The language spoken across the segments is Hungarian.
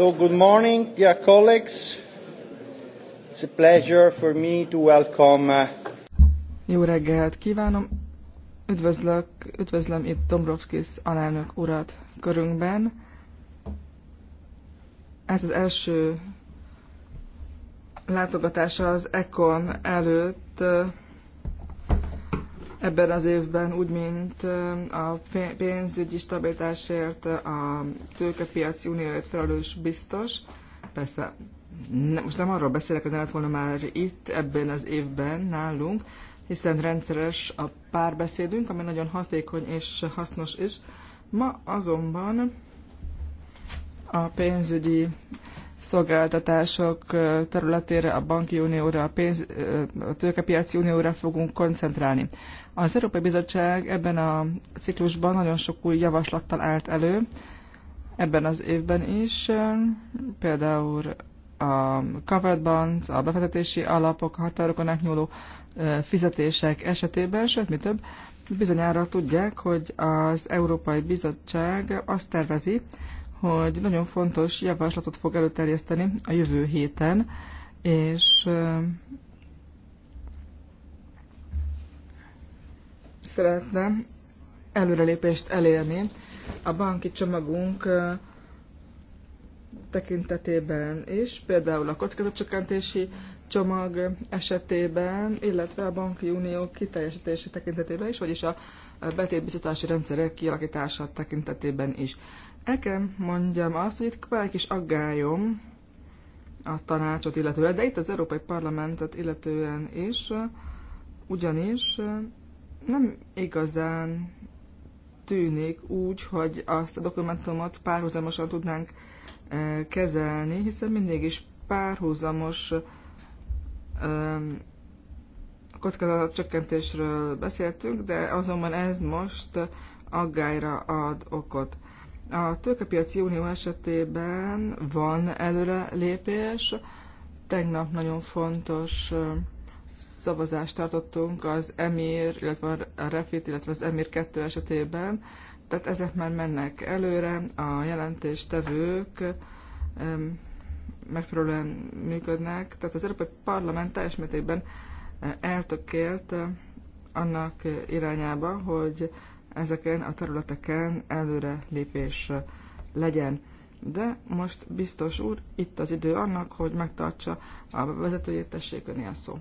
So good morning, dear colleagues. It's a pleasure for me to welcome. Uh, Jó reggelt kívánom. Üdvözlök, üdvözlöm itt Dombrovskis alelnök urat körünkben. Ez az első látogatása az Econ előtt ebben az évben, úgy mint a pénzügyi stabilitásért, a tőkepiaci unióért felelős biztos. Persze, ne, most nem arról beszélek, hogy lehet lett volna már itt, ebben az évben nálunk, hiszen rendszeres a párbeszédünk, ami nagyon hatékony és hasznos is. Ma azonban a pénzügyi szolgáltatások területére, a banki unióra, a, pénz, a tőkepiaci unióra fogunk koncentrálni. Az Európai Bizottság ebben a ciklusban nagyon sok új javaslattal állt elő, ebben az évben is, például a covered bonds, a befektetési alapok, a határokon átnyúló fizetések esetében, sőt, mi több, bizonyára tudják, hogy az Európai Bizottság azt tervezi, hogy nagyon fontos javaslatot fog előterjeszteni a jövő héten, és szeretne előrelépést elérni a banki csomagunk tekintetében is, például a kockázatcsökkentési csomag esetében, illetve a banki unió kiteljesítési tekintetében is, vagyis a betétbiztosítási rendszerek kialakítása tekintetében is. El mondjam azt, hogy itt van egy kis aggályom a tanácsot illetően, de itt az Európai Parlamentet illetően is, ugyanis nem igazán tűnik úgy, hogy azt a dokumentumot párhuzamosan tudnánk e, kezelni, hiszen mindig is párhuzamos e, csökkentésről beszéltünk, de azonban ez most aggályra ad okot. A tőkepiaci unió esetében van előre lépés, tegnap nagyon fontos e, szavazást tartottunk az Emir, illetve a Refit, illetve az Emir 2 esetében, tehát ezek már mennek előre, a jelentéstevők megfelelően működnek, tehát az Európai Parlament teljes mértékben eh, eltökélt eh, annak irányába, hogy ezeken a területeken előre lépés eh, legyen. De most biztos úr, itt az idő annak, hogy megtartsa a vezetőjét, tessék öné a szó.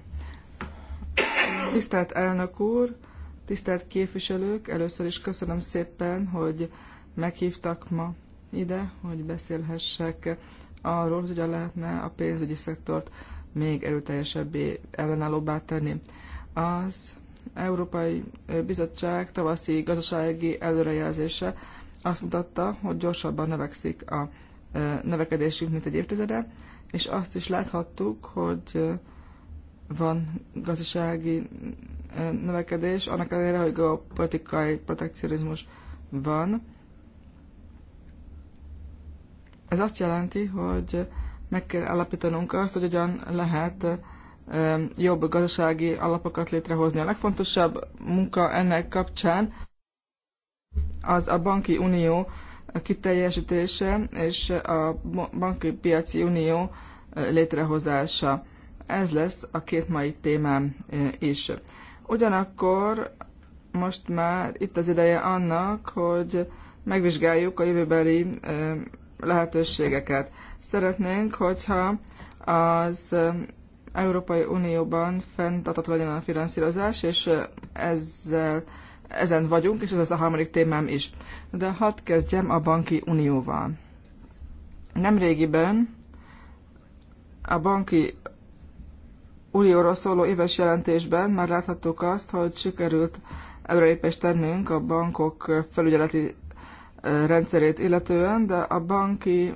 Tisztelt elnök úr, tisztelt képviselők, először is köszönöm szépen, hogy meghívtak ma ide, hogy beszélhessek arról, hogy hogyan lehetne a pénzügyi szektort még erőteljesebbé ellenállóbbá tenni. Az Európai Bizottság tavaszi gazdasági előrejelzése azt mutatta, hogy gyorsabban növekszik a növekedésünk, mint egy évtizede, és azt is láthattuk, hogy van gazdasági növekedés, annak ellenére, hogy a politikai protekcionizmus van. Ez azt jelenti, hogy meg kell állapítanunk azt, hogy hogyan lehet jobb gazdasági alapokat létrehozni. A legfontosabb munka ennek kapcsán az a banki unió kiteljesítése és a banki piaci unió létrehozása. Ez lesz a két mai témám e, is. Ugyanakkor most már itt az ideje annak, hogy megvizsgáljuk a jövőbeli e, lehetőségeket. Szeretnénk, hogyha az e, Európai Unióban fenntartható legyen a finanszírozás, és ezzel, ezen vagyunk, és ez az a harmadik témám is. De hadd kezdjem a banki unióval. Nemrégiben a banki Unióról szóló éves jelentésben már láthattuk azt, hogy sikerült előrelépést tennünk a bankok felügyeleti rendszerét illetően, de a banki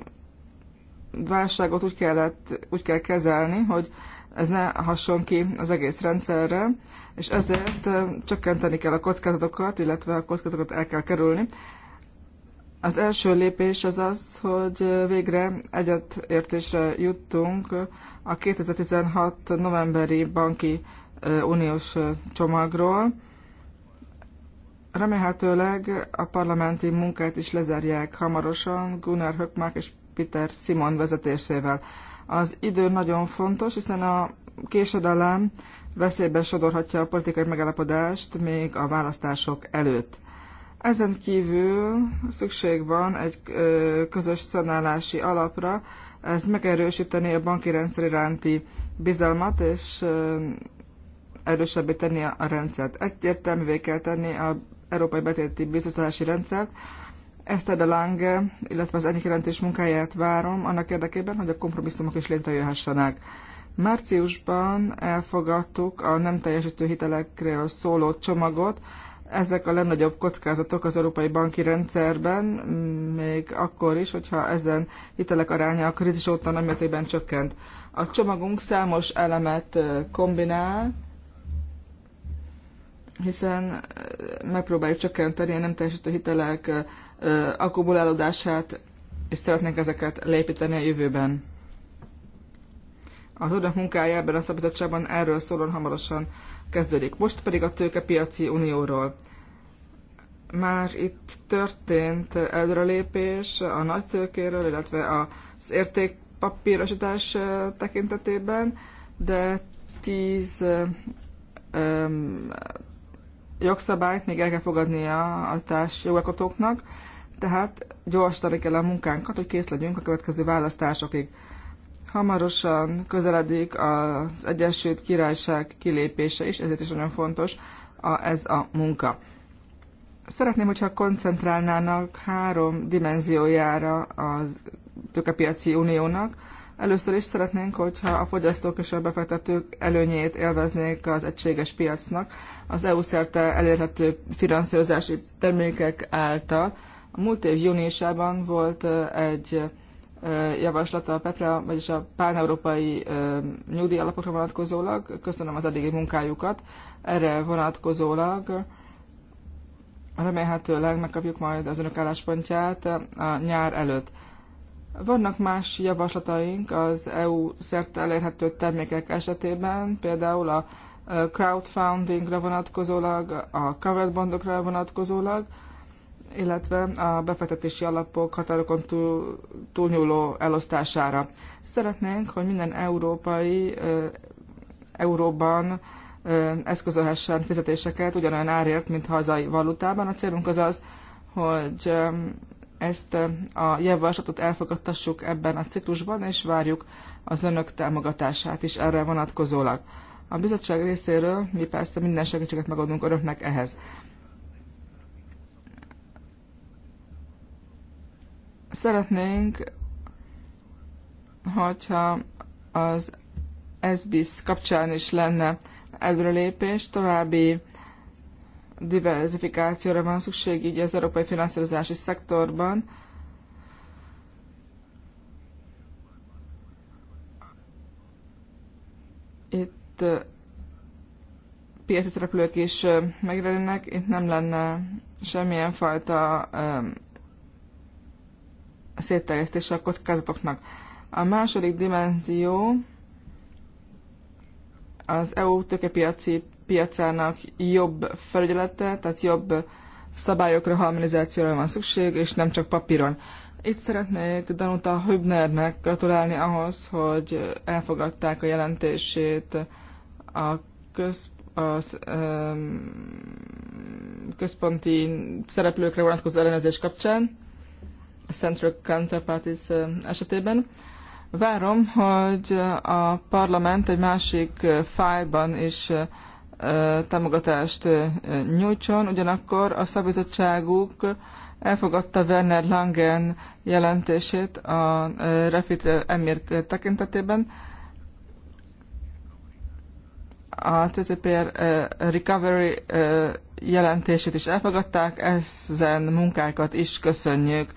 válságot úgy, kellett, úgy kell kezelni, hogy ez ne hasson ki az egész rendszerre, és ezért csökkenteni kell a kockázatokat, illetve a kockázatokat el kell kerülni, az első lépés az az, hogy végre egyetértésre juttunk a 2016. novemberi banki uniós csomagról. Remélhetőleg a parlamenti munkát is lezárják hamarosan Gunnar Höckmark és Peter Simon vezetésével. Az idő nagyon fontos, hiszen a késedelem veszélybe sodorhatja a politikai megállapodást még a választások előtt. Ezen kívül szükség van egy közös szanálási alapra, ez megerősíteni a banki rendszer iránti bizalmat, és erősebbé tenni a rendszert. Egyértelművé kell tenni az Európai Betéti Biztosítási Rendszert. Ezt a Lange, illetve az ennyi jelentés munkáját várom annak érdekében, hogy a kompromisszumok is létrejöhessenek. Márciusban elfogadtuk a nem teljesítő hitelekről szóló csomagot, ezek a legnagyobb kockázatok az európai banki rendszerben, még akkor is, hogyha ezen hitelek aránya a krízis óta nem mértékben csökkent. A csomagunk számos elemet kombinál, hiszen megpróbáljuk csökkenteni a nem teljesítő hitelek akkumulálódását, és szeretnénk ezeket lépíteni a jövőben. Az önök munkája ebben a szabadságban erről szólon hamarosan kezdődik. Most pedig a tőkepiaci unióról. Már itt történt előrelépés a nagy tőkéről, illetve az értékpapírosítás tekintetében, de tíz jogszabályt még el kell fogadnia a jogalkotóknak, tehát gyorsítani kell a munkánkat, hogy kész legyünk a következő választásokig. Hamarosan közeledik az Egyesült Királyság kilépése is, ezért is nagyon fontos a, ez a munka. Szeretném, hogyha koncentrálnának három dimenziójára a tőkepiaci uniónak. Először is szeretnénk, hogyha a fogyasztók és a befektetők előnyét élveznék az egységes piacnak, az EU szerte elérhető finanszírozási termékek által. A múlt év júniusában volt egy javaslata a PEPRA, vagyis a Pán-Európai nyugdíj alapokra vonatkozólag. Köszönöm az eddigi munkájukat erre vonatkozólag. Remélhetőleg megkapjuk majd az önök álláspontját a nyár előtt. Vannak más javaslataink az EU szerte elérhető termékek esetében, például a crowdfundingra vonatkozólag, a covered bondokra vonatkozólag, illetve a befektetési alapok határokon túl, túlnyúló elosztására. Szeretnénk, hogy minden európai euróban eszközölhessen fizetéseket ugyanolyan árért, mint hazai valutában. A célunk az az, hogy ezt a javaslatot elfogadtassuk ebben a ciklusban, és várjuk az önök támogatását is erre vonatkozólag. A bizottság részéről mi persze minden segítséget megadunk önöknek ehhez. Szeretnénk, hogyha az SBIS kapcsán is lenne előrelépés, további diversifikációra van szükség így az európai finanszírozási szektorban. Itt piaci szereplők is megjelennek, itt nem lenne semmilyen fajta szétterjesztése a kockázatoknak. A második dimenzió az EU tökepiaci piacának jobb felügyelete, tehát jobb szabályokra, harmonizációra van szükség, és nem csak papíron. Itt szeretnék Danuta Hübnernek gratulálni ahhoz, hogy elfogadták a jelentését a, köz, az, um, központi szereplőkre vonatkozó ellenőrzés kapcsán a Central Counterparties esetében. Várom, hogy a parlament egy másik fájban is támogatást nyújtson, ugyanakkor a szabizottságuk elfogadta Werner Langen jelentését a Refit emir tekintetében. A CCPR Recovery jelentését is elfogadták, ezen munkákat is köszönjük.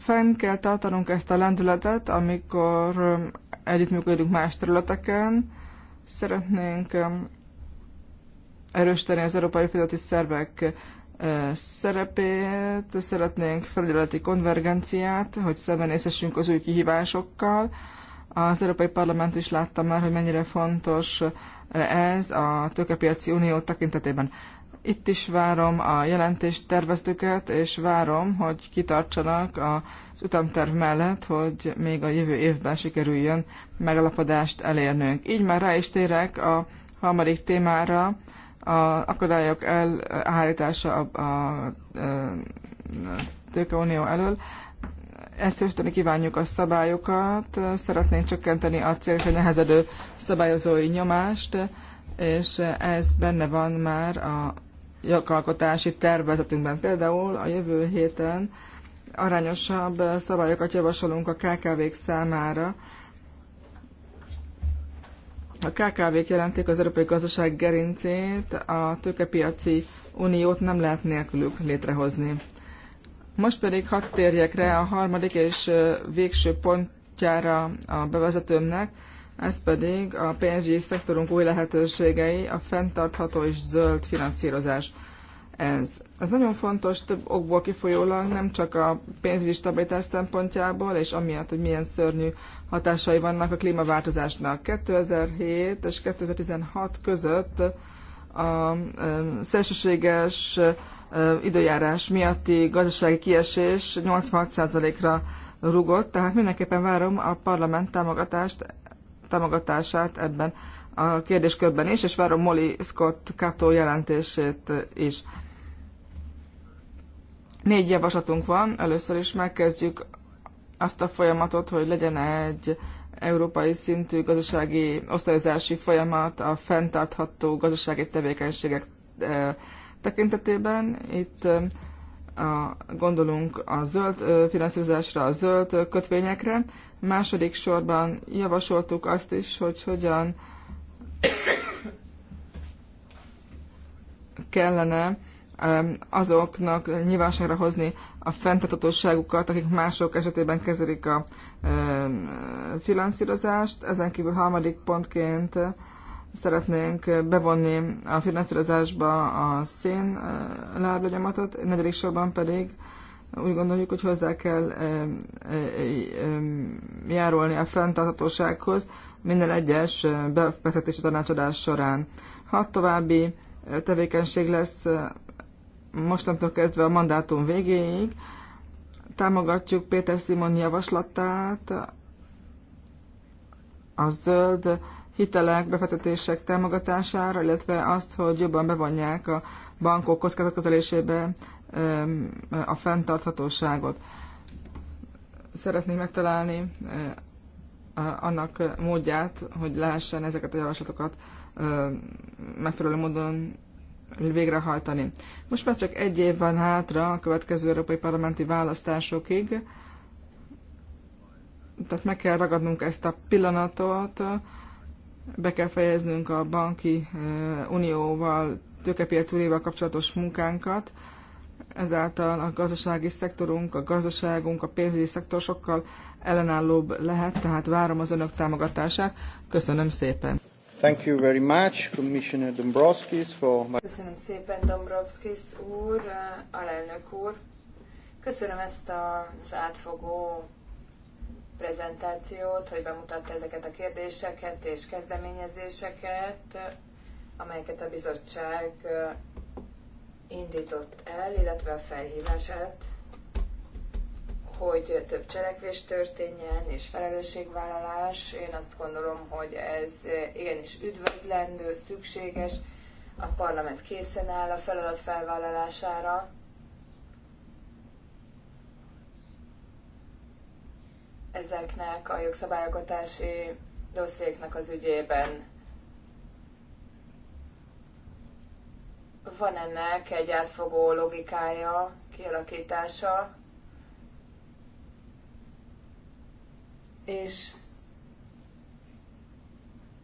Fenn kell tartanunk ezt a lendületet, amikor um, együttműködünk más területeken. Szeretnénk um, erősíteni az európai fizeti szervek uh, szerepét, szeretnénk felügyeleti konvergenciát, hogy szembenézhessünk az új kihívásokkal. Az Európai Parlament is látta már, hogy mennyire fontos uh, ez a tőkepiaci unió tekintetében. Itt is várom a jelentést tervezőket, és várom, hogy kitartsanak az ütemterv mellett, hogy még a jövő évben sikerüljön megalapodást elérnünk. Így már rá is térek a harmadik témára, a akadályok elhárítása a, a, a e, tőkeunió elől. Egyszerűsíteni kívánjuk a szabályokat, szeretnénk csökkenteni a célra nehezedő szabályozói nyomást, és ez benne van már a jogalkotási tervezetünkben. Például a jövő héten arányosabb szabályokat javasolunk a KKV-k számára. A KKV-k jelentik az európai gazdaság gerincét, a tőkepiaci uniót nem lehet nélkülük létrehozni. Most pedig hadd térjek rá a harmadik és végső pontjára a bevezetőmnek, ez pedig a pénzügyi szektorunk új lehetőségei, a fenntartható és zöld finanszírozás. Ez. ez nagyon fontos több okból kifolyólag, nem csak a pénzügyi stabilitás szempontjából, és amiatt, hogy milyen szörnyű hatásai vannak a klímaváltozásnak. 2007 és 2016 között a szélsőséges időjárás miatti gazdasági kiesés 86%-ra rugott, tehát mindenképpen várom a parlament támogatást támogatását ebben a kérdéskörben is, és várom Molly Scott Kato jelentését is. Négy javaslatunk van. Először is megkezdjük azt a folyamatot, hogy legyen egy európai szintű gazdasági osztályozási folyamat a fenntartható gazdasági tevékenységek eh, tekintetében. Itt eh, a, gondolunk a zöld eh, finanszírozásra, a zöld kötvényekre, Második sorban javasoltuk azt is, hogy hogyan kellene azoknak nyilvánosságra hozni a fenntartatóságukat, akik mások esetében kezelik a finanszírozást. Ezen kívül harmadik pontként szeretnénk bevonni a finanszírozásba a szén lábnyomatot, negyedik sorban pedig úgy gondoljuk, hogy hozzá kell járulni a fenntarthatósághoz minden egyes befektetési tanácsadás során. Hat további tevékenység lesz mostantól kezdve a mandátum végéig. Támogatjuk Péter Simon javaslatát a zöld hitelek, befektetések támogatására, illetve azt, hogy jobban bevonják a bankok kockázatkezelésébe a fenntarthatóságot. Szeretnék megtalálni annak módját, hogy lehessen ezeket a javaslatokat megfelelő módon végrehajtani. Most már csak egy év van hátra a következő európai parlamenti választásokig, tehát meg kell ragadnunk ezt a pillanatot, be kell fejeznünk a banki unióval, tőkepiac unióval kapcsolatos munkánkat, ezáltal a gazdasági szektorunk, a gazdaságunk, a pénzügyi szektor sokkal ellenállóbb lehet, tehát várom az önök támogatását. Köszönöm szépen! Thank you very much, Commissioner Dombrovskis, for my... Köszönöm szépen, Dombrovskis úr, alelnök úr. Köszönöm ezt az átfogó prezentációt, hogy bemutatta ezeket a kérdéseket és kezdeményezéseket, amelyeket a bizottság indított el, illetve a felhívását, hogy több cselekvés történjen, és felelősségvállalás. Én azt gondolom, hogy ez igenis üdvözlendő, szükséges. A parlament készen áll a feladat felvállalására. Ezeknek a jogszabályokatási dossziéknak az ügyében Van ennek egy átfogó logikája, kialakítása, és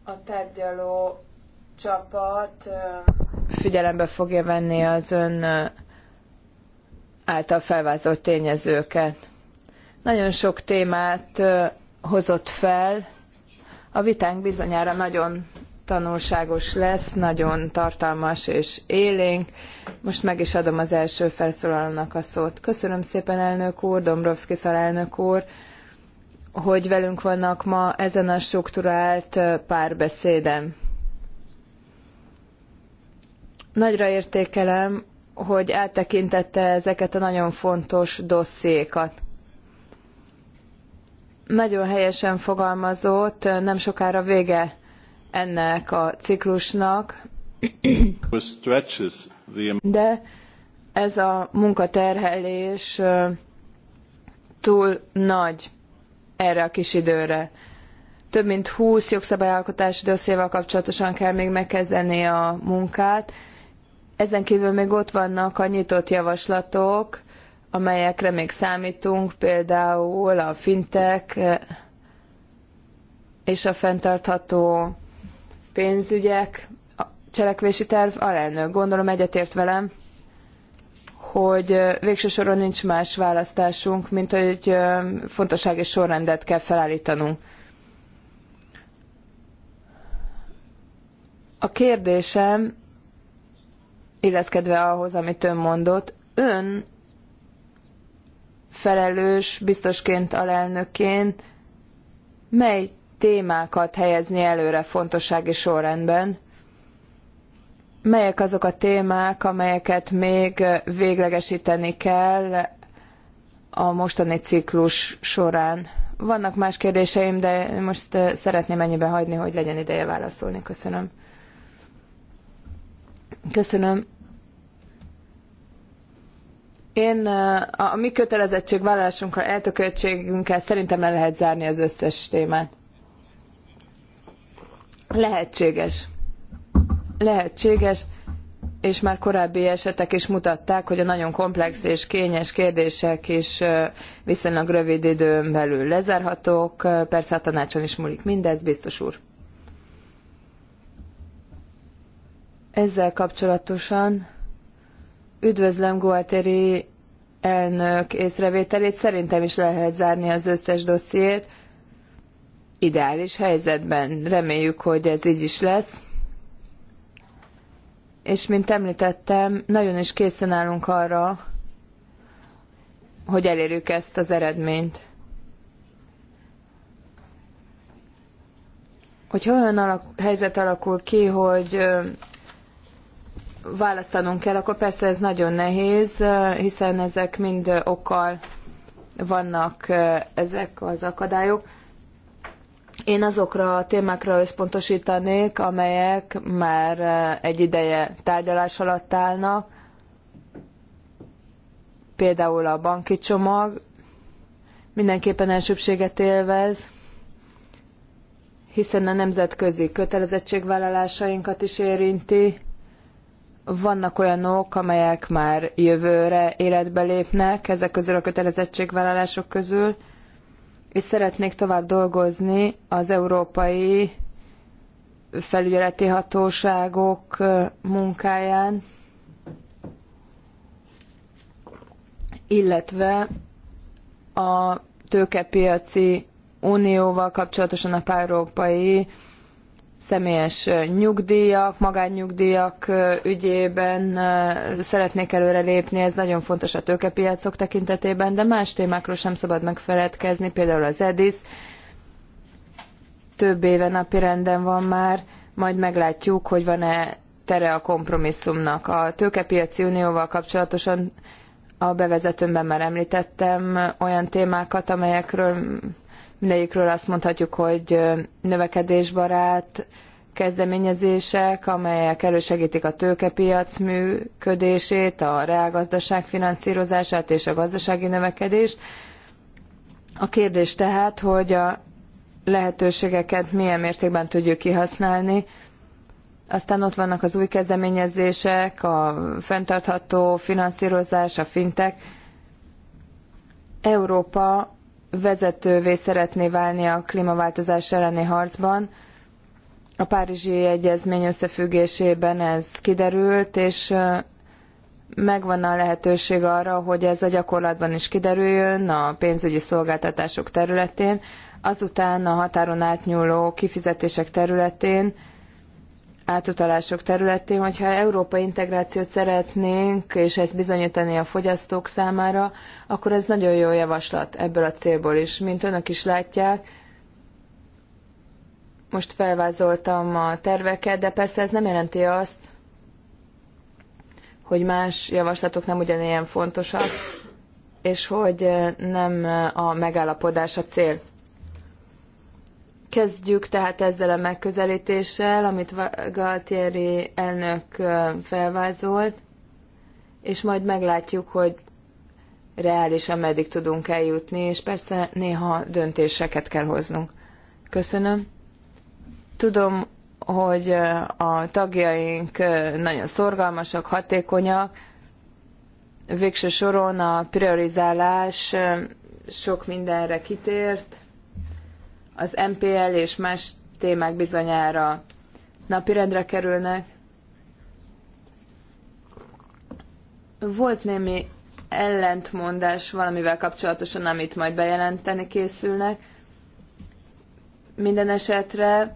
a tárgyaló csapat figyelembe fogja venni az ön által felvázolt tényezőket. Nagyon sok témát hozott fel. A vitánk bizonyára nagyon tanulságos lesz, nagyon tartalmas és élénk. Most meg is adom az első felszólalónak a szót. Köszönöm szépen, elnök úr, Dombrovszki alelnök úr, hogy velünk vannak ma ezen a strukturált párbeszéden. Nagyra értékelem, hogy áttekintette ezeket a nagyon fontos dossziékat nagyon helyesen fogalmazott, nem sokára vége ennek a ciklusnak, de ez a munkaterhelés túl nagy erre a kis időre. Több mint 20 jogszabályalkotási dossziéval kapcsolatosan kell még megkezdeni a munkát. Ezen kívül még ott vannak a nyitott javaslatok, amelyekre még számítunk, például a fintek és a fenntartható pénzügyek, a cselekvési terv, alelnök. Gondolom egyetért velem, hogy végső soron nincs más választásunk, mint hogy fontossági sorrendet kell felállítanunk. A kérdésem, illeszkedve ahhoz, amit ön mondott, ön felelős, biztosként alelnökként mely témákat helyezni előre fontossági sorrendben. Melyek azok a témák, amelyeket még véglegesíteni kell a mostani ciklus során? Vannak más kérdéseim, de most szeretném ennyiben hagyni, hogy legyen ideje válaszolni. Köszönöm. Köszönöm. Én a, a mi kötelezettségvállalásunkkal, eltököltségünkkel szerintem le lehet zárni az összes témát. Lehetséges. Lehetséges, és már korábbi esetek is mutatták, hogy a nagyon komplex és kényes kérdések is viszonylag rövid időn belül lezárhatók. Persze a tanácson is múlik mindez, biztos úr. Ezzel kapcsolatosan üdvözlöm Gualtéri elnök észrevételét. Szerintem is lehet zárni az összes dossziét ideális helyzetben. Reméljük, hogy ez így is lesz. És mint említettem, nagyon is készen állunk arra, hogy elérjük ezt az eredményt. Hogyha olyan alak, helyzet alakul ki, hogy választanunk kell, akkor persze ez nagyon nehéz, hiszen ezek mind okkal vannak ezek az akadályok. Én azokra a témákra összpontosítanék, amelyek már eh, egy ideje tárgyalás alatt állnak, például a banki csomag mindenképpen elsőbséget élvez, hiszen a nemzetközi kötelezettségvállalásainkat is érinti. Vannak olyanok, amelyek már jövőre életbe lépnek ezek közül a kötelezettségvállalások közül, és szeretnék tovább dolgozni az európai felügyeleti hatóságok munkáján, illetve a tőkepiaci unióval kapcsolatosan a pár európai személyes nyugdíjak, magánnyugdíjak ügyében szeretnék előrelépni, ez nagyon fontos a tőkepiacok tekintetében, de más témákról sem szabad megfeledkezni, például az EDIS, több éve napirenden van már, majd meglátjuk, hogy van-e tere a kompromisszumnak. A tőkepiaci unióval kapcsolatosan a bevezetőmben már említettem olyan témákat, amelyekről Mindegyikről azt mondhatjuk, hogy növekedésbarát kezdeményezések, amelyek elősegítik a tőkepiac működését, a reálgazdaság finanszírozását és a gazdasági növekedést. A kérdés tehát, hogy a lehetőségeket milyen mértékben tudjuk kihasználni. Aztán ott vannak az új kezdeményezések, a fenntartható finanszírozás, a fintek. Európa vezetővé szeretné válni a klímaváltozás elleni harcban. A Párizsi Egyezmény összefüggésében ez kiderült, és megvan a lehetőség arra, hogy ez a gyakorlatban is kiderüljön a pénzügyi szolgáltatások területén, azután a határon átnyúló kifizetések területén átutalások területén, hogyha európai integrációt szeretnénk, és ezt bizonyítani a fogyasztók számára, akkor ez nagyon jó javaslat ebből a célból is. Mint önök is látják, most felvázoltam a terveket, de persze ez nem jelenti azt, hogy más javaslatok nem ugyanilyen fontosak, és hogy nem a megállapodás a cél. Kezdjük tehát ezzel a megközelítéssel, amit Galtieri elnök felvázolt, és majd meglátjuk, hogy reálisan meddig tudunk eljutni, és persze néha döntéseket kell hoznunk. Köszönöm. Tudom, hogy a tagjaink nagyon szorgalmasak, hatékonyak. Végső soron a priorizálás sok mindenre kitért, az MPL és más témák bizonyára napirendre kerülnek. Volt némi ellentmondás valamivel kapcsolatosan, amit majd bejelenteni készülnek. Minden esetre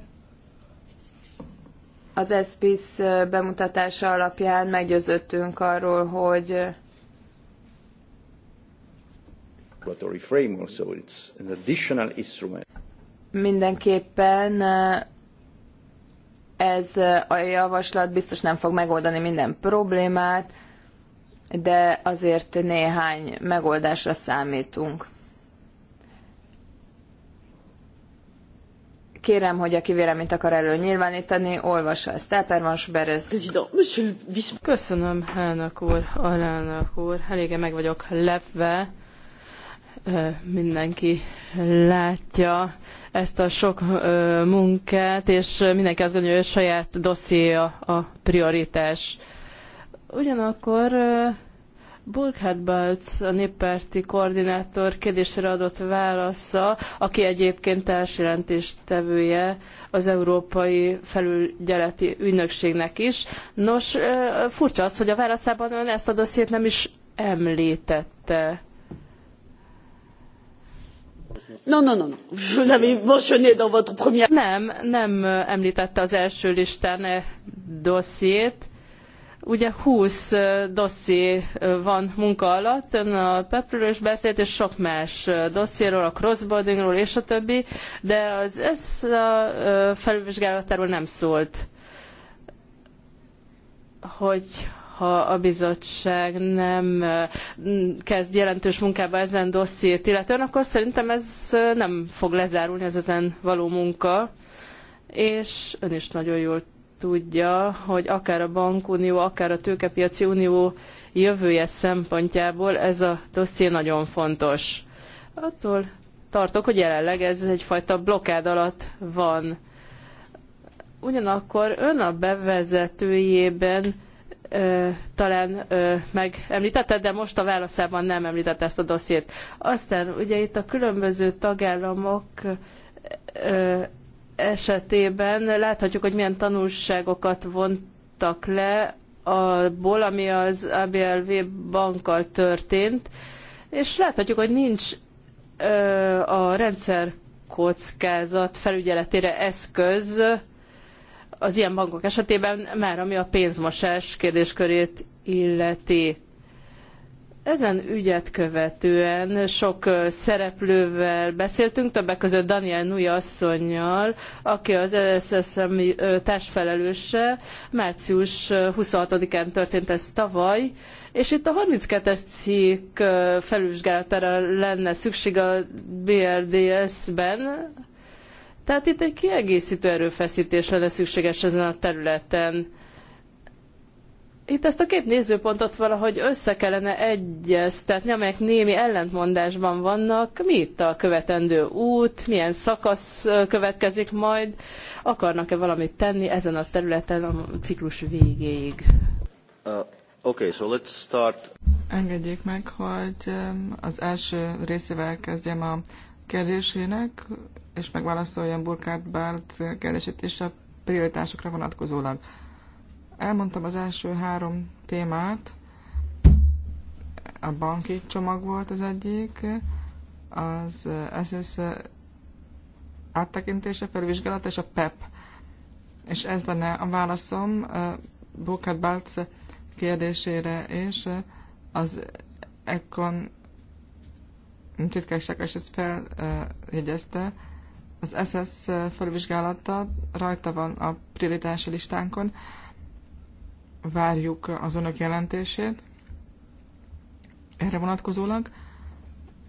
az SPIS bemutatása alapján meggyőződtünk arról, hogy Mindenképpen ez a javaslat biztos nem fog megoldani minden problémát, de azért néhány megoldásra számítunk. Kérem, hogy aki véleményt akar elő nyilvánítani, olvassa ezt. Telpermans Berez. Köszönöm, elnök úr, alelnök úr. Eléggé meg vagyok lepve mindenki látja ezt a sok munkát, és mindenki azt gondolja, hogy a saját dossziéja a prioritás. Ugyanakkor Burkhard Balc, a néppárti koordinátor kérdésre adott válasza, aki egyébként társjelentéstevője az Európai Felügyeleti Ügynökségnek is. Nos, furcsa az, hogy a válaszában ön ezt a dossziét nem is említette. Nem, nem emltette az első listán e dossziét. Ugye 20 dosszi van munka alatt, a Pepről is beszélt, és sok más dossziéről, a crossboardingról és a többi, de az ez a felülvizsgálatáról nem szólt. Hogy ha a bizottság nem kezd jelentős munkába ezen dossziét illetően, akkor szerintem ez nem fog lezárulni az ezen való munka, és ön is nagyon jól tudja, hogy akár a bankunió, akár a tőkepiaci unió jövője szempontjából ez a dosszié nagyon fontos. Attól tartok, hogy jelenleg ez egyfajta blokkád alatt van. Ugyanakkor ön a bevezetőjében talán ö, de most a válaszában nem említette ezt a dossziét. Aztán ugye itt a különböző tagállamok ö, esetében láthatjuk, hogy milyen tanulságokat vontak le abból, ami az ABLV bankkal történt, és láthatjuk, hogy nincs ö, a rendszer kockázat felügyeletére eszköz, az ilyen bankok esetében már ami a pénzmosás kérdéskörét illeti. Ezen ügyet követően sok szereplővel beszéltünk, többek között Daniel Nuja asszonynal, aki az SSM társfelelőse. Március 26-án történt ez tavaly, és itt a 32-es cikk felülvizsgálatára lenne szükség a BRDS-ben, tehát itt egy kiegészítő erőfeszítésre lesz szükséges ezen a területen. Itt ezt a két nézőpontot valahogy össze kellene egyeztetni, amelyek némi ellentmondásban vannak. Mi itt a követendő út, milyen szakasz következik majd, akarnak-e valamit tenni ezen a területen a ciklus végéig? Uh, okay, so let's start. Engedjék meg, hogy az első részével kezdjem a kérdésének, és megválaszoljam Burkhard Bárt kérdését és a prioritásokra vonatkozólag. Elmondtam az első három témát, a banki csomag volt az egyik, az SS áttekintése, felvizsgálata és a PEP. E és ez lenne a válaszom Burkhard Balc kérdésére, és az Econ titkárság, és ezt feljegyezte, az SS felvizsgálata rajta van a prioritási listánkon. Várjuk az önök jelentését erre vonatkozólag,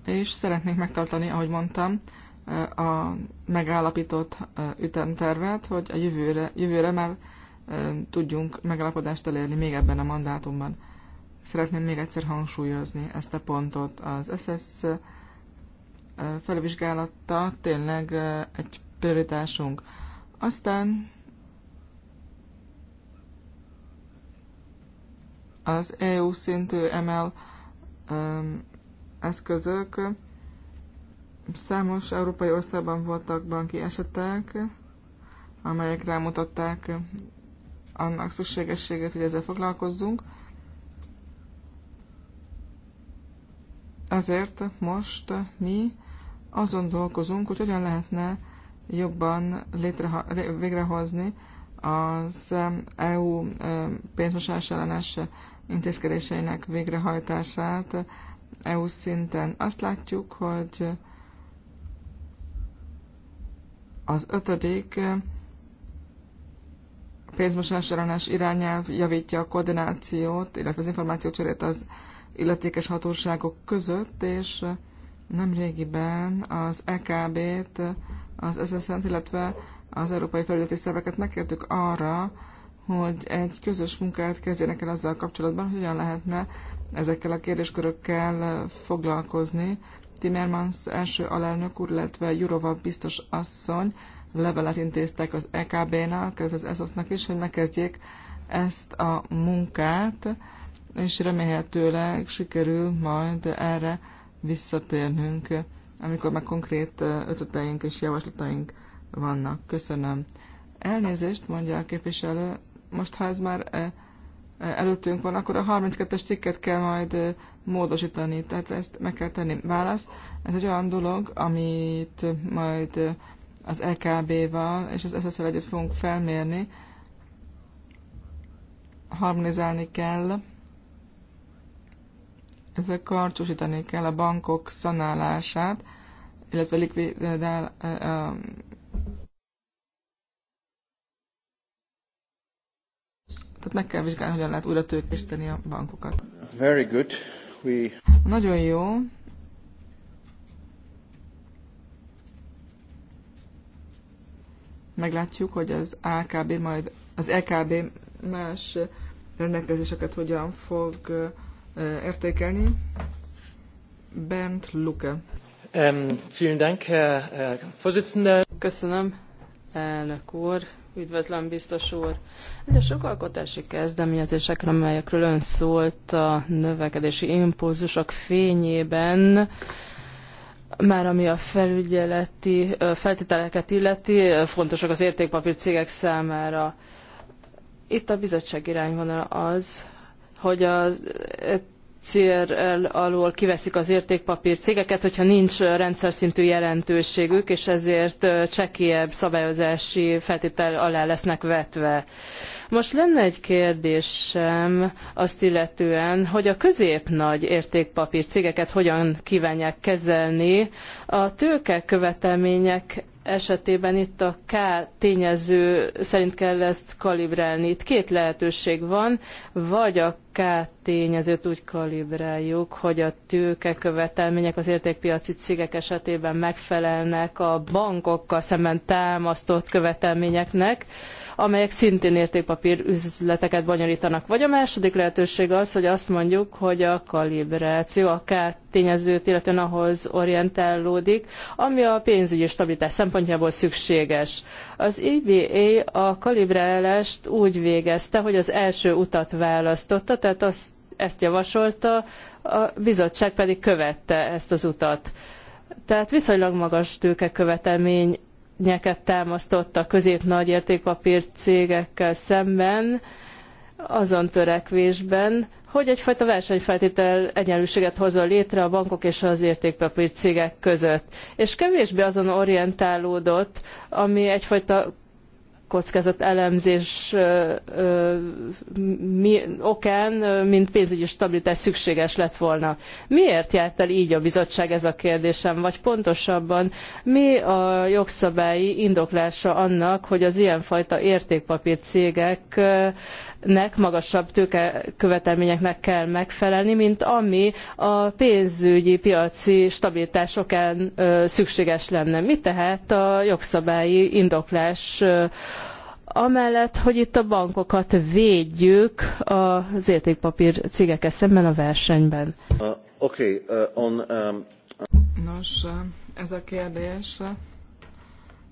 és szeretnénk megtartani, ahogy mondtam, eh, a megállapított eh, ütemtervet, hogy a jövőre, jövőre már eh, tudjunk megállapodást elérni még ebben a mandátumban. Szeretném még egyszer hangsúlyozni ezt a pontot. Az SS felvizsgálata tényleg egy prioritásunk. Aztán az EU szintű ML eszközök számos európai országban voltak banki esetek, amelyek rámutatták annak szükségességét, hogy ezzel foglalkozzunk. Ezért most mi azon dolgozunk, hogy hogyan lehetne jobban létreha, végrehozni az EU pénzmosás ellenes intézkedéseinek végrehajtását EU szinten. Azt látjuk, hogy az ötödik pénzmosás ellenes irányelv javítja a koordinációt, illetve az információcserét az illetékes hatóságok között, és Nemrégiben az EKB-t, az SSZ-t, illetve az Európai felületi Szerveket megkértük arra, hogy egy közös munkát kezdjenek el azzal kapcsolatban, hogyan lehetne ezekkel a kérdéskörökkel foglalkozni. Timmermans első alelnök úr, illetve Jurova biztos asszony levelet intéztek az EKB-nak, illetve az ESOS-nak is, hogy megkezdjék ezt a munkát, és remélhetőleg sikerül majd erre visszatérnünk, amikor már konkrét ötleteink és javaslataink vannak. Köszönöm. Elnézést, mondja a képviselő. Most, ha ez már előttünk van, akkor a 32-es cikket kell majd módosítani, tehát ezt meg kell tenni. Válasz, ez egy olyan dolog, amit majd az LKB-val és az SSL egyet fogunk felmérni, harmonizálni kell ezek karcsúsítani kell a bankok szanálását, illetve likvidál, tehát meg kell vizsgálni, hogyan lehet újra tőkésíteni a bankokat. Very good. We... Nagyon jó. Meglátjuk, hogy az AKB majd, az EKB más rendelkezéseket hogyan fog uh, értékelni. Bernd Luke. Um, vielen Dank, Herr Vorsitzender. Köszönöm, elnök úr. Üdvözlöm, biztos úr. Ez a sok alkotási kezdeményezésekre, amelyekről ön szólt a növekedési impulzusok fényében, már ami a felügyeleti feltételeket illeti, fontosak az értékpapír cégek számára. Itt a bizottság irányvonal az, hogy a CRL alól kiveszik az értékpapír cégeket, hogyha nincs rendszer szintű jelentőségük, és ezért csekélyebb szabályozási feltétel alá lesznek vetve. Most lenne egy kérdésem azt illetően, hogy a középnagy értékpapír cégeket hogyan kívánják kezelni. A tőke követelmények esetében itt a K tényező szerint kell ezt kalibrálni. Itt két lehetőség van, vagy a K tényezőt úgy kalibráljuk, hogy a tőke követelmények az értékpiaci cégek esetében megfelelnek a bankokkal szemben támasztott követelményeknek, amelyek szintén értékpapír üzleteket bonyolítanak. Vagy a második lehetőség az, hogy azt mondjuk, hogy a kalibráció, a K tényezőt, illetően ahhoz orientálódik, ami a pénzügyi stabilitás szempontjából szükséges. Az EBA a kalibrálást úgy végezte, hogy az első utat választotta, tehát azt, ezt javasolta, a bizottság pedig követte ezt az utat. Tehát viszonylag magas tőkekövetelmény nyeket támasztott a közép-nagy értékpapír cégekkel szemben, azon törekvésben, hogy egyfajta versenyfeltétel egyenlőséget hozol létre a bankok és az értékpapír cégek között. És kevésbé azon orientálódott, ami egyfajta kockázat elemzés okán, mint pénzügyi stabilitás szükséges lett volna. Miért járt el így a bizottság ez a kérdésem, vagy pontosabban mi a jogszabályi indoklása annak, hogy az ilyenfajta értékpapír cégek nek magasabb tőkekövetelményeknek kell megfelelni, mint ami a pénzügyi piaci stabilitásokán szükséges lenne. Mi tehát a jogszabályi indoklás amellett, hogy itt a bankokat védjük az értékpapír cégekkel szemben a versenyben? Uh, okay, uh, on, um... Nos, uh, ez a kérdés, uh,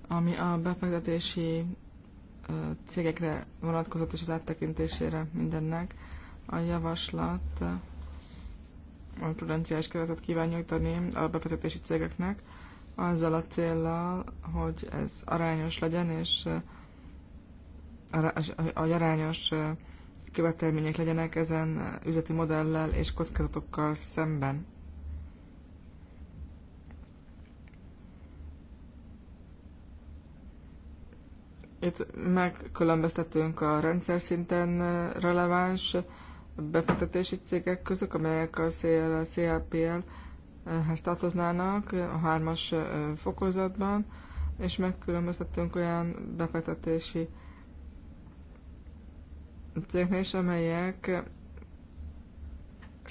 ami a befektetési cégekre vonatkozott és az áttekintésére mindennek. A javaslat a prudenciális keretet kíván nyújtani a befektetési cégeknek, azzal a célral, hogy ez arányos legyen, és a arányos követelmények legyenek ezen üzleti modellel és kockázatokkal szemben. Itt megkülönböztetünk a rendszer szinten releváns befektetési cégek között, amelyek a CL, CLPL-hez tartoznának a hármas fokozatban, és megkülönböztetünk olyan befektetési cégnél is, amelyek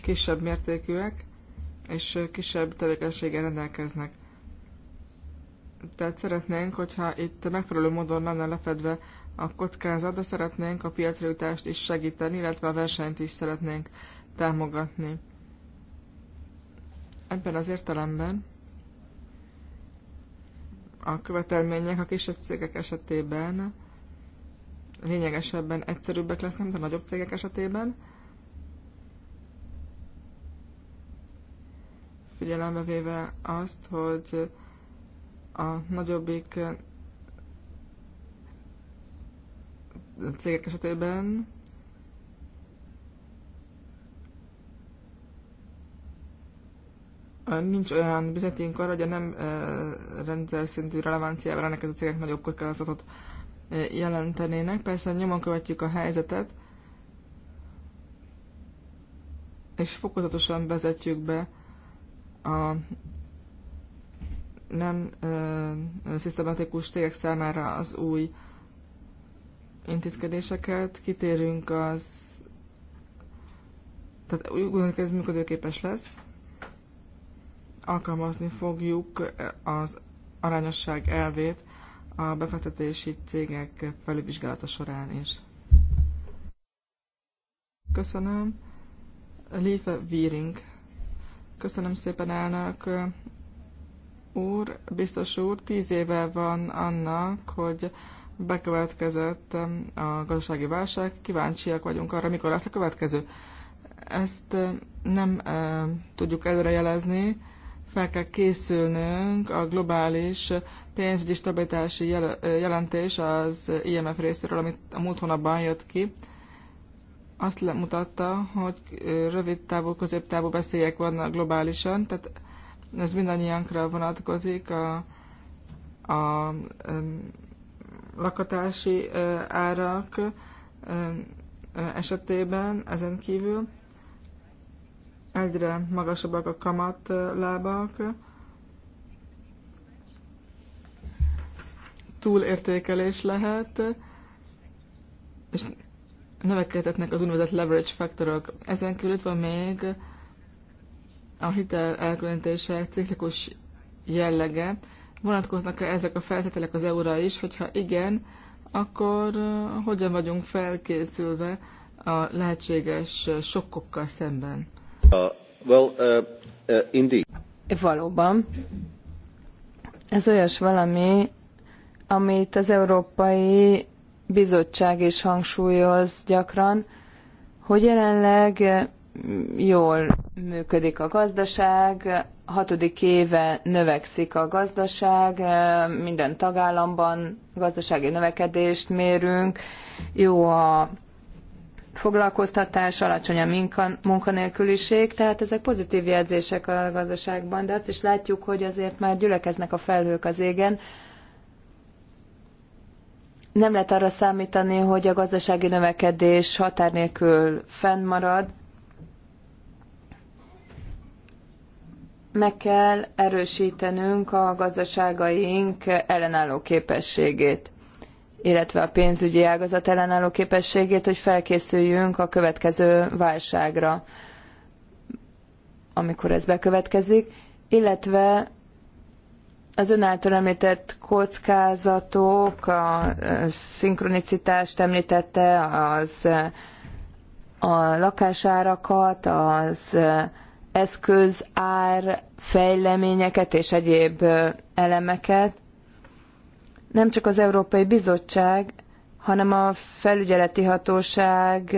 kisebb mértékűek és kisebb tevékenységgel rendelkeznek tehát szeretnénk, hogyha itt megfelelő módon lenne lefedve a kockázat, de szeretnénk a piacra jutást is segíteni, illetve a versenyt is szeretnénk támogatni. Ebben az értelemben a követelmények a kisebb cégek esetében lényegesebben egyszerűbbek lesznek, mint a nagyobb cégek esetében. Figyelembe véve azt, hogy a nagyobbik eh, cégek esetében eh, nincs olyan bizeténk arra, hogy a nem eh, rendszer szintű relevanciával ennek a cégek nagyobb kockázatot jelentenének. Persze nyomon követjük a helyzetet, és fokozatosan vezetjük be a nem ö, szisztematikus cégek számára az új intézkedéseket, kitérünk az... Tehát úgy gondoljuk, ez működőképes lesz. Alkalmazni fogjuk az arányosság elvét a befektetési cégek felülvizsgálata során is. Köszönöm. Léve Víring. Köszönöm szépen, elnök úr, biztos úr, tíz éve van annak, hogy bekövetkezett um, a gazdasági válság, kíváncsiak vagyunk arra, mikor lesz a következő. Ezt um, nem e, tudjuk előrejelezni, fel kell készülnünk, a globális pénzügyi stabilitási jel uh, jelentés az IMF részéről, amit a múlt hónapban jött ki, azt mutatta, hogy uh, rövid távú, középtávú veszélyek vannak globálisan, tehát ez mindannyiankra vonatkozik, a, a a lakatási árak esetében ezen kívül egyre magasabbak a kamatlábak, túlértékelés lehet, és növekedhetnek az úgynevezett leverage faktorok. Ezen kívül van még a hitel elkülönítése ciklikus jellege. Vonatkoznak-e ezek a feltételek az eu is? Hogyha igen, akkor uh, hogyan vagyunk felkészülve a lehetséges uh, sokkokkal szemben? Uh, well, uh, uh, indeed. Valóban. Ez olyas valami, amit az Európai Bizottság is hangsúlyoz gyakran, hogy jelenleg jól működik a gazdaság, hatodik éve növekszik a gazdaság, minden tagállamban gazdasági növekedést mérünk, jó a foglalkoztatás, alacsony a munkanélküliség, tehát ezek pozitív jelzések a gazdaságban, de azt is látjuk, hogy azért már gyülekeznek a felhők az égen, nem lehet arra számítani, hogy a gazdasági növekedés határ nélkül fennmarad, meg kell erősítenünk a gazdaságaink ellenálló képességét, illetve a pénzügyi ágazat ellenálló képességét, hogy felkészüljünk a következő válságra, amikor ez bekövetkezik, illetve az ön által említett kockázatok, a szinkronicitást említette, az a lakásárakat, az eszközár fejleményeket és egyéb elemeket. Nem csak az Európai Bizottság, hanem a felügyeleti hatóság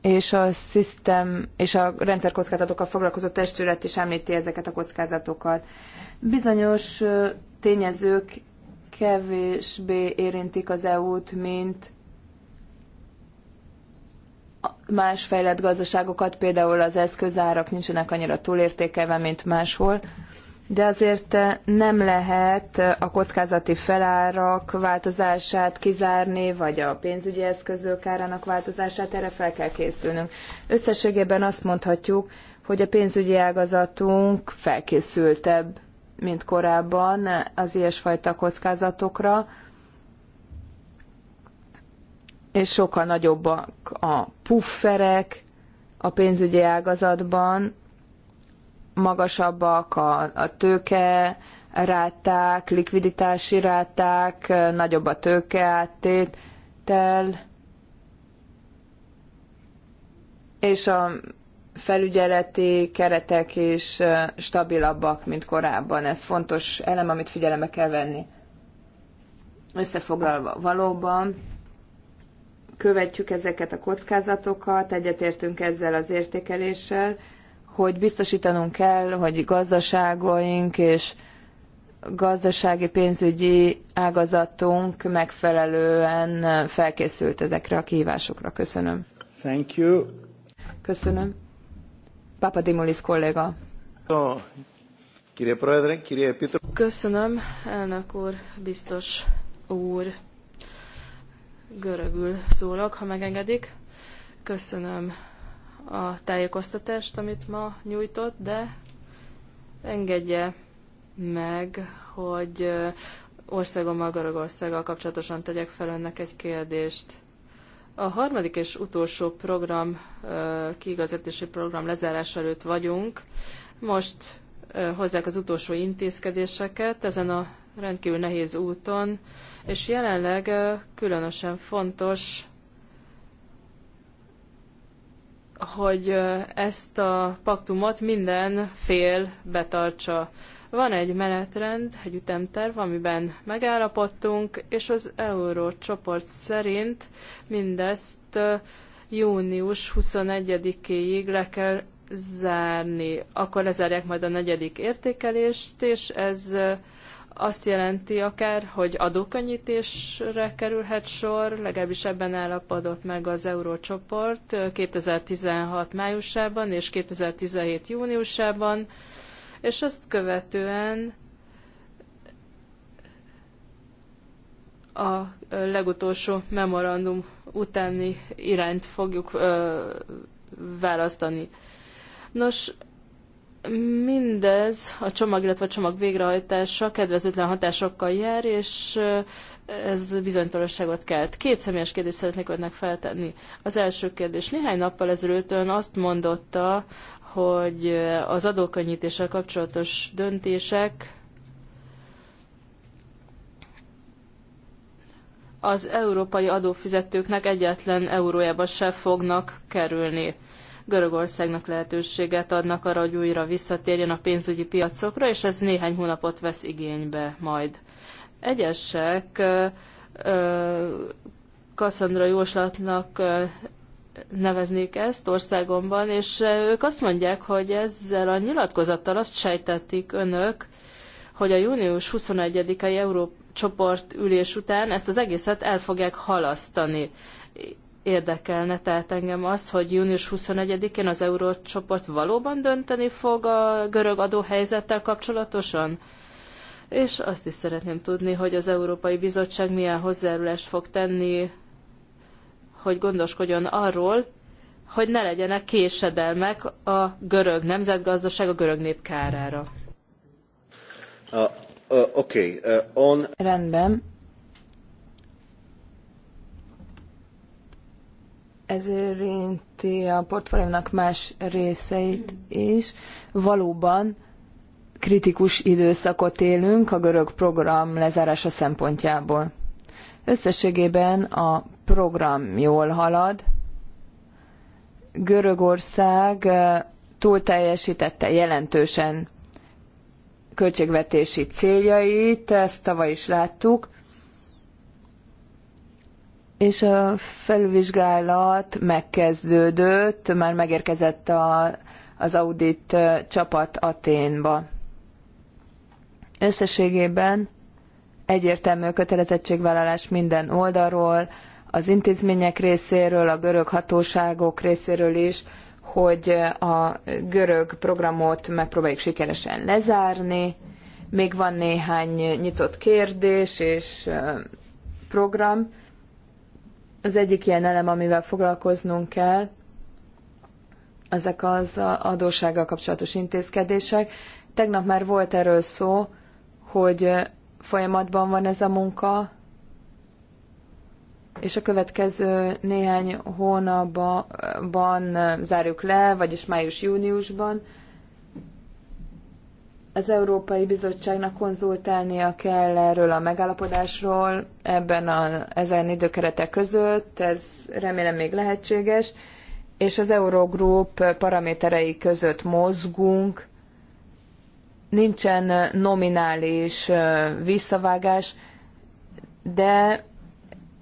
és a szisztem és a rendszerkockázatokkal foglalkozó testület is említi ezeket a kockázatokat. Bizonyos tényezők kevésbé érintik az EU-t, mint más fejlett gazdaságokat, például az eszközárak nincsenek annyira túlértékelve, mint máshol, de azért eh, nem lehet eh, a kockázati felárak változását kizárni, vagy a pénzügyi eszközök árának változását, erre fel kell készülnünk. Összességében azt mondhatjuk, hogy a pénzügyi ágazatunk felkészültebb, mint korábban eh, az ilyesfajta kockázatokra, és sokkal nagyobbak a pufferek a pénzügyi ágazatban, magasabbak a, a tőke ráták, likviditási ráták, nagyobb a tőke áttétel, és a felügyeleti keretek is stabilabbak, mint korábban. Ez fontos elem, amit figyelembe kell venni. Összefoglalva valóban követjük ezeket a kockázatokat, egyetértünk ezzel az értékeléssel, hogy biztosítanunk kell, hogy gazdaságaink és gazdasági pénzügyi ágazatunk megfelelően felkészült ezekre a kihívásokra. Köszönöm. Thank you. Köszönöm. Papadimulis kolléga. Köszönöm, elnök úr, biztos úr görögül szólok, ha megengedik. Köszönöm a tájékoztatást, amit ma nyújtott, de engedje meg, hogy országommal, Görögországgal kapcsolatosan tegyek fel önnek egy kérdést. A harmadik és utolsó program, kiigazítási program lezárás előtt vagyunk. Most hozzák az utolsó intézkedéseket ezen a rendkívül nehéz úton, és jelenleg különösen fontos, hogy ezt a paktumot minden fél betartsa. Van egy menetrend, egy ütemterv, amiben megállapodtunk, és az euró csoport szerint mindezt június 21-éig le kell zárni. Akkor lezárják majd a negyedik értékelést, és ez azt jelenti akár, hogy adókönnyítésre kerülhet sor, legalábbis ebben állapodott meg az eurócsoport 2016 májusában és 2017 júniusában, és azt követően a legutolsó memorandum utáni irányt fogjuk ö, választani. Nos, mindez a csomag, illetve a csomag végrehajtása kedvezőtlen hatásokkal jár, és ez bizonytalanságot kelt. Két személyes kérdést szeretnék önnek feltenni. Az első kérdés. Néhány nappal ezelőtt ön azt mondotta, hogy az adókönnyítéssel kapcsolatos döntések az európai adófizetőknek egyetlen eurójába se fognak kerülni. Görögországnak lehetőséget adnak arra, hogy újra visszatérjen a pénzügyi piacokra, és ez néhány hónapot vesz igénybe majd. Egyesek Kassandra jóslatnak neveznék ezt országomban, és ők azt mondják, hogy ezzel a nyilatkozattal azt sejtették önök, hogy a június 21-i Európa csoport ülés után ezt az egészet el fogják halasztani. Érdekelne tehát engem az, hogy június 21-én az eurócsoport valóban dönteni fog a görög adóhelyzettel kapcsolatosan? És azt is szeretném tudni, hogy az Európai Bizottság milyen hozzájárulást fog tenni, hogy gondoskodjon arról, hogy ne legyenek késedelmek a görög nemzetgazdaság a görög nép kárára. Uh, ah, uh, ah, okay. uh, eh, on... Rendben. ez érinti a portfóliónak más részeit is. Valóban kritikus időszakot élünk a görög program lezárása szempontjából. Összességében a program jól halad. Görögország túlteljesítette jelentősen költségvetési céljait, ezt tavaly is láttuk, és a felvizsgálat megkezdődött, már megérkezett a, az audit csapat Aténba. Összességében egyértelmű kötelezettségvállalás minden oldalról, az intézmények részéről, a görög hatóságok részéről is, hogy a görög programot megpróbáljuk sikeresen lezárni. Még van néhány nyitott kérdés és program, az egyik ilyen elem, amivel foglalkoznunk kell, ezek az adóssággal kapcsolatos intézkedések. Tegnap már volt erről szó, hogy folyamatban van ez a munka, és a következő néhány hónapban zárjuk le, vagyis május-júniusban az Európai Bizottságnak konzultálnia kell erről a megállapodásról ebben a, ezen időkeretek között, ez remélem még lehetséges, és az Eurogroup paraméterei között mozgunk, nincsen nominális visszavágás, de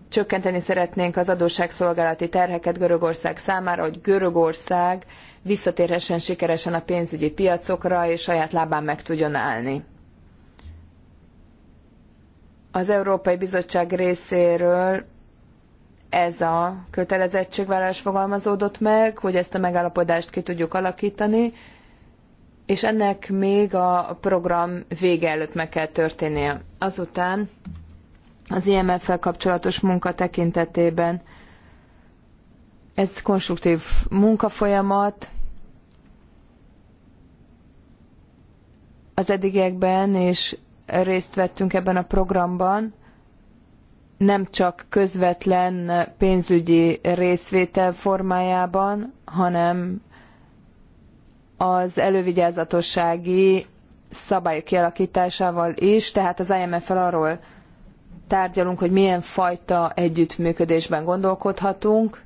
csökkenteni szeretnénk az adósságszolgálati terheket Görögország számára, hogy Görögország visszatérhessen sikeresen a pénzügyi piacokra, és saját lábán meg tudjon állni. Az Európai Bizottság részéről ez a kötelezettségvállalás fogalmazódott meg, hogy ezt a megállapodást ki tudjuk alakítani, és ennek még a program vége előtt meg kell történnie. Azután az IMF-fel kapcsolatos munka tekintetében ez konstruktív munkafolyamat. Az eddigiekben és részt vettünk ebben a programban, nem csak közvetlen pénzügyi részvétel formájában, hanem az elővigyázatossági szabályok kialakításával is, tehát az IMF-el arról tárgyalunk, hogy milyen fajta együttműködésben gondolkodhatunk,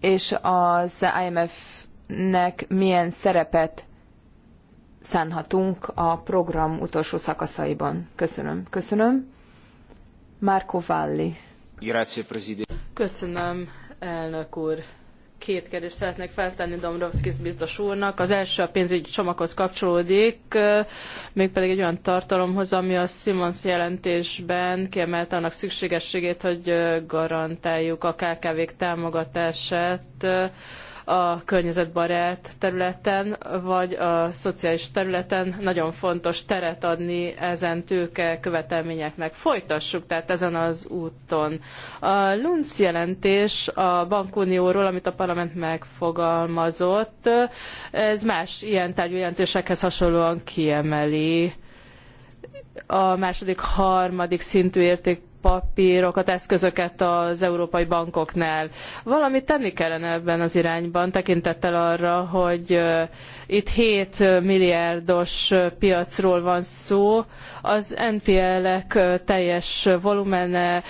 és az IMF-nek milyen szerepet szánhatunk a program utolsó szakaszaiban. Köszönöm. Köszönöm. Marco Valli. Grazie, Presidente. Köszönöm, elnök úr. Két kérdést szeretnék feltenni Dombrovskis biztos úrnak. Az első a pénzügyi csomaghoz kapcsolódik, mégpedig egy olyan tartalomhoz, ami a Simons jelentésben kiemelte annak szükségességét, hogy garantáljuk a KKV-k támogatását a környezetbarát területen, vagy a szociális területen nagyon fontos teret adni ezen tőke követelményeknek. Folytassuk tehát ezen az úton. A LUNC jelentés a bankunióról, amit a parlament megfogalmazott, ez más ilyen tárgyú jelentésekhez hasonlóan kiemeli a második, harmadik szintű érték papírokat, eszközöket az európai bankoknál. Valamit tenni kellene ebben az irányban, tekintettel arra, hogy itt 7 milliárdos piacról van szó, az NPL-ek teljes volumene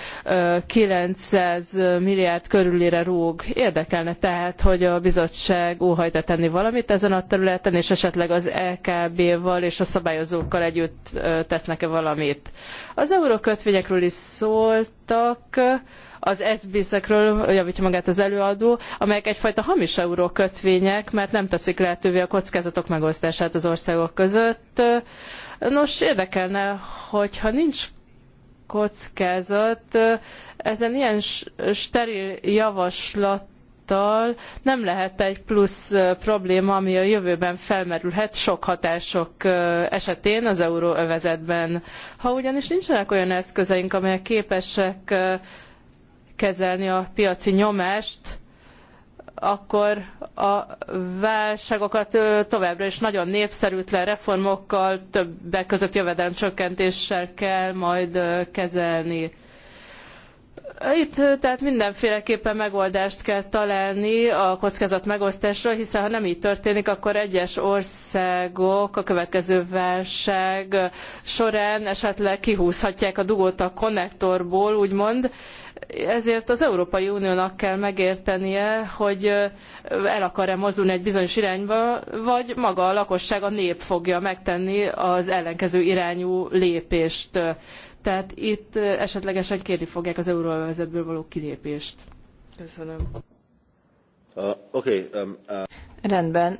900 milliárd körülire rúg. Érdekelne tehát, hogy a bizottság óhajta tenni valamit ezen a területen, és esetleg az EKB-val és a szabályozókkal együtt tesznek-e valamit. Az eurókötvényekről is szó szóltak az sbs ekről javítja magát az előadó, amelyek egyfajta hamis eurókötvények, mert nem teszik lehetővé a kockázatok megosztását az országok között. Nos, érdekelne, hogyha nincs kockázat, ezen ilyen steril javaslat által nem lehet egy plusz probléma, ami a jövőben felmerülhet sok hatások esetén az euróövezetben. Ha ugyanis nincsenek olyan eszközeink, amelyek képesek kezelni a piaci nyomást, akkor a válságokat továbbra is nagyon népszerűtlen reformokkal, többek között jövedelemcsökkentéssel kell majd kezelni. Itt tehát mindenféleképpen megoldást kell találni a kockázat megosztásra, hiszen ha nem így történik, akkor egyes országok a következő válság során esetleg kihúzhatják a dugót a konnektorból, úgymond, ezért az Európai Uniónak kell megértenie, hogy el akar-e mozdulni egy bizonyos irányba, vagy maga a lakosság, a nép fogja megtenni az ellenkező irányú lépést. Tehát itt esetlegesen kérni fogják az euróvezetből való kilépést. Köszönöm. Uh, okay, um, uh... Rendben.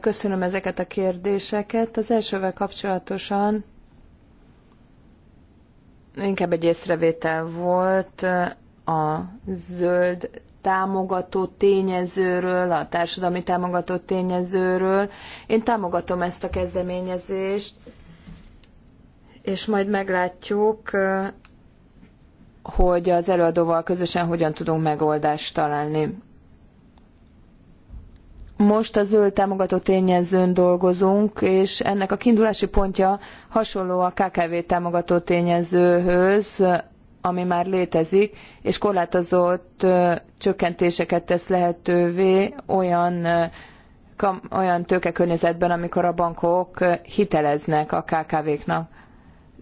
Köszönöm ezeket a kérdéseket. Az elsővel kapcsolatosan inkább egy észrevétel volt a zöld támogató tényezőről, a társadalmi támogató tényezőről. Én támogatom ezt a kezdeményezést, és majd meglátjuk, hogy az előadóval közösen hogyan tudunk megoldást találni. Most a zöld támogató tényezőn dolgozunk, és ennek a kiindulási pontja hasonló a KKV támogató tényezőhöz, ami már létezik, és korlátozott csökkentéseket tesz lehetővé olyan, olyan tőkekörnyezetben, amikor a bankok hiteleznek a KKV-knak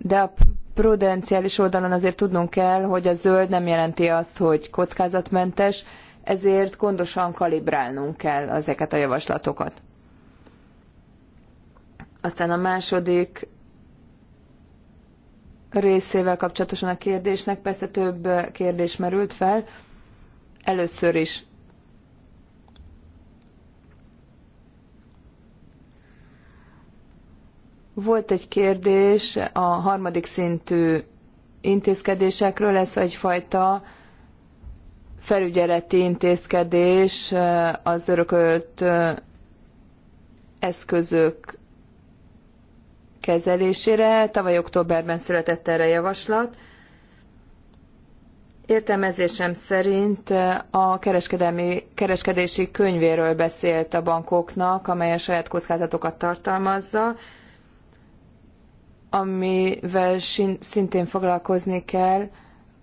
de a prudenciális oldalon azért tudnunk kell, hogy a zöld nem jelenti azt, hogy kockázatmentes, ezért gondosan kalibrálnunk kell ezeket a javaslatokat. Aztán a második részével kapcsolatosan a kérdésnek persze több kérdés merült fel. Először is Volt egy kérdés a harmadik szintű intézkedésekről, ez egyfajta felügyeleti intézkedés eh, az örökölt eh, eszközök kezelésére. Tavaly októberben született erre javaslat. Értelmezésem szerint eh, a kereskedelmi, kereskedési könyvéről beszélt a bankoknak, amely a saját kockázatokat tartalmazza, amivel szintén foglalkozni kell,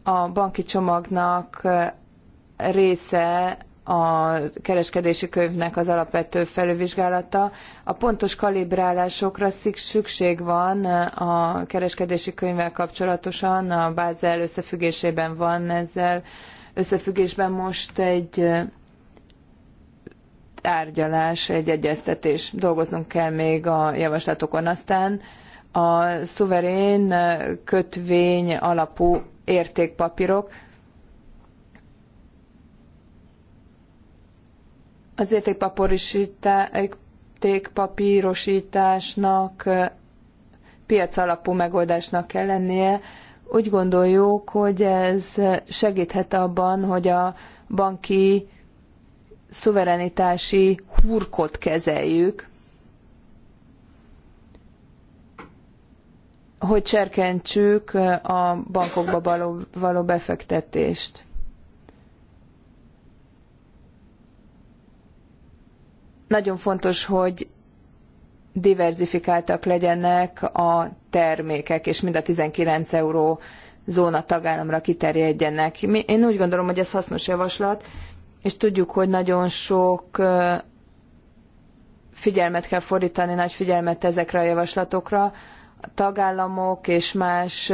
a banki csomagnak része a kereskedési könyvnek az alapvető felülvizsgálata. A pontos kalibrálásokra szükség van a kereskedési könyvvel kapcsolatosan, a Bázel összefüggésében van ezzel. Összefüggésben most egy tárgyalás, egy egyeztetés. Dolgoznunk kell még a javaslatokon. Aztán a szuverén kötvény alapú értékpapírok. Az értékpapírosításnak piac alapú megoldásnak kell lennie. Úgy gondoljuk, hogy ez segíthet abban, hogy a banki szuverenitási hurkot kezeljük, hogy serkentsük a bankokba való, való befektetést. Nagyon fontos, hogy diverzifikáltak legyenek a termékek, és mind a 19 euró zóna tagállamra kiterjedjenek. Én úgy gondolom, hogy ez hasznos javaslat, és tudjuk, hogy nagyon sok figyelmet kell fordítani, nagy figyelmet ezekre a javaslatokra, tagállamok és más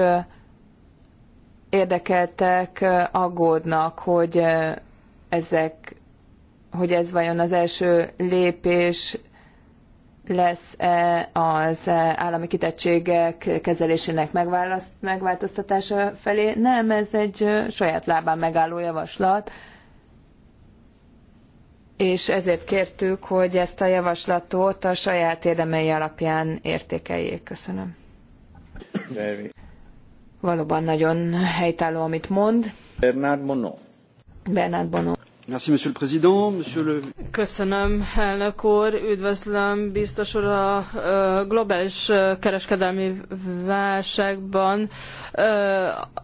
érdekeltek aggódnak, hogy ezek, hogy ez vajon az első lépés lesz-e az állami kitettségek kezelésének megváltoztatása felé. Nem, ez egy saját lábán megálló javaslat, és ezért kértük, hogy ezt a javaslatot a saját érdemei alapján értékeljék. Köszönöm. David. Valóban nagyon helytálló, amit mond. Bernard Monod. Bernard Monod. Köszönöm, elnök úr. Üdvözlöm, biztos úr, a globális kereskedelmi válságban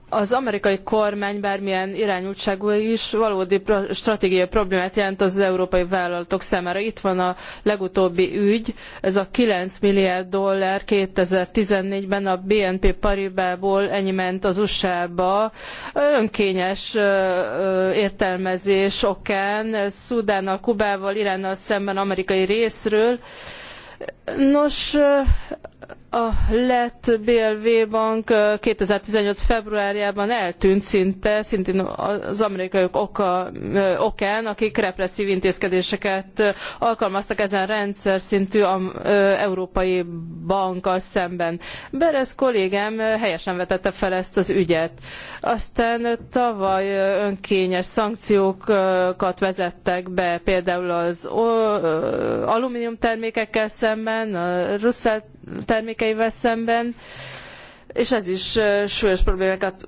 az amerikai kormány bármilyen irányultságú is valódi stratégiai problémát jelent az európai vállalatok számára. Itt van a legutóbbi ügy, ez a 9 milliárd dollár 2014-ben a BNP Paribából ennyi ment az USA-ba önkényes értelmezés okán, Szudánnal, Kubával, Iránnal szemben amerikai részről. Nos, a lett BLV bank 2018. februárjában eltűnt szinte, szintén az amerikaiak oka, okán, akik represszív intézkedéseket alkalmaztak ezen rendszer szintű európai bankkal szemben. Berez kollégám helyesen vetette fel ezt az ügyet. Aztán tavaly önkényes szankciókat vezettek be, például az alumínium termékekkel szemben, a Russell termékeivel szemben, és ez is súlyos problémákat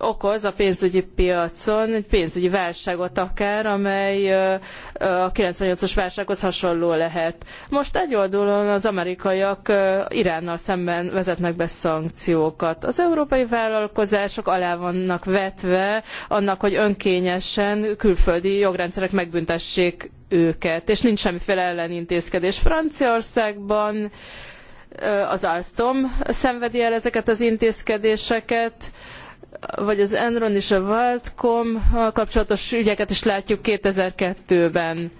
okoz a pénzügyi piacon, egy pénzügyi válságot akár, amely a 98-as válsághoz hasonló lehet. Most egy oldalon az amerikaiak Iránnal szemben vezetnek be szankciókat. Az európai vállalkozások alá vannak vetve annak, hogy önkényesen külföldi jogrendszerek megbüntessék őket, és nincs semmiféle ellenintézkedés. Franciaországban az Alstom szenvedi el ezeket az intézkedéseket, vagy az Enron és a Valtcom kapcsolatos ügyeket is látjuk 2002-ben.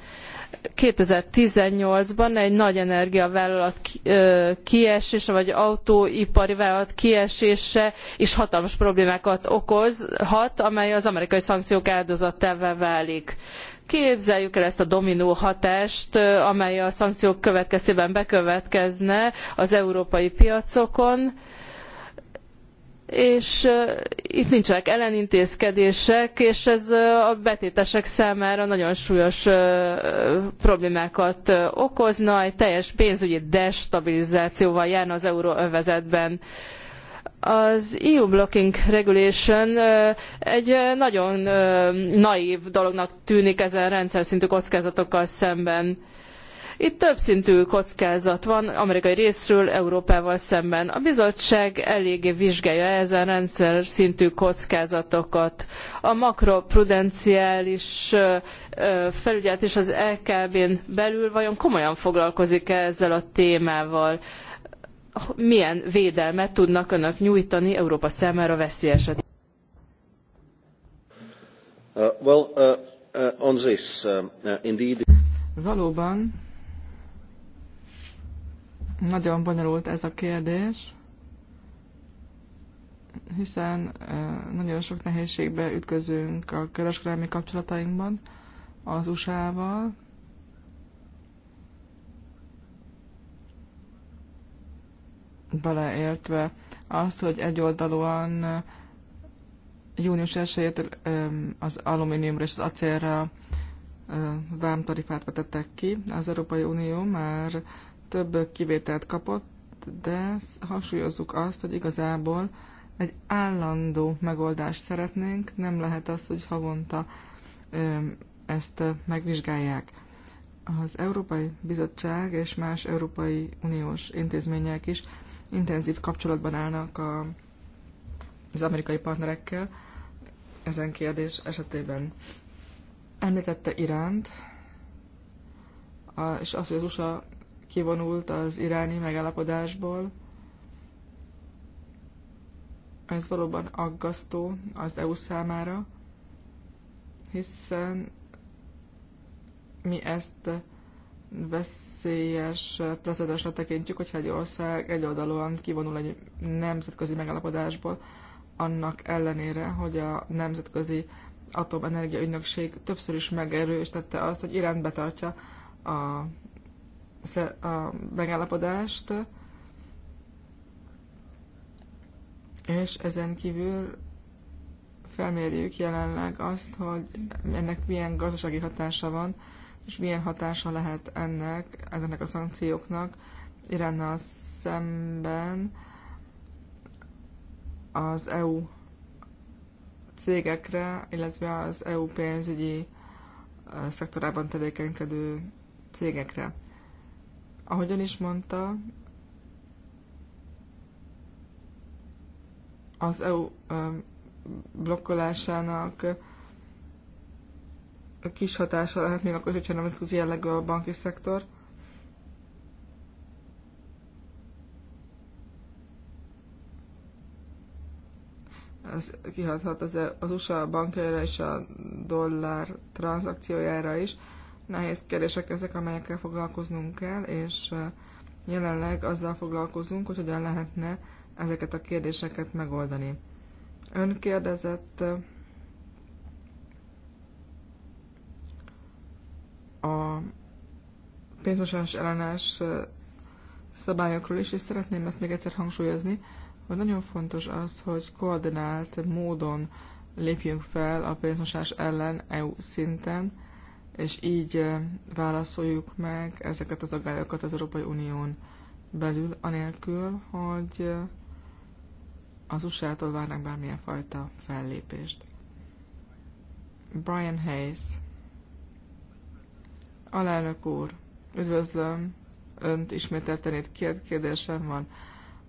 2018-ban egy nagy energiavállalat kiesése, vagy autóipari vállalat kiesése is hatalmas problémákat okozhat, amely az amerikai szankciók áldozatává válik. Képzeljük el ezt a dominó hatást, amely a szankciók következtében bekövetkezne az európai piacokon és itt nincsenek ellenintézkedések, és ez a betétesek számára nagyon súlyos problémákat okozna, egy teljes pénzügyi destabilizációval járna az euróövezetben. övezetben az EU Blocking Regulation egy nagyon naív dolognak tűnik ezen rendszer szintű kockázatokkal szemben. Itt több szintű kockázat van amerikai részről Európával szemben. A bizottság eléggé vizsgálja ezen rendszer szintű kockázatokat. A makroprudenciális felügyelet és az LKB-n e belül vajon komolyan foglalkozik -e ezzel a témával? milyen védelmet tudnak önök nyújtani Európa számára veszélyeset? Uh, well, uh, uh, on this, uh, uh, indeed... Valóban nagyon bonyolult ez a kérdés, hiszen uh, nagyon sok nehézségbe ütközünk a kereskedelmi kapcsolatainkban az USA-val, beleértve azt, hogy egyoldalúan június 1 az alumíniumra és az acélra vámtarifát vetettek ki. Az Európai Unió már több kivételt kapott, de hangsúlyozzuk azt, hogy igazából egy állandó megoldást szeretnénk, nem lehet az, hogy havonta ezt megvizsgálják. Az Európai Bizottság és más Európai Uniós intézmények is intenzív kapcsolatban állnak a, az amerikai partnerekkel ezen kérdés esetében. Említette Iránt, a, és az, hogy az USA kivonult az iráni megállapodásból, ez valóban aggasztó az EU számára, hiszen mi ezt veszélyes precedensre tekintjük, hogyha egy ország egyoldalúan kivonul egy nemzetközi megállapodásból, annak ellenére, hogy a Nemzetközi Atomenergia Ügynökség többször is megerősítette azt, hogy Irán betartja a, a megállapodást, és ezen kívül felmérjük jelenleg azt, hogy ennek milyen gazdasági hatása van és milyen hatása lehet ennek, ezeknek a szankcióknak Iránnal szemben az EU cégekre, illetve az EU pénzügyi szektorában tevékenykedő cégekre. Ahogyan is mondta, az EU blokkolásának kis hatása lehet még akkor, hogyha az jellegű a banki szektor. Ez kihathat az, e- az USA bankjaira és a dollár tranzakciójára is. Nehéz kérdések ezek, amelyekkel foglalkoznunk kell, és jelenleg azzal foglalkozunk, hogy hogyan lehetne ezeket a kérdéseket megoldani. Ön kérdezett pénzmosás ellenes szabályokról is, és szeretném ezt még egyszer hangsúlyozni, hogy nagyon fontos az, hogy koordinált módon lépjünk fel a pénzmosás ellen EU szinten, és így válaszoljuk meg ezeket az agályokat az Európai Unión belül, anélkül, hogy az USA-tól várnak bármilyen fajta fellépést. Brian Hayes Alelnök úr, Üdvözlöm Önt ismételten itt két kérdésem van.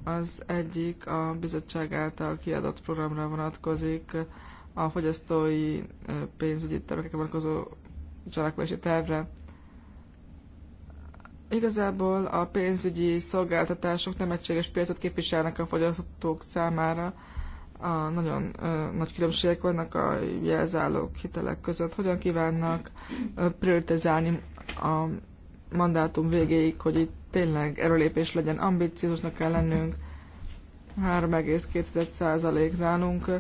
Az egyik a bizottság által kiadott programra vonatkozik, a fogyasztói pénzügyi tervekre vonatkozó cselekvési tervre. Igazából a pénzügyi szolgáltatások nem egységes piacot képviselnek a fogyasztók számára. A nagyon ö, nagy különbségek vannak a jelzálók hitelek között. Hogyan kívánnak prioritizálni a mandátum végéig, hogy itt tényleg erőlépés legyen, ambiciózusnak kell lennünk, 3,2% nálunk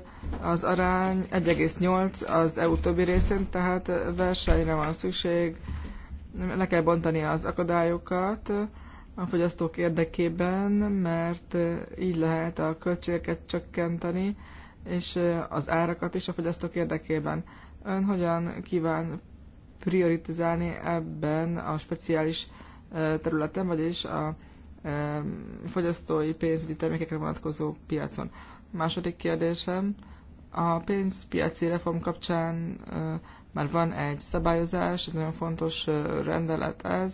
az arány, 1,8 az EU többi részén, tehát versenyre van szükség, le kell bontani az akadályokat a fogyasztók érdekében, mert így lehet a költségeket csökkenteni, és az árakat is a fogyasztók érdekében. Ön hogyan kíván prioritizálni ebben a speciális területen, vagyis a fogyasztói pénzügyi termékekre vonatkozó piacon. Második kérdésem, a pénzpiaci reform kapcsán már van egy szabályozás, egy nagyon fontos rendelet ez,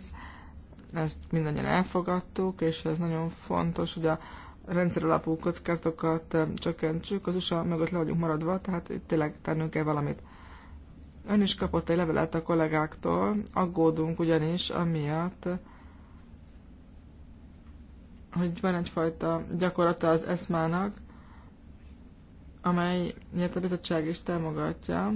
ezt mindannyian elfogadtuk, és ez nagyon fontos, hogy a rendszer alapú kockázatokat csökkentsük, az USA mögött le vagyunk maradva, tehát itt tényleg tennünk kell valamit. Ön is kapott egy levelet a kollégáktól, aggódunk ugyanis amiatt, hogy van egyfajta gyakorlata az eszmának, nyert a bizottság is támogatja.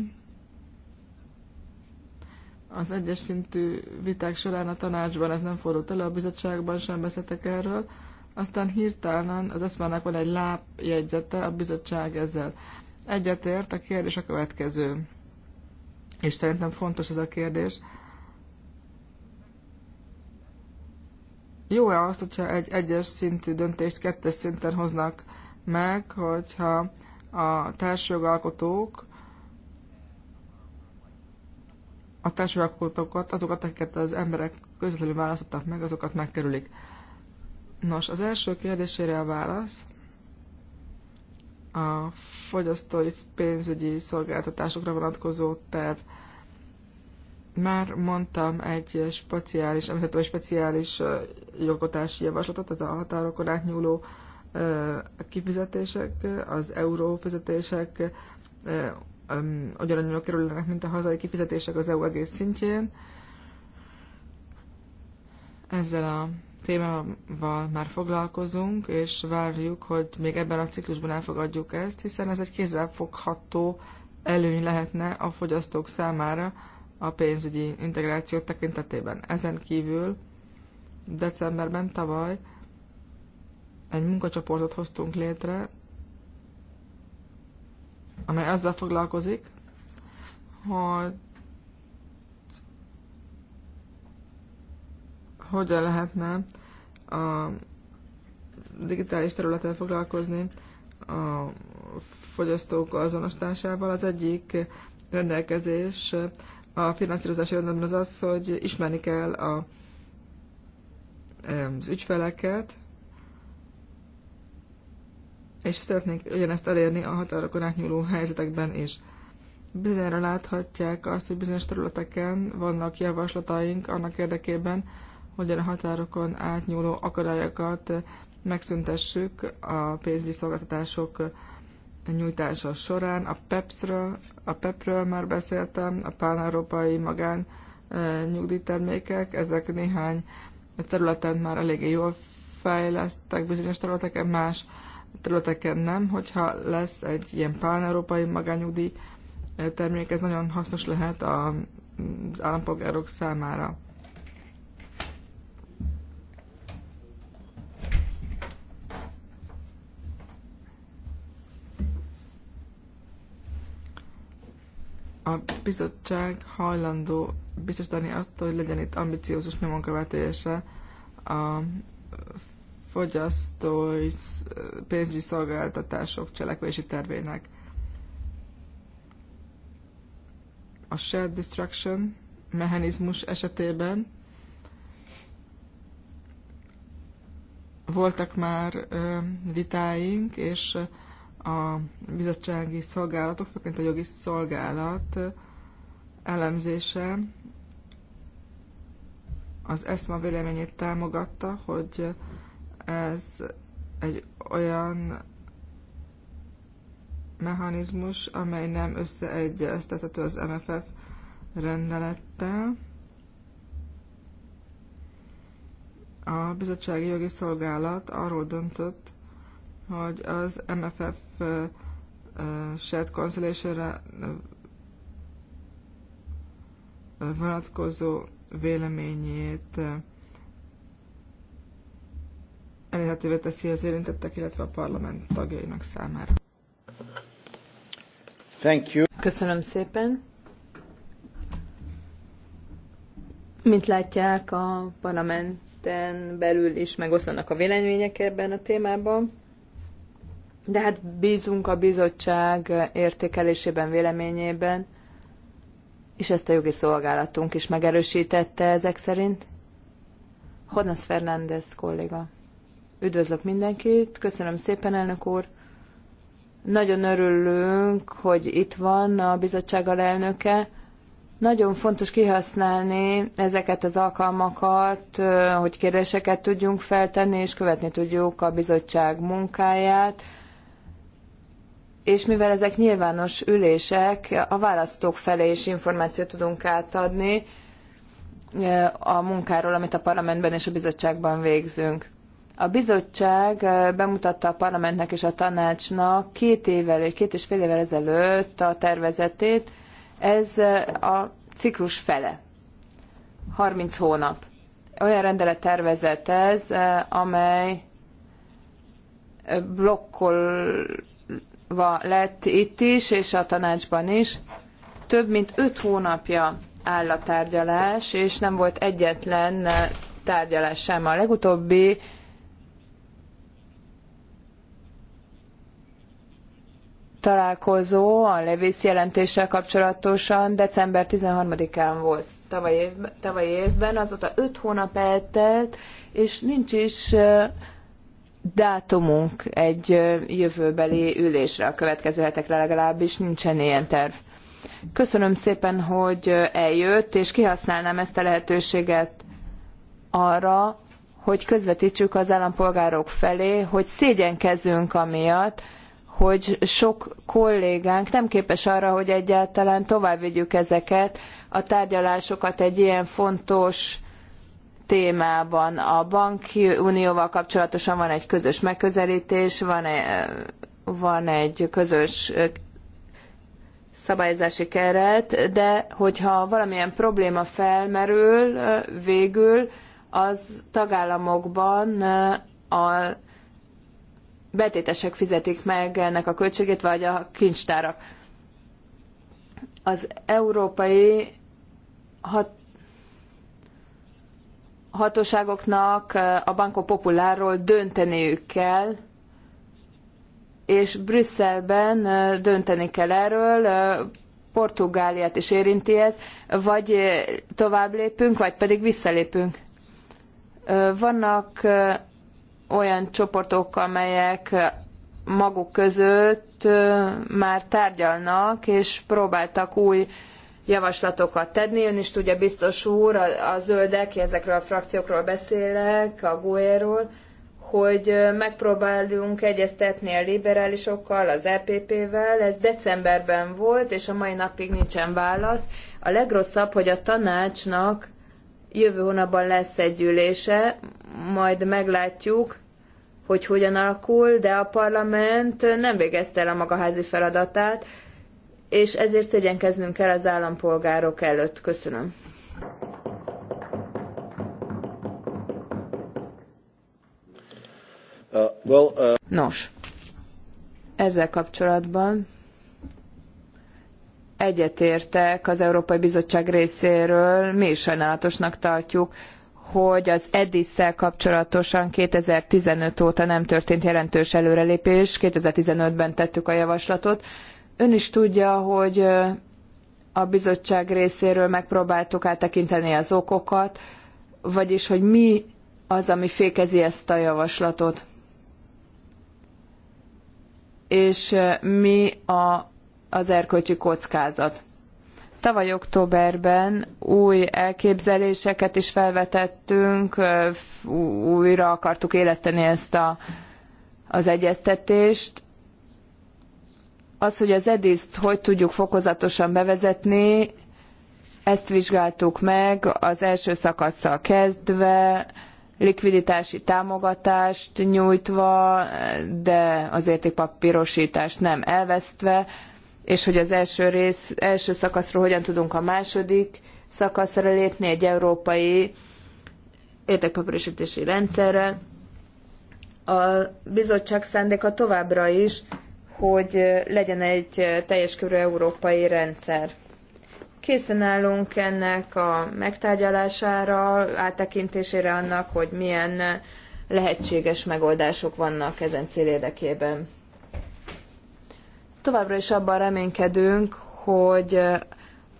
Az egyes szintű viták során a tanácsban ez nem fordult elő, a bizottságban sem beszéltek erről, aztán hirtelen az eszmának van egy lábjegyzete, a bizottság ezzel egyetért, a kérdés a következő és szerintem fontos ez a kérdés. Jó-e azt, hogyha egy egyes szintű döntést kettes szinten hoznak meg, hogyha a társjogalkotók a társjogalkotókat, azokat, akiket az emberek közvetlenül választottak meg, azokat megkerülik. Nos, az első kérdésére a válasz a fogyasztói pénzügyi szolgáltatásokra vonatkozó terv. Már mondtam egy speciális, említettem egy speciális jogotási javaslatot, az a határokon átnyúló kifizetések, az eurófizetések ugyanannyira kerülnek, mint a hazai kifizetések az EU egész szintjén. Ezzel a témával már foglalkozunk, és várjuk, hogy még ebben a ciklusban elfogadjuk ezt, hiszen ez egy kézzelfogható előny lehetne a fogyasztók számára a pénzügyi integráció tekintetében. Ezen kívül decemberben tavaly egy munkacsoportot hoztunk létre, amely azzal foglalkozik, hogy hogyan lehetne a digitális területen foglalkozni a fogyasztók azonosításával. Az egyik rendelkezés a finanszírozási rendben az az, hogy ismerni kell a, az ügyfeleket, és szeretnénk ugyanezt elérni a határokon átnyúló helyzetekben is. Bizonyára láthatják azt, hogy bizonyos területeken vannak javaslataink annak érdekében, hogy a határokon átnyúló akadályokat megszüntessük a pénzügyi szolgáltatások nyújtása során. A PEPS-ről, a PEP-ről már beszéltem, a pán-európai magán e, nyugdíjtermékek, ezek néhány területen már eléggé jól fejlesztek, bizonyos területeken más területeken nem, hogyha lesz egy ilyen pán-európai magányugdíj e, termék, ez nagyon hasznos lehet az állampolgárok számára. a bizottság hajlandó biztosítani azt, hogy legyen itt ambiciózus nyomonkövetése a fogyasztói pénzügyi szolgáltatások cselekvési tervének. A shared destruction mechanizmus esetében voltak már vitáink, és a bizottsági szolgálatok, főként a jogi szolgálat elemzése az ESMA véleményét támogatta, hogy ez egy olyan mechanizmus, amely nem összeegyeztethető az MFF rendelettel. A bizottsági jogi szolgálat arról döntött, hogy az MFF Shared Constellationre vonatkozó véleményét elérhetővé teszi az érintettek, illetve a parlament tagjainak számára. Thank you. Köszönöm szépen. Mint látják, a parlamenten belül is megoszlanak a vélemények ebben a témában. De hát bízunk a bizottság értékelésében, véleményében, és ezt a jogi szolgálatunk is megerősítette ezek szerint. Honas Fernández kolléga. Üdvözlök mindenkit, köszönöm szépen, elnök úr. Nagyon örülünk, hogy itt van a bizottság alelnöke. Nagyon fontos kihasználni ezeket az alkalmakat, hogy kérdéseket tudjunk feltenni, és követni tudjuk a bizottság munkáját és mivel ezek nyilvános ülések, a választók felé is információt tudunk átadni e, a munkáról, amit a parlamentben és a bizottságban végzünk. A bizottság e, bemutatta a parlamentnek és a tanácsnak két évvel, két és fél évvel ezelőtt a tervezetét. Ez e, a ciklus fele. 30 hónap. Olyan rendelet tervezet ez, amely blokkol lett itt is, és a tanácsban is. Több mint öt hónapja áll a tárgyalás, és nem volt egyetlen tárgyalás sem. A legutóbbi találkozó a levész jelentéssel kapcsolatosan december 13-án volt tavaly évben, tavaly évben, azóta öt hónap eltelt, és nincs is dátumunk egy jövőbeli ülésre, a következő hetekre legalábbis nincsen ilyen terv. Köszönöm szépen, hogy eljött, és kihasználnám ezt a lehetőséget arra, hogy közvetítsük az állampolgárok felé, hogy szégyenkezünk amiatt, hogy sok kollégánk nem képes arra, hogy egyáltalán tovább vigyük ezeket a tárgyalásokat egy ilyen fontos témában. A banki unióval kapcsolatosan van egy közös megközelítés, van, -e, van egy közös szabályozási keret, de hogyha valamilyen probléma felmerül végül, az tagállamokban a betétesek fizetik meg ennek a költségét, vagy a kincstárak. Az európai hat hatóságoknak a Banco Populárról dönteniük kell, és Brüsszelben dönteni kell erről, Portugáliát is érinti ez, vagy tovább lépünk, vagy pedig visszalépünk. Vannak olyan csoportok, amelyek maguk között már tárgyalnak, és próbáltak új javaslatokat tenni. Ön is tudja, biztos úr, a, a zöldek, ezekről a frakciókról beszélek, a GUE-ról, hogy megpróbálunk egyeztetni a liberálisokkal, az EPP-vel. Ez decemberben volt, és a mai napig nincsen válasz. A legrosszabb, hogy a tanácsnak jövő hónapban lesz egy ülése, majd meglátjuk, hogy hogyan alakul, de a parlament nem végezte el a maga házi feladatát, és ezért szégyenkeznünk kell az állampolgárok előtt. Köszönöm. Uh, well, uh... Nos, ezzel kapcsolatban egyetértek az Európai Bizottság részéről, mi is sajnálatosnak tartjuk, hogy az EDIS-szel kapcsolatosan 2015 óta nem történt jelentős előrelépés, 2015-ben tettük a javaslatot, Ön is tudja, hogy a bizottság részéről megpróbáltuk áttekinteni az okokat, vagyis hogy mi az, ami fékezi ezt a javaslatot. És mi a, az erkölcsi kockázat. Tavaly októberben új elképzeléseket is felvetettünk, újra akartuk éleszteni ezt a, az egyeztetést, az, hogy az edis hogy tudjuk fokozatosan bevezetni, ezt vizsgáltuk meg az első szakasszal kezdve, likviditási támogatást nyújtva, de az értékpapírosítást nem elvesztve, és hogy az első rész, első szakaszról hogyan tudunk a második szakaszra lépni egy európai értékpapírosítási rendszerre. A bizottság szándéka továbbra is, hogy legyen egy teljes körű európai rendszer. Készen állunk ennek a megtárgyalására, áttekintésére annak, hogy milyen lehetséges megoldások vannak ezen cél érdekében. Továbbra is abban reménykedünk, hogy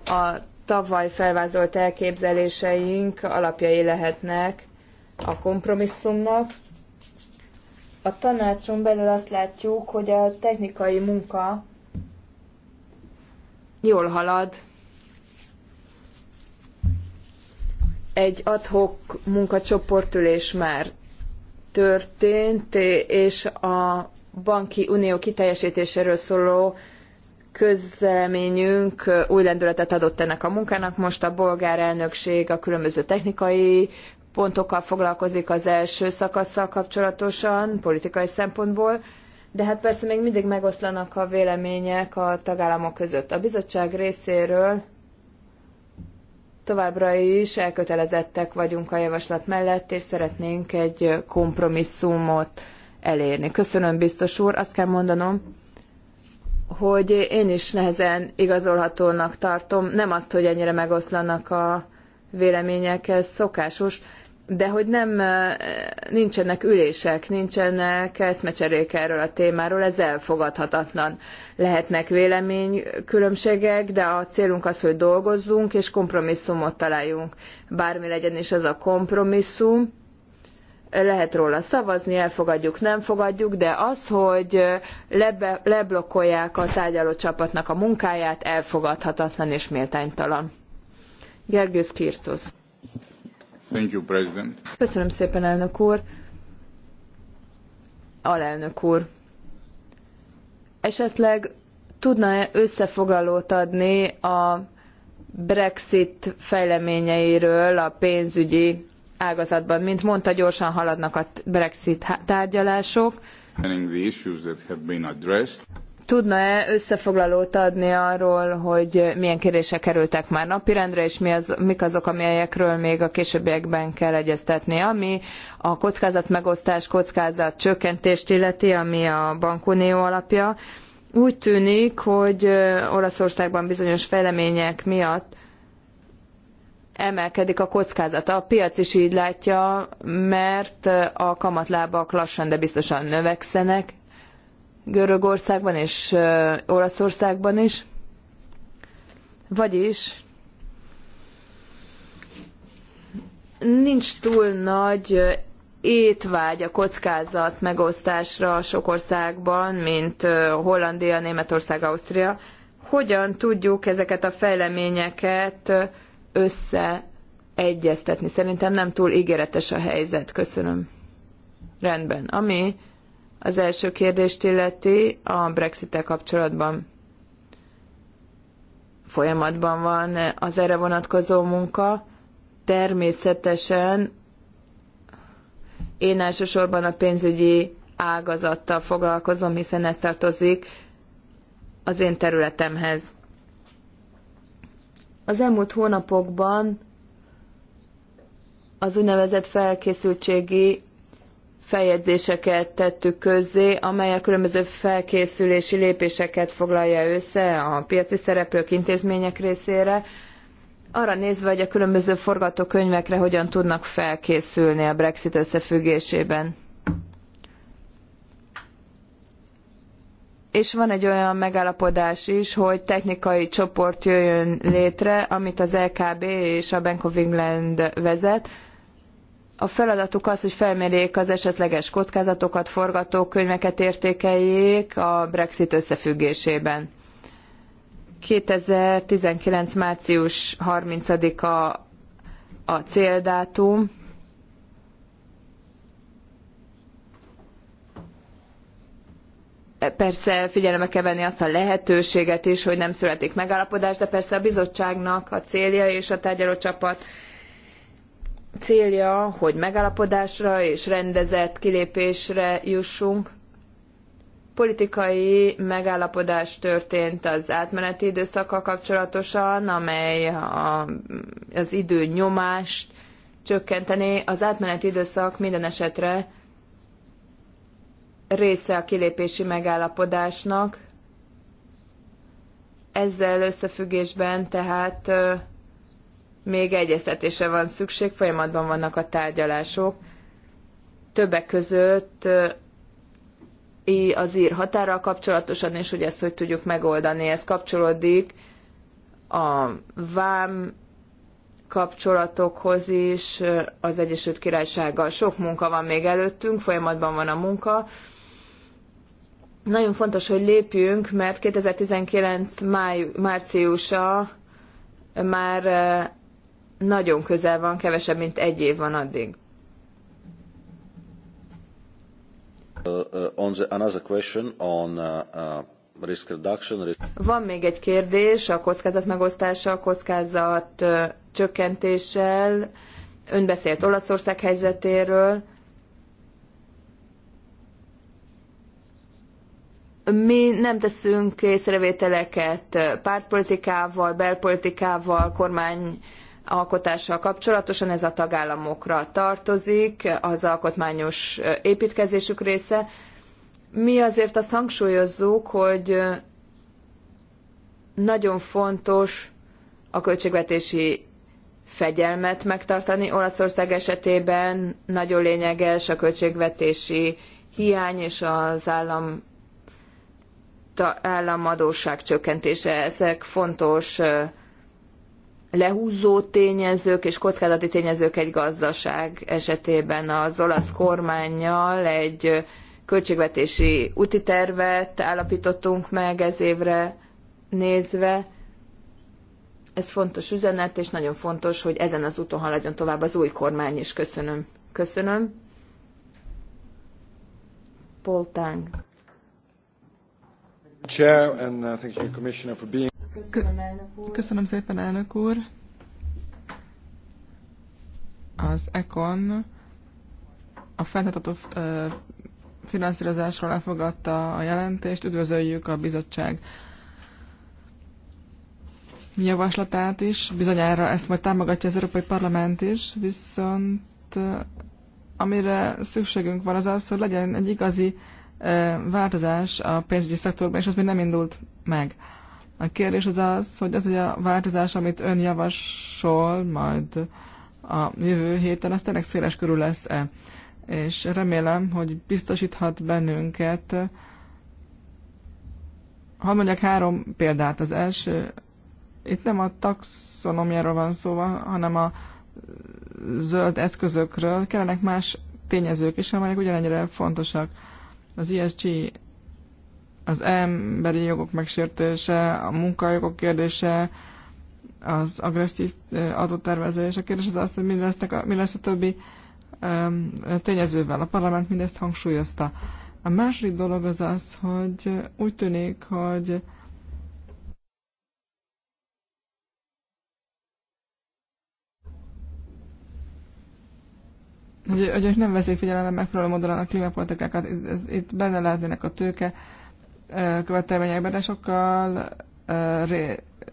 a tavaly felvázolt elképzeléseink alapjai lehetnek a kompromisszumnak, a tanácson belül azt látjuk, hogy a technikai munka jól halad. Egy adhok munkacsoportülés már történt, és a banki unió kiteljesítéséről szóló közleményünk új lendületet adott ennek a munkának. Most a bolgár elnökség a különböző technikai pontokkal foglalkozik az első szakaszsal kapcsolatosan, politikai szempontból, de hát persze még mindig megoszlanak a vélemények a tagállamok között. A bizottság részéről továbbra is elkötelezettek vagyunk a javaslat mellett, és szeretnénk egy kompromisszumot elérni. Köszönöm, biztos úr. Azt kell mondanom, hogy én is nehezen igazolhatónak tartom. Nem azt, hogy ennyire megoszlanak a vélemények, ez szokásos, de hogy nem nincsenek ülések, nincsenek eszmecserék erről a témáról, ez elfogadhatatlan. Lehetnek véleménykülönbségek, de a célunk az, hogy dolgozzunk és kompromisszumot találjunk. Bármi legyen is az a kompromisszum, lehet róla szavazni, elfogadjuk, nem fogadjuk, de az, hogy lebe, leblokkolják a tárgyaló csapatnak a munkáját, elfogadhatatlan és méltánytalan. Gergős Kircosz. Köszönöm szépen, elnök úr. Alelnök úr. Esetleg tudna-e összefoglalót adni a Brexit fejleményeiről a pénzügyi ágazatban? Mint mondta, gyorsan haladnak a Brexit tárgyalások. Tudna-e összefoglalót adni arról, hogy milyen kérések kerültek már napirendre, és mi az, mik azok, amelyekről még a későbbiekben kell egyeztetni, ami a kockázatmegosztás, kockázat csökkentést illeti, ami a bankunió alapja. Úgy tűnik, hogy Olaszországban bizonyos fejlemények miatt emelkedik a kockázata. A piac is így látja, mert a kamatlábak lassan, de biztosan növekszenek, Görögországban és Olaszországban is. Vagyis nincs túl nagy étvágy a kockázat megosztásra sok országban, mint Hollandia, Németország, Ausztria. Hogyan tudjuk ezeket a fejleményeket összeegyeztetni? Szerintem nem túl ígéretes a helyzet. Köszönöm. Rendben. Ami az első kérdést illeti a brexit kapcsolatban. Folyamatban van az erre vonatkozó munka. Természetesen én elsősorban a pénzügyi ágazattal foglalkozom, hiszen ez tartozik az én területemhez. Az elmúlt hónapokban az úgynevezett felkészültségi feljegyzéseket tettük közzé, amely a különböző felkészülési lépéseket foglalja össze a piaci szereplők intézmények részére, arra nézve, hogy a különböző forgatókönyvekre hogyan tudnak felkészülni a Brexit összefüggésében. És van egy olyan megállapodás is, hogy technikai csoport jöjjön létre, amit az LKB és a Bank of England vezet, a feladatuk az, hogy felmérjék az esetleges kockázatokat, forgatókönyveket értékeljék a Brexit összefüggésében. 2019. március 30-a a céldátum. Persze figyelembe kell venni azt a lehetőséget is, hogy nem születik megállapodás, de persze a bizottságnak a célja és a tárgyalócsapat célja, hogy megállapodásra és rendezett kilépésre jussunk. Politikai megállapodás történt az átmeneti időszakkal kapcsolatosan, amely a, az idő nyomást csökkenteni. Az átmeneti időszak minden esetre része a kilépési megállapodásnak. Ezzel összefüggésben tehát még egyeztetése van szükség, folyamatban vannak a tárgyalások. Többek között az ír határral kapcsolatosan, és hogy ezt hogy tudjuk megoldani. Ez kapcsolódik a vám kapcsolatokhoz is az Egyesült Királysággal. Sok munka van még előttünk, folyamatban van a munka. Nagyon fontos, hogy lépjünk, mert 2019 máj, márciusa már nagyon közel van, kevesebb, mint egy év van addig. Uh, uh, uh, van még egy kérdés a kockázat megosztása, a kockázat csökkentéssel. Ön beszélt Olaszország helyzetéről. Mi nem teszünk észrevételeket pártpolitikával, belpolitikával, kormány alkotással kapcsolatosan, ez a tagállamokra tartozik, az alkotmányos építkezésük része. Mi azért azt hangsúlyozzuk, hogy nagyon fontos a költségvetési fegyelmet megtartani. Olaszország esetében nagyon lényeges a költségvetési hiány és az állam államadóság csökkentése. Ezek fontos lehúzó tényezők és kockázati tényezők egy gazdaság esetében az olasz kormányjal egy költségvetési úti tervet állapítottunk meg ez évre nézve. Ez fontos üzenet, és nagyon fontos, hogy ezen az úton haladjon tovább az új kormány is. Köszönöm. Köszönöm. Poltang. Chair, and uh, thank you, Commissioner, for being Köszönöm, elnök úr. Köszönöm szépen, elnök úr. Az ECON a fenntartható finanszírozásról elfogadta a jelentést. Üdvözöljük a bizottság javaslatát is. Bizonyára ezt majd támogatja az Európai Parlament is, viszont amire szükségünk van az az, hogy legyen egy igazi változás a pénzügyi szektorban, és az még nem indult meg. A kérdés az az, hogy az, hogy a változás, amit ön javasol majd a jövő héten, az tényleg széles körül lesz-e. És remélem, hogy biztosíthat bennünket. Hadd mondjak három példát. Az első, itt nem a taxonomiáról van szó, hanem a zöld eszközökről. Kellenek más tényezők is, amelyek ugyanennyire fontosak. Az ESG az emberi jogok megsértése, a munkajogok kérdése, az agresszív adótervezés. A kérdés az az, hogy mi, lesznek, mi lesz a többi tényezővel. A parlament mindezt hangsúlyozta. A második dolog az az, hogy úgy tűnik, hogy hogy, hogy nem veszik figyelembe megfelelő módon a klímapolitikákat, ez, itt benne lehetnének a tőke, követelményekben, de sokkal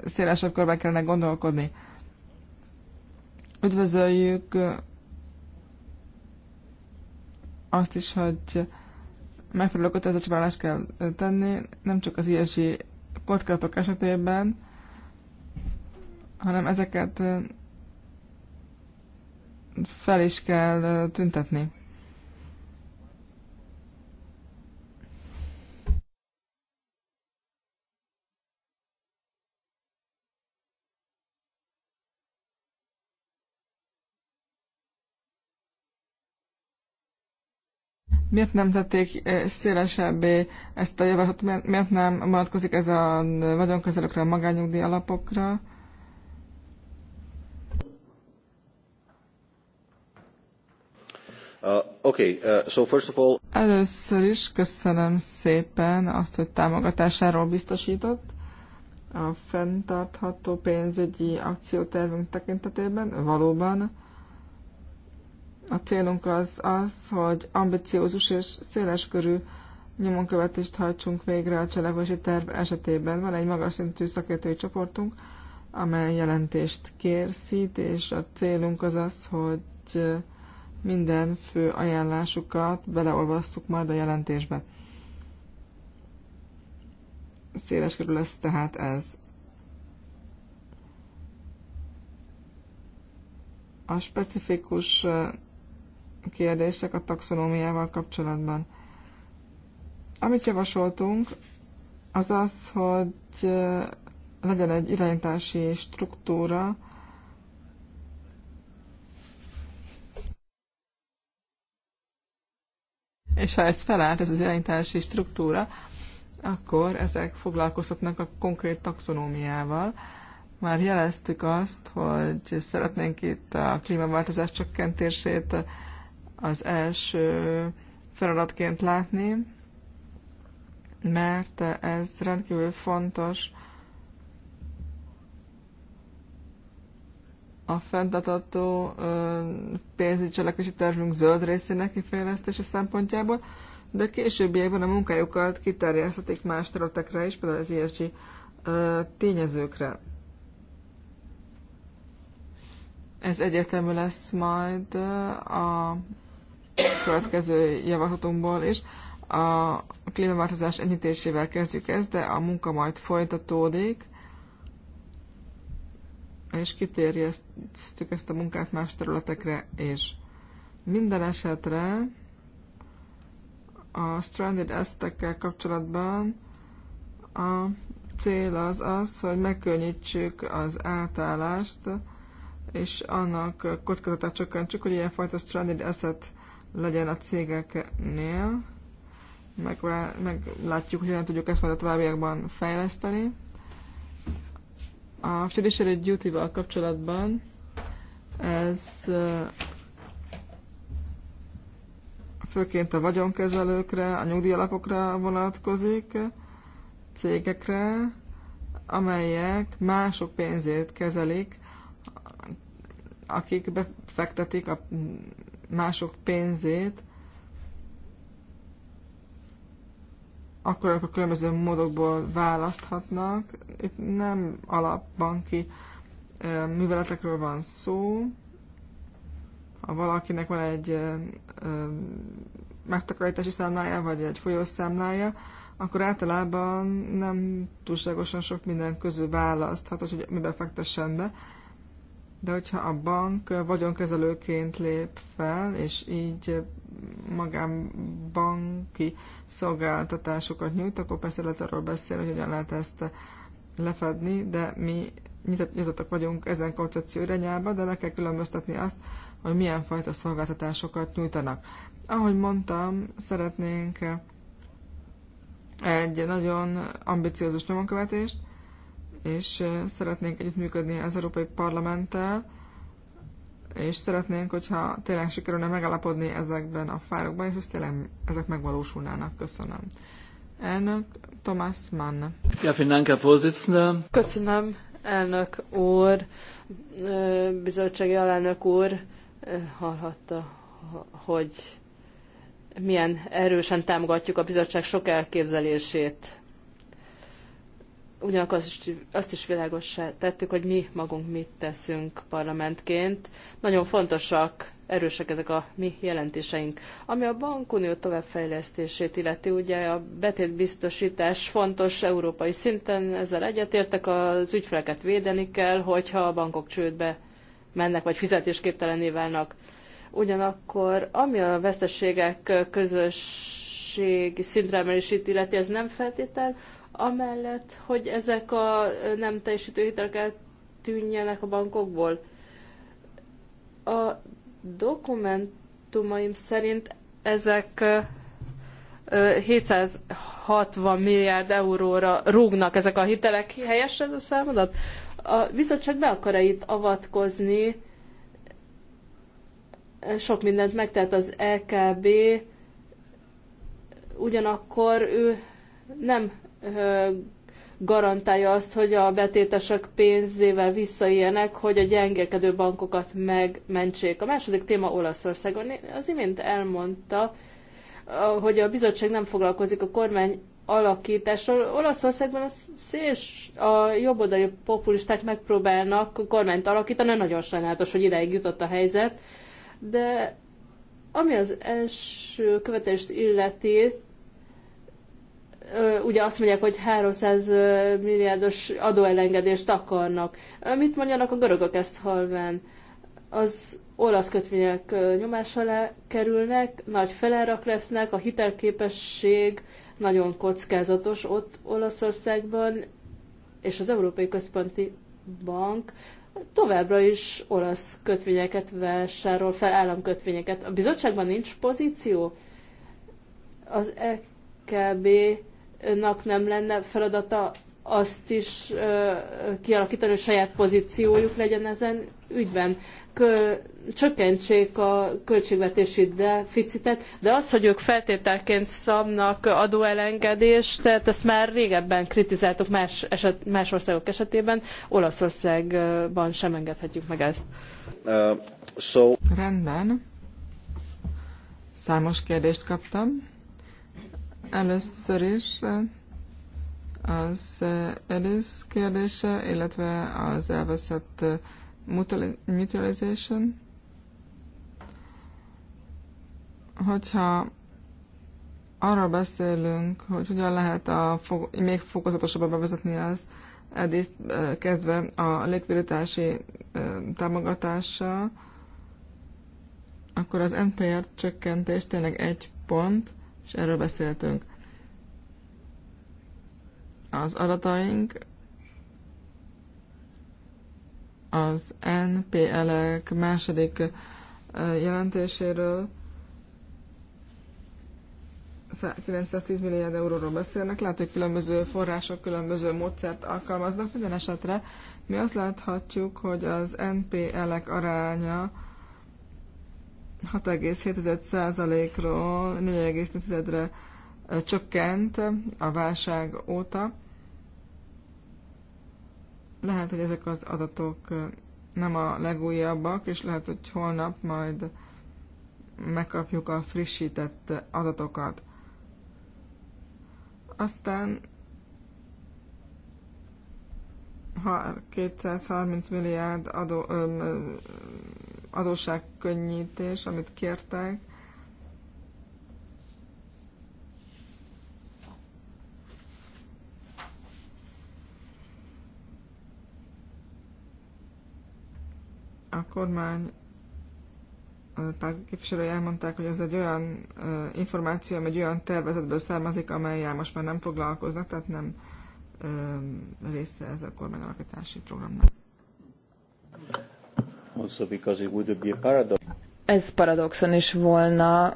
szélesebb körben kellene gondolkodni. Üdvözöljük azt is, hogy megfelelő kötelezettségvállalást kell tenni, nem csak az ISG kockázatok esetében, hanem ezeket fel is kell tüntetni. Miért nem tették eh, szélesebbé ezt a javaslatot, miért nem vonatkozik ez a vagyonkezelőkre, a magányugdíj alapokra? Uh, okay. uh, so first of all... Először is köszönöm szépen azt, hogy támogatásáról biztosított a fenntartható pénzügyi akciótervünk tekintetében. Valóban a célunk az az, hogy ambiciózus és széleskörű nyomonkövetést hajtsunk végre a cselekvési terv esetében. Van egy magas szintű szakértői csoportunk, amely jelentést kérszít, és a célunk az az, hogy minden fő ajánlásukat beleolvasszuk majd a jelentésbe. Széles körül lesz tehát ez. A specifikus kérdések a taxonómiával kapcsolatban. Amit javasoltunk, az az, hogy legyen egy irányítási struktúra, és ha ez felállt, ez az irányítási struktúra, akkor ezek foglalkozhatnak a konkrét taxonómiával. Már jeleztük azt, hogy szeretnénk itt a klímaváltozás csökkentését az első feladatként látni, mert ez rendkívül fontos a fenntartató pénzügyi cselekvési tervünk zöld részének kifejlesztése szempontjából, de későbbiekben a munkájukat kiterjeszthetik más területekre is, például az ESG tényezőkre. Ez egyértelmű lesz majd a következő javaslatunkból is. A klímaváltozás enyhítésével kezdjük ezt, de a munka majd folytatódik, és kiterjesztük ezt a munkát más területekre és Minden esetre a stranded esztekkel kapcsolatban a cél az az, hogy megkönnyítsük az átállást, és annak kockázatát csökkentsük, hogy ilyenfajta stranded asset legyen a cégeknél. meg, meg hogy hogyan tudjuk ezt majd a továbbiakban fejleszteni. A Fiduciary Duty-val kapcsolatban ez eh, főként a vagyonkezelőkre, a nyugdíjalapokra vonatkozik, cégekre, amelyek mások pénzét kezelik, akik befektetik a mások pénzét, akkor a különböző módokból választhatnak. Itt nem alapbanki műveletekről van szó. Ha valakinek van egy megtakarítási számlája, vagy egy folyószámlája, akkor általában nem túlságosan sok minden közül választhat, hogy mibe fektessen be de hogyha a bank vagyonkezelőként lép fel, és így magánbanki szolgáltatásokat nyújt, akkor persze lehet arról beszélni, hogy hogyan lehet ezt lefedni, de mi nyitottak vagyunk ezen koncepció irányába, de meg kell különböztetni azt, hogy milyen fajta szolgáltatásokat nyújtanak. Ahogy mondtam, szeretnénk egy nagyon ambiciózus nyomonkövetést, és szeretnénk együttműködni az Európai Parlamenttel, és szeretnénk, hogyha tényleg sikerülne megállapodni ezekben a fárokban, és ezt tényleg ezek megvalósulnának. Köszönöm. Elnök Thomas Mann. Ja, vielen Köszönöm, elnök úr, bizottsági alelnök úr. Hallhatta, hogy milyen erősen támogatjuk a bizottság sok elképzelését ugyanakkor azt is világossá tettük, hogy mi magunk mit teszünk parlamentként. Nagyon fontosak, erősek ezek a mi jelentéseink. Ami a bankunió továbbfejlesztését illeti, ugye a betétbiztosítás fontos európai szinten, ezzel egyetértek, az ügyfeleket védeni kell, hogyha a bankok csődbe mennek, vagy fizetésképtelené válnak. Ugyanakkor, ami a veszteségek közösségi szintre emelését illeti, ez nem feltétel, amellett, hogy ezek a nem teljesítő hitelek eltűnjenek a bankokból. A dokumentumaim szerint ezek 760 milliárd euróra rúgnak ezek a hitelek. Helyes ez a számadat? A bizottság be akar -e itt avatkozni? Sok mindent megtelt az LKB, e ugyanakkor ő nem garantálja azt, hogy a betétesek pénzével visszaéljenek, hogy a gyengekedő bankokat megmentsék. A második téma Olaszország. Az imént elmondta, hogy a bizottság nem foglalkozik a kormány alakításról. Olaszországban a, széls, a jobboldali populisták megpróbálnak a kormányt alakítani, nagyon sajnálatos, hogy ideig jutott a helyzet, de ami az első követést illeti, ugye azt mondják, hogy 300 milliárdos adóelengedést akarnak. Mit mondjanak a görögök ezt halván? Az olasz kötvények nyomás alá kerülnek, nagy felárak lesznek, a hitelképesség nagyon kockázatos ott Olaszországban, és az Európai Központi Bank továbbra is olasz kötvényeket vásárol fel, államkötvényeket. A bizottságban nincs pozíció? Az EKB nak nem lenne feladata azt is ö, kialakítani, hogy saját pozíciójuk legyen ezen ügyben. Kö, csökkentsék a költségvetési deficitet, de az, hogy ők feltételként szabnak adóelengedést, tehát ezt már régebben kritizáltuk más, eset, más országok esetében, Olaszországban sem engedhetjük meg ezt. Uh, so... Rendben. Számos kérdést kaptam. Először is eh, az Elis eh, kérdése, illetve az elveszett eh, mutualization. Hogyha arról beszélünk, hogy hogyan lehet a fog, még fokozatosabban bevezetni az edis kezdve a likviditási támogatással, akkor az NPR csökkentés tényleg egy pont, és erről beszéltünk. Az adataink az NPL-ek második jelentéséről 910 milliárd euróról beszélnek, lehet, hogy különböző források, különböző módszert alkalmaznak, minden esetre mi azt láthatjuk, hogy az NPL-ek aránya 6,7%-ról 4,4%-re csökkent a válság óta. Lehet, hogy ezek az adatok nem a legújabbak, és lehet, hogy holnap majd megkapjuk a frissített adatokat. Aztán ha 230 milliárd adó, ö, adósságkönnyítés, amit kértek. A kormány pár képviselői elmondták, hogy ez egy olyan információ, ami egy olyan tervezetből származik, amelyel most már nem foglalkoznak, tehát nem része ez a kormányalakítási programnak. Ez paradoxon is volna,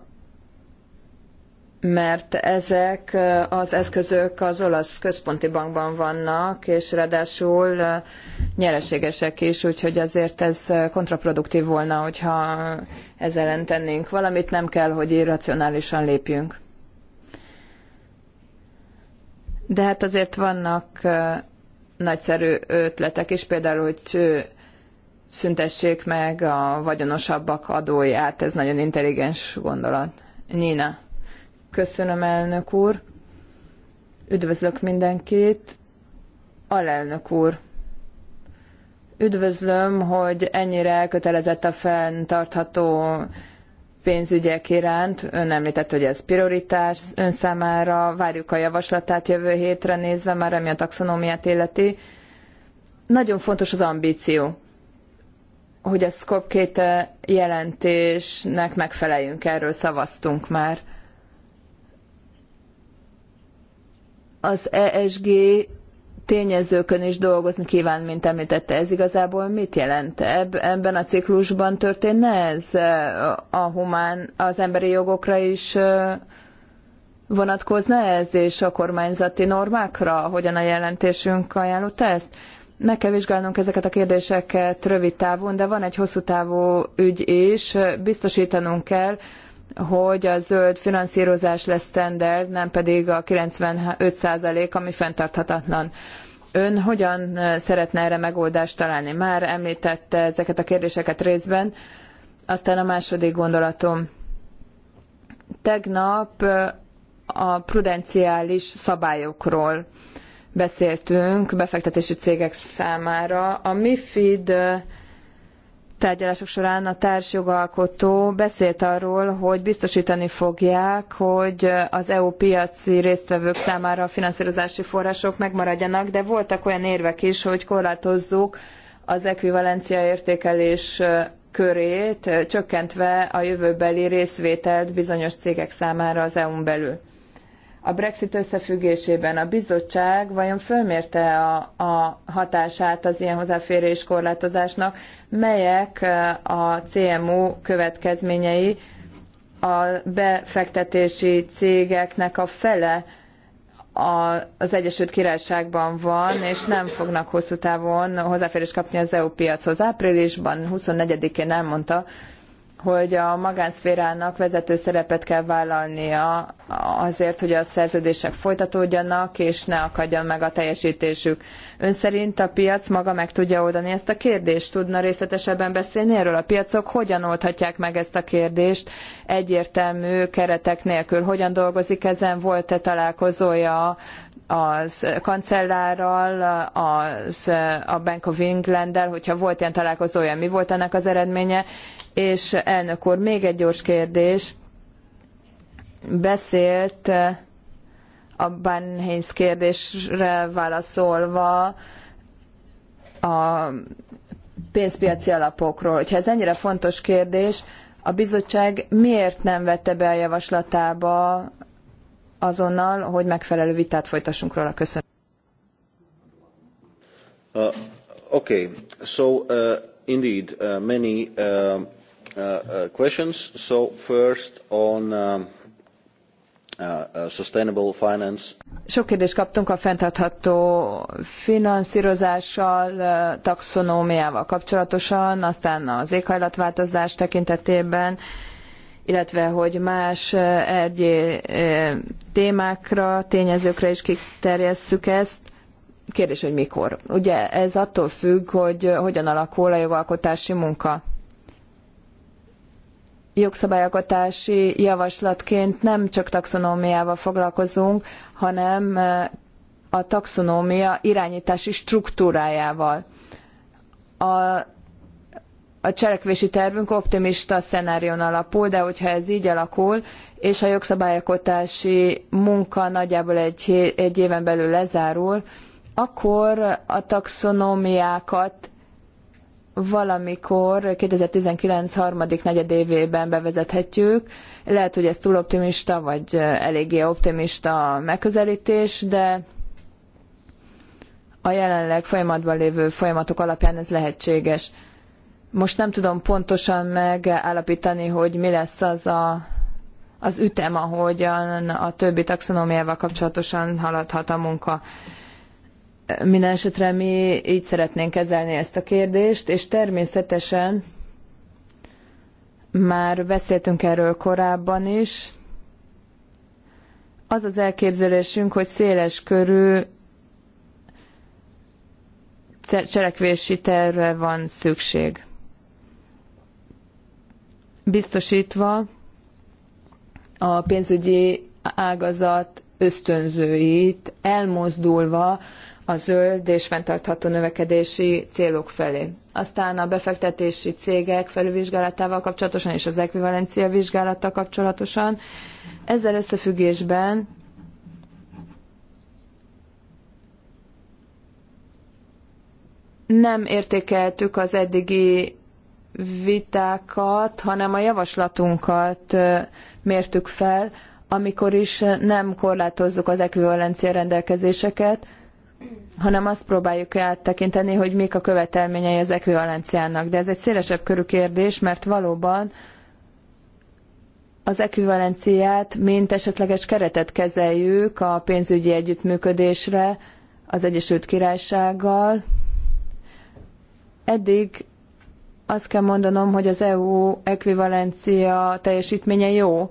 mert ezek az eszközök az olasz központi bankban vannak, és ráadásul nyereségesek is, úgyhogy azért ez kontraproduktív volna, hogyha ezzel ellen tennénk valamit, nem kell, hogy irracionálisan lépjünk. De hát azért vannak nagyszerű ötletek is, például, hogy szüntessék meg a vagyonosabbak adóját. Ez nagyon intelligens gondolat. Nina. Köszönöm, elnök úr. Üdvözlök mindenkit. Alelnök úr. Üdvözlöm, hogy ennyire elkötelezett a fenntartható pénzügyek iránt. Ön említett, hogy ez prioritás ön számára. Várjuk a javaslatát jövő hétre nézve, már ami a taxonómiát illeti. Nagyon fontos az ambíció hogy a SCOP két eh, jelentésnek megfeleljünk, erről szavaztunk már. Az ESG tényezőkön is dolgozni kíván, mint említette. Ez igazából mit jelent? Ebben a ciklusban történne ez eh, a humán, az emberi jogokra is eh, vonatkozna ez, és a kormányzati normákra? Hogyan a jelentésünk ajánlotta ezt? Meg kell vizsgálnunk ezeket a kérdéseket rövid távon, de van egy hosszú távú ügy is. Biztosítanunk kell, hogy a zöld finanszírozás lesz standard, nem pedig a 95% ami fenntarthatatlan. Ön hogyan szeretne erre megoldást találni? Már említette ezeket a kérdéseket részben. Aztán a második gondolatom. Tegnap a prudenciális szabályokról beszéltünk befektetési cégek számára. A MIFID tárgyalások során a társjogalkotó beszélt arról, hogy biztosítani fogják, hogy az EU piaci résztvevők számára a finanszírozási források megmaradjanak, de voltak olyan érvek is, hogy korlátozzuk az ekvivalencia értékelés körét, csökkentve a jövőbeli részvételt bizonyos cégek számára az EU-n belül a Brexit összefüggésében a bizottság vajon fölmérte a, a hatását az ilyen hozzáférés korlátozásnak, melyek a CMU következményei a befektetési cégeknek a fele a, az Egyesült Királyságban van, és nem fognak hosszú távon hozzáférés kapni az EU piachoz. Áprilisban 24-én elmondta, hogy a magánszférának vezető szerepet kell vállalnia azért, hogy a szerződések folytatódjanak, és ne akadjon meg a teljesítésük. Ön szerint a piac maga meg tudja oldani ezt a kérdést? Tudna részletesebben beszélni erről? A piacok hogyan oldhatják meg ezt a kérdést egyértelmű keretek nélkül? Hogyan dolgozik ezen? Volt-e találkozója az kancellárral, az, a Bank of England-del, hogyha volt ilyen találkozója, mi volt ennek az eredménye. És elnök úr, még egy gyors kérdés. Beszélt eh, a Banheinz kérdésre válaszolva a pénzpiaci alapokról. Hogyha ez ennyire fontos kérdés, a bizottság miért nem vette be a javaslatába azonnal, hogy megfelelő vitát folytassunk róla. Köszönöm. Uh, okay, so uh, indeed uh, many uh, uh, uh questions. So first on um, uh, sustainable finance. Sok kérdést kaptunk a fenntartható finanszírozással, taxonómiával kapcsolatosan, aztán az éghajlatváltozás tekintetében. Uh, illetve hogy más eh, egy eh, témákra, tényezőkre is kiterjesszük ezt. Kérdés, hogy mikor. Ugye ez attól függ, hogy eh, hogyan alakul a jogalkotási munka. Jogszabályalkotási javaslatként nem csak taxonómiával foglalkozunk, hanem a taxonómia irányítási struktúrájával. A a cselekvési tervünk optimista szenárion alapul, de hogyha ez így alakul, és a jogszabályalkotási munka nagyjából egy, egy éven belül lezárul, akkor a taxonómiákat valamikor 2019 harmadik negyedévében bevezethetjük. Lehet, hogy ez túl optimista, vagy eléggé optimista megközelítés, de a jelenleg folyamatban lévő folyamatok alapján ez lehetséges. Most nem tudom pontosan megállapítani, hogy mi lesz az a, az ütem, ahogyan a többi taxonómiával kapcsolatosan haladhat a munka. Minden esetre mi így szeretnénk kezelni ezt a kérdést, és természetesen már beszéltünk erről korábban is. Az az elképzelésünk, hogy széles körű cselekvési tervre van szükség biztosítva a pénzügyi ágazat ösztönzőit, elmozdulva a zöld és fenntartható növekedési célok felé. Aztán a befektetési cégek felülvizsgálatával kapcsolatosan és az ekvivalencia vizsgálattal kapcsolatosan. Ezzel összefüggésben nem értékeltük az eddigi vitákat, hanem a javaslatunkat mértük fel, amikor is nem korlátozzuk az ekvivalencia rendelkezéseket, hanem azt próbáljuk áttekinteni, hogy mik a követelményei az ekvivalenciának. De ez egy szélesebb körű kérdés, mert valóban az ekvivalenciát, mint esetleges keretet kezeljük a pénzügyi együttműködésre az Egyesült Királysággal. Eddig azt kell mondanom, hogy az EU ekvivalencia teljesítménye jó.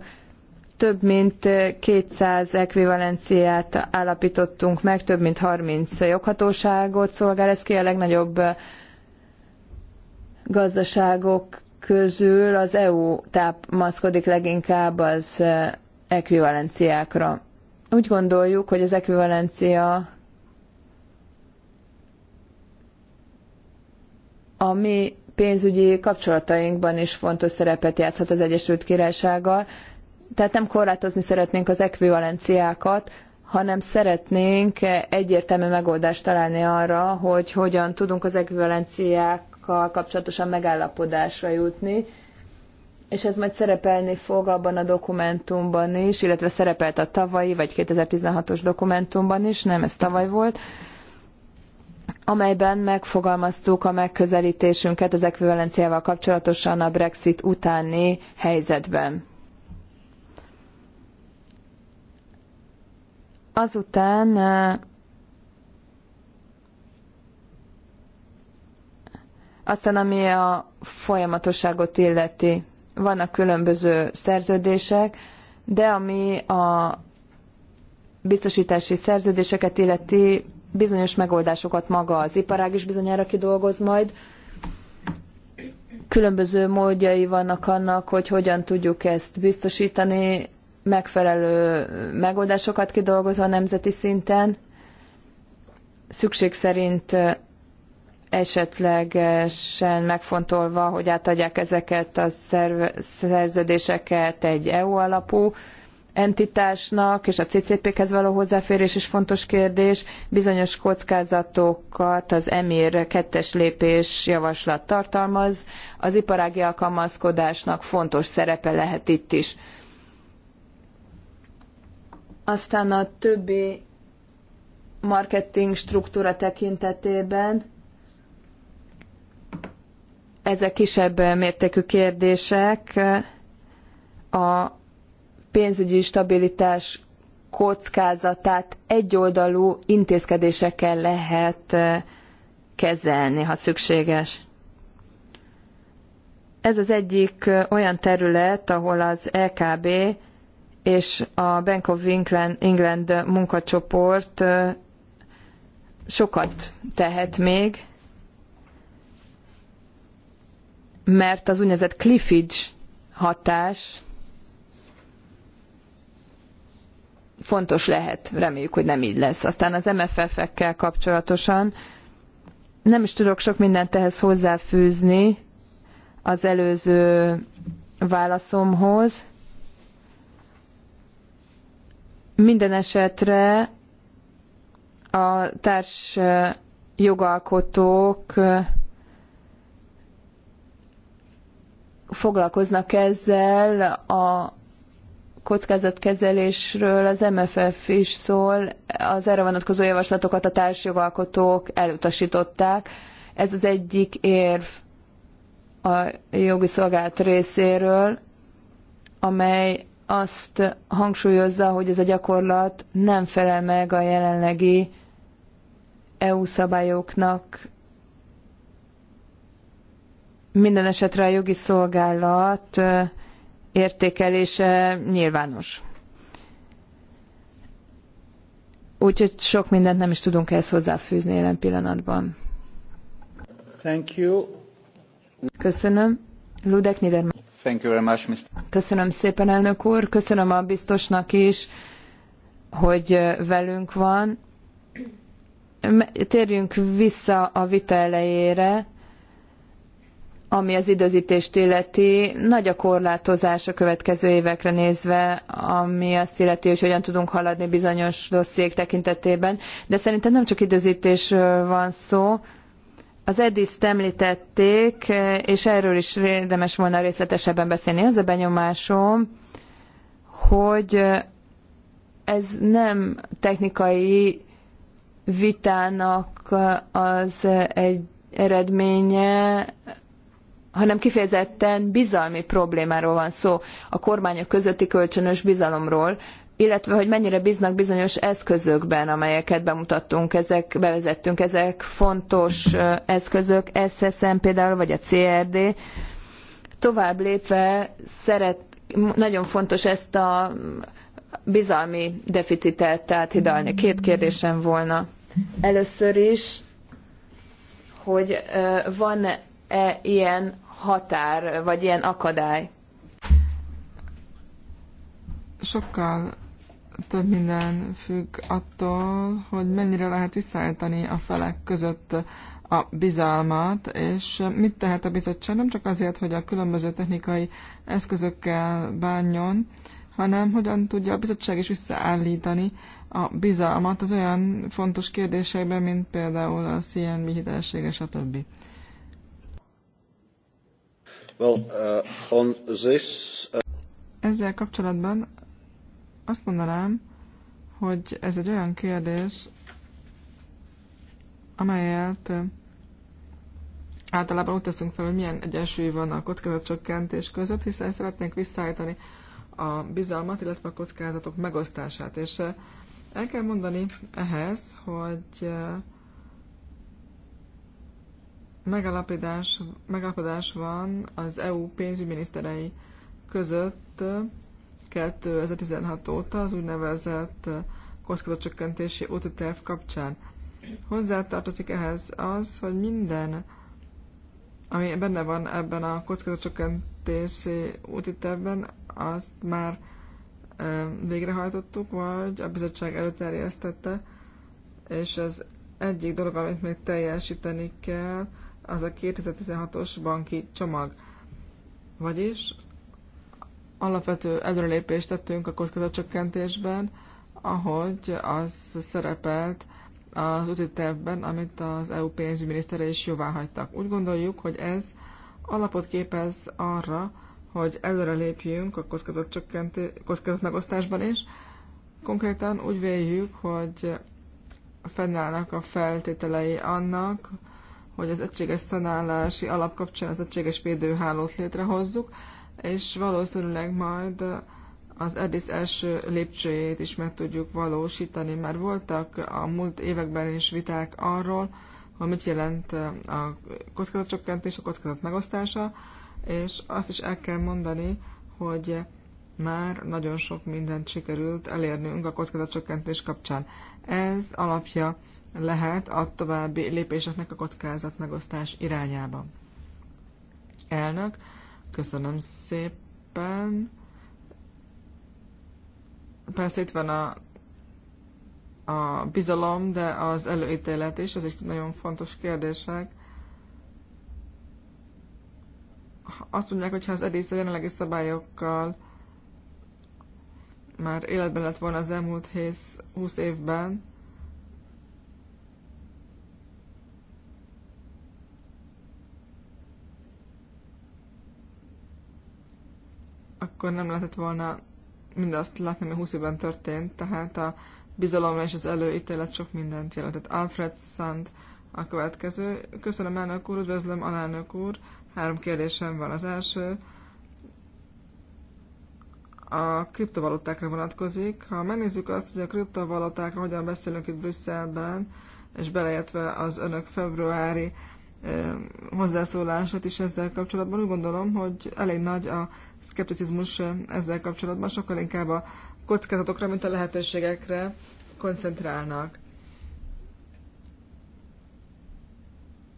Több mint 200 ekvivalenciát állapítottunk meg, több mint 30 joghatóságot szolgál ez ki a legnagyobb gazdaságok közül az EU támaszkodik leginkább az ekvivalenciákra. Úgy gondoljuk, hogy az ekvivalencia a mi pénzügyi kapcsolatainkban is fontos szerepet játszhat az Egyesült Királysággal. Tehát nem korlátozni szeretnénk az ekvivalenciákat, hanem szeretnénk egyértelmű megoldást találni arra, hogy hogyan tudunk az ekvivalenciákkal kapcsolatosan megállapodásra jutni, és ez majd szerepelni fog abban a dokumentumban is, illetve szerepelt a tavalyi vagy 2016-os dokumentumban is, nem ez tavaly volt, amelyben megfogalmaztuk a megközelítésünket az ekvivalenciával kapcsolatosan a Brexit utáni helyzetben. Azután aztán ami a folyamatosságot illeti, vannak különböző szerződések, de ami a biztosítási szerződéseket illeti, bizonyos megoldásokat maga az iparág is bizonyára kidolgoz majd. Különböző módjai vannak annak, hogy hogyan tudjuk ezt biztosítani, megfelelő megoldásokat kidolgozva a nemzeti szinten. Szükség szerint esetlegesen megfontolva, hogy átadják ezeket a szerződéseket egy EU alapú entitásnak és a CCP-khez való hozzáférés is fontos kérdés. Bizonyos kockázatokat az EMIR kettes lépés javaslat tartalmaz. Az iparági alkalmazkodásnak fontos szerepe lehet itt is. Aztán a többi marketing struktúra tekintetében ezek kisebb mértékű kérdések. A pénzügyi stabilitás kockázatát egyoldalú intézkedésekkel lehet kezelni, ha szükséges. Ez az egyik olyan terület, ahol az EKB és a Bank of England, England munkacsoport sokat tehet még, mert az úgynevezett cliffage hatás fontos lehet. Reméljük, hogy nem így lesz. Aztán az MFF-ekkel kapcsolatosan nem is tudok sok mindent ehhez hozzáfűzni az előző válaszomhoz. Minden esetre a társ jogalkotók foglalkoznak ezzel a kockázatkezelésről az MFF is szól, az erre vonatkozó javaslatokat a társjogalkotók elutasították. Ez az egyik érv a jogi szolgálat részéről, amely azt hangsúlyozza, hogy ez a gyakorlat nem felel meg a jelenlegi EU szabályoknak. Minden esetre a jogi szolgálat értékelése nyilvános. Úgyhogy sok mindent nem is tudunk ehhez hozzáfűzni jelen pillanatban. Thank you. Köszönöm. Ludek Niedermann. Thank you very much, Mr. Köszönöm szépen, elnök úr. Köszönöm a biztosnak is, hogy velünk van. Térjünk vissza a vita elejére ami az időzítést illeti, nagy a korlátozás a következő évekre nézve, ami azt illeti, hogy hogyan tudunk haladni bizonyos dossziék tekintetében, de szerintem nem csak időzítés van szó, az EDIS-t említették, és erről is érdemes volna részletesebben beszélni. Az a benyomásom, hogy ez nem technikai vitának az egy eredménye, hanem kifejezetten bizalmi problémáról van szó, a kormányok közötti kölcsönös bizalomról, illetve hogy mennyire bíznak bizonyos eszközökben, amelyeket bemutattunk, ezek, bevezettünk, ezek fontos eszközök, SSM például, vagy a CRD. Tovább lépve szeret, nagyon fontos ezt a bizalmi deficitet áthidalni. Két kérdésem volna. Először is, hogy van e ilyen határ, vagy ilyen akadály? Sokkal több minden függ attól, hogy mennyire lehet visszaállítani a felek között a bizalmat, és mit tehet a bizottság nem csak azért, hogy a különböző technikai eszközökkel bánjon, hanem hogyan tudja a bizottság is visszaállítani a bizalmat az olyan fontos kérdésekben, mint például a CNB hitelessége, stb. Uh, uh, Ezzel kapcsolatban azt mondanám, hogy ez egy olyan kérdés, amelyet uh, általában úgy teszünk fel, hogy milyen egyensúly van a kockázatcsökkentés között, hiszen szeretnénk visszaállítani a bizalmat, illetve a kockázatok megosztását. És el kell mondani ehhez, hogy megalapodás, megalapodás van az EU pénzügyminiszterei között 2016 óta az úgynevezett kockázatcsökkentési OTTF terv kapcsán. Hozzátartozik ehhez az, hogy minden, ami benne van ebben a kockázatcsökkentési OTTF-ben, azt már végrehajtottuk, vagy a bizottság előterjesztette, és az egyik dolog, amit még teljesíteni kell, az a 2016-os banki csomag. Vagyis alapvető előrelépést tettünk a kockázatcsökkentésben, ahogy az szerepelt az úti tervben, amit az EU pénzügyminisztere is jóvá hagytak. Úgy gondoljuk, hogy ez alapot képez arra, hogy előrelépjünk a kockázat megosztásban is. Konkrétan úgy véljük, hogy fennállnak a feltételei annak, hogy az egységes szanálási alap kapcsán az egységes védőhálót létrehozzuk, és valószínűleg majd az EDIS első lépcsőjét is meg tudjuk valósítani, mert voltak a múlt években is viták arról, hogy mit jelent a kockázatcsökkentés, a kockázat megosztása, és azt is el kell mondani, hogy már nagyon sok mindent sikerült elérnünk a kockázatcsökkentés kapcsán. Ez alapja lehet a további lépéseknek a kockázat megosztás irányába. Elnök, köszönöm szépen. Persze itt van a, a bizalom, de az előítélet is, ez egy nagyon fontos kérdések. Azt mondják, hogy ha az edész a jelenlegi szabályokkal már életben lett volna az elmúlt 20 évben, akkor nem lehetett volna mindazt látni, ami 20 évben történt, tehát a bizalom és az előítélet sok mindent jelentett. Alfred Sand a következő. Köszönöm, elnök úr, üdvözlöm, alelnök úr. Három kérdésem van. Az első a kriptovalutákra vonatkozik. Ha megnézzük azt, hogy a kriptovalutákra hogyan beszélünk itt Brüsszelben, és beleértve az önök februári eh, hozzászólását is ezzel kapcsolatban, úgy gondolom, hogy elég nagy a szkepticizmus ezzel kapcsolatban, sokkal inkább a kockázatokra, mint a lehetőségekre koncentrálnak.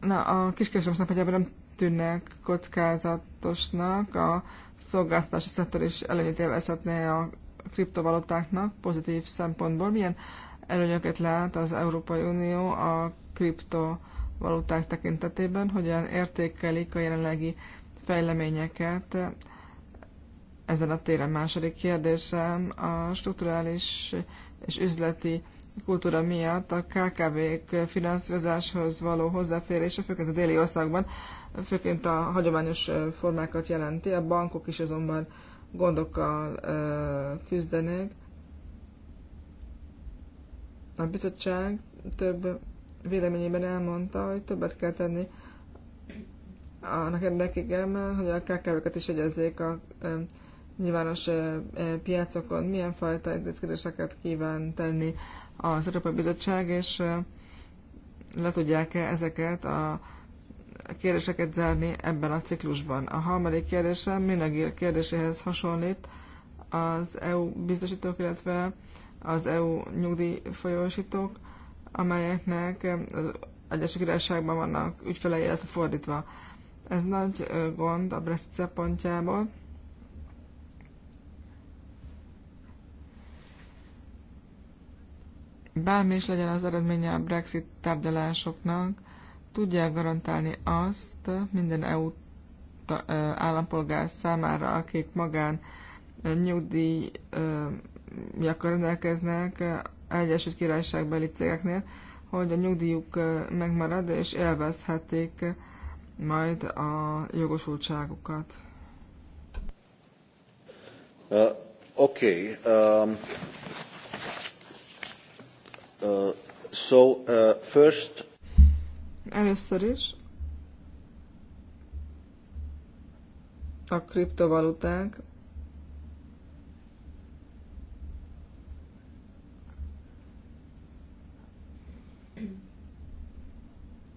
Na, a kiskereskedelem szempontjából nem tűnnek kockázatosnak, a szolgáltatási szektor is előnyét élvezhetné a kriptovalutáknak pozitív szempontból. Milyen előnyöket lát az Európai Unió a kriptovaluták tekintetében, hogyan értékelik a jelenlegi fejleményeket ezen a téren. Második kérdésem a strukturális és üzleti kultúra miatt a KKV-k finanszírozáshoz való hozzáférése, főként a déli országban, főként a hagyományos formákat jelenti, a bankok is azonban gondokkal küzdenek. A bizottság több véleményében elmondta, hogy többet kell tenni annak érdekében, hogy a kkv kat is egyezzék a nyilvános piacokon, milyen fajta intézkedéseket kíván tenni az Európai Bizottság, és le tudják-e ezeket a kérdéseket zárni ebben a ciklusban. A harmadik kérdésem Minagil kérdéséhez hasonlít az EU biztosítók, illetve az EU nyugdíj folyósítók, amelyeknek az egyes Királyságban vannak ügyfelei, illetve fordítva. Ez nagy gond a Brexit szempontjából. bármi is legyen az eredménye a Brexit tárgyalásoknak, tudják garantálni azt minden EU állampolgár számára, akik magán nyugdíjakkal rendelkeznek Egyesült Királyságbeli cégeknél, hogy a nyugdíjuk megmarad és élvezhetik majd a jogosultságukat. Uh, Oké. Okay. Um... Uh, so, uh, first... Először is a kriptovaluták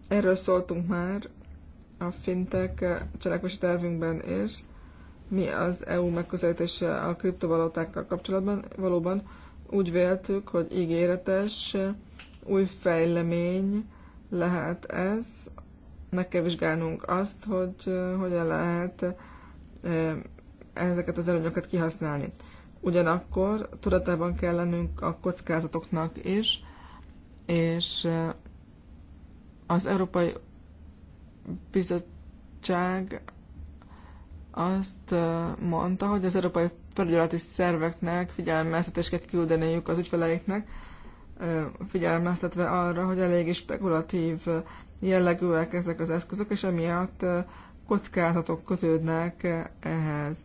Erről szóltunk már a fintek cselekvési tervünkben is, mi az EU megközelítése a kriptovalutákkal kapcsolatban. Valóban úgy véltük, hogy ígéretes, új fejlemény lehet ez. Meg kell vizsgálnunk azt, hogy hogyan lehet ezeket az előnyöket kihasználni. Ugyanakkor tudatában kell lennünk a kockázatoknak is, és az Európai Bizottság azt mondta, hogy az Európai felügyeleti szerveknek figyelmeztetést kell küldeniük az ügyfeleiknek, figyelmeztetve arra, hogy eléggé spekulatív jellegűek ezek az eszközök, és emiatt kockázatok kötődnek ehhez.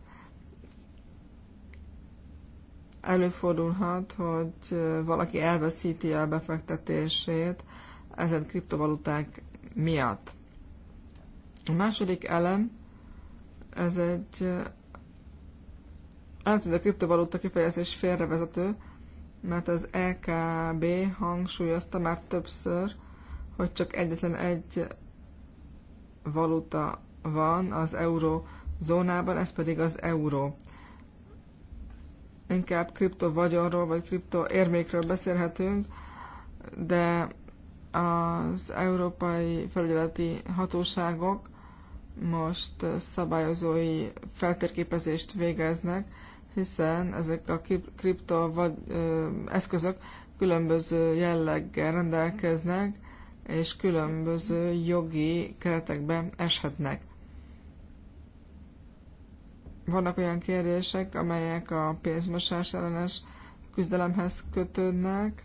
Előfordulhat, hogy valaki elveszíti a befektetését ezen kriptovaluták miatt. A második elem, ez egy lehet, hogy a kriptovaluta kifejezés félrevezető, mert az EKB hangsúlyozta már többször, hogy csak egyetlen egy valuta van az euró zónában, ez pedig az euró. Inkább kripto vagyonról vagy kripto érmékről beszélhetünk, de az európai felügyeleti hatóságok most szabályozói feltérképezést végeznek hiszen ezek a kripto vagy ö, eszközök különböző jelleggel rendelkeznek, és különböző jogi keretekbe eshetnek. Vannak olyan kérdések, amelyek a pénzmosás ellenes küzdelemhez kötődnek.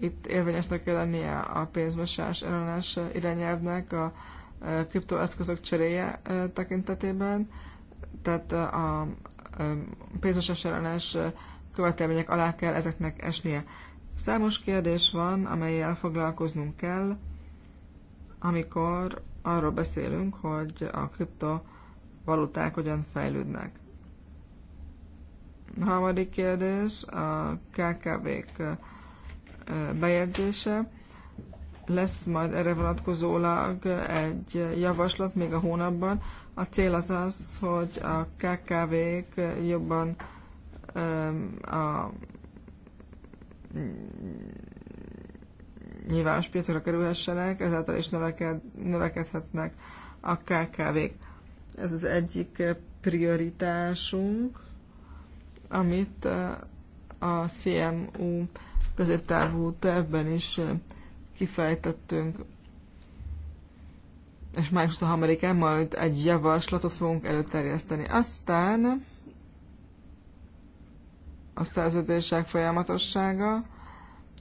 Itt érvényesnek kell lennie a pénzmosás ellenes irányelvnek a kriptoeszközök cseréje tekintetében, tehát a pénzmosás ellenes követelmények alá kell ezeknek esnie. Számos kérdés van, amelyel foglalkoznunk kell, amikor arról beszélünk, hogy a kriptovaluták hogyan fejlődnek. A harmadik kérdés a KKV-k bejegyzése. Lesz majd erre vonatkozólag egy javaslat még a hónapban, a cél az az, hogy a KKV-k jobban a nyilvános piacokra kerülhessenek, ezáltal is növeked, növekedhetnek a KKV-k. Ez az egyik prioritásunk, amit a CMU középtávú tervben is kifejtettünk és május 23-án majd egy javaslatot fogunk előterjeszteni. Aztán a szerződések folyamatossága,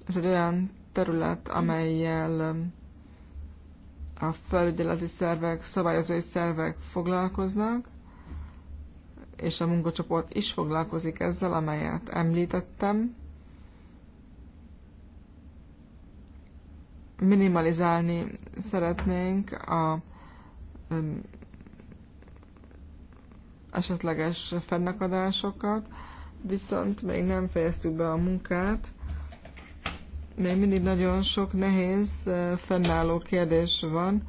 ez egy olyan terület, amelyel a felügyeleti szervek, szabályozói szervek foglalkoznak, és a munkacsoport is foglalkozik ezzel, amelyet említettem. minimalizálni szeretnénk a esetleges fennakadásokat, viszont még nem fejeztük be a munkát. Még mindig nagyon sok nehéz eh, fennálló kérdés van,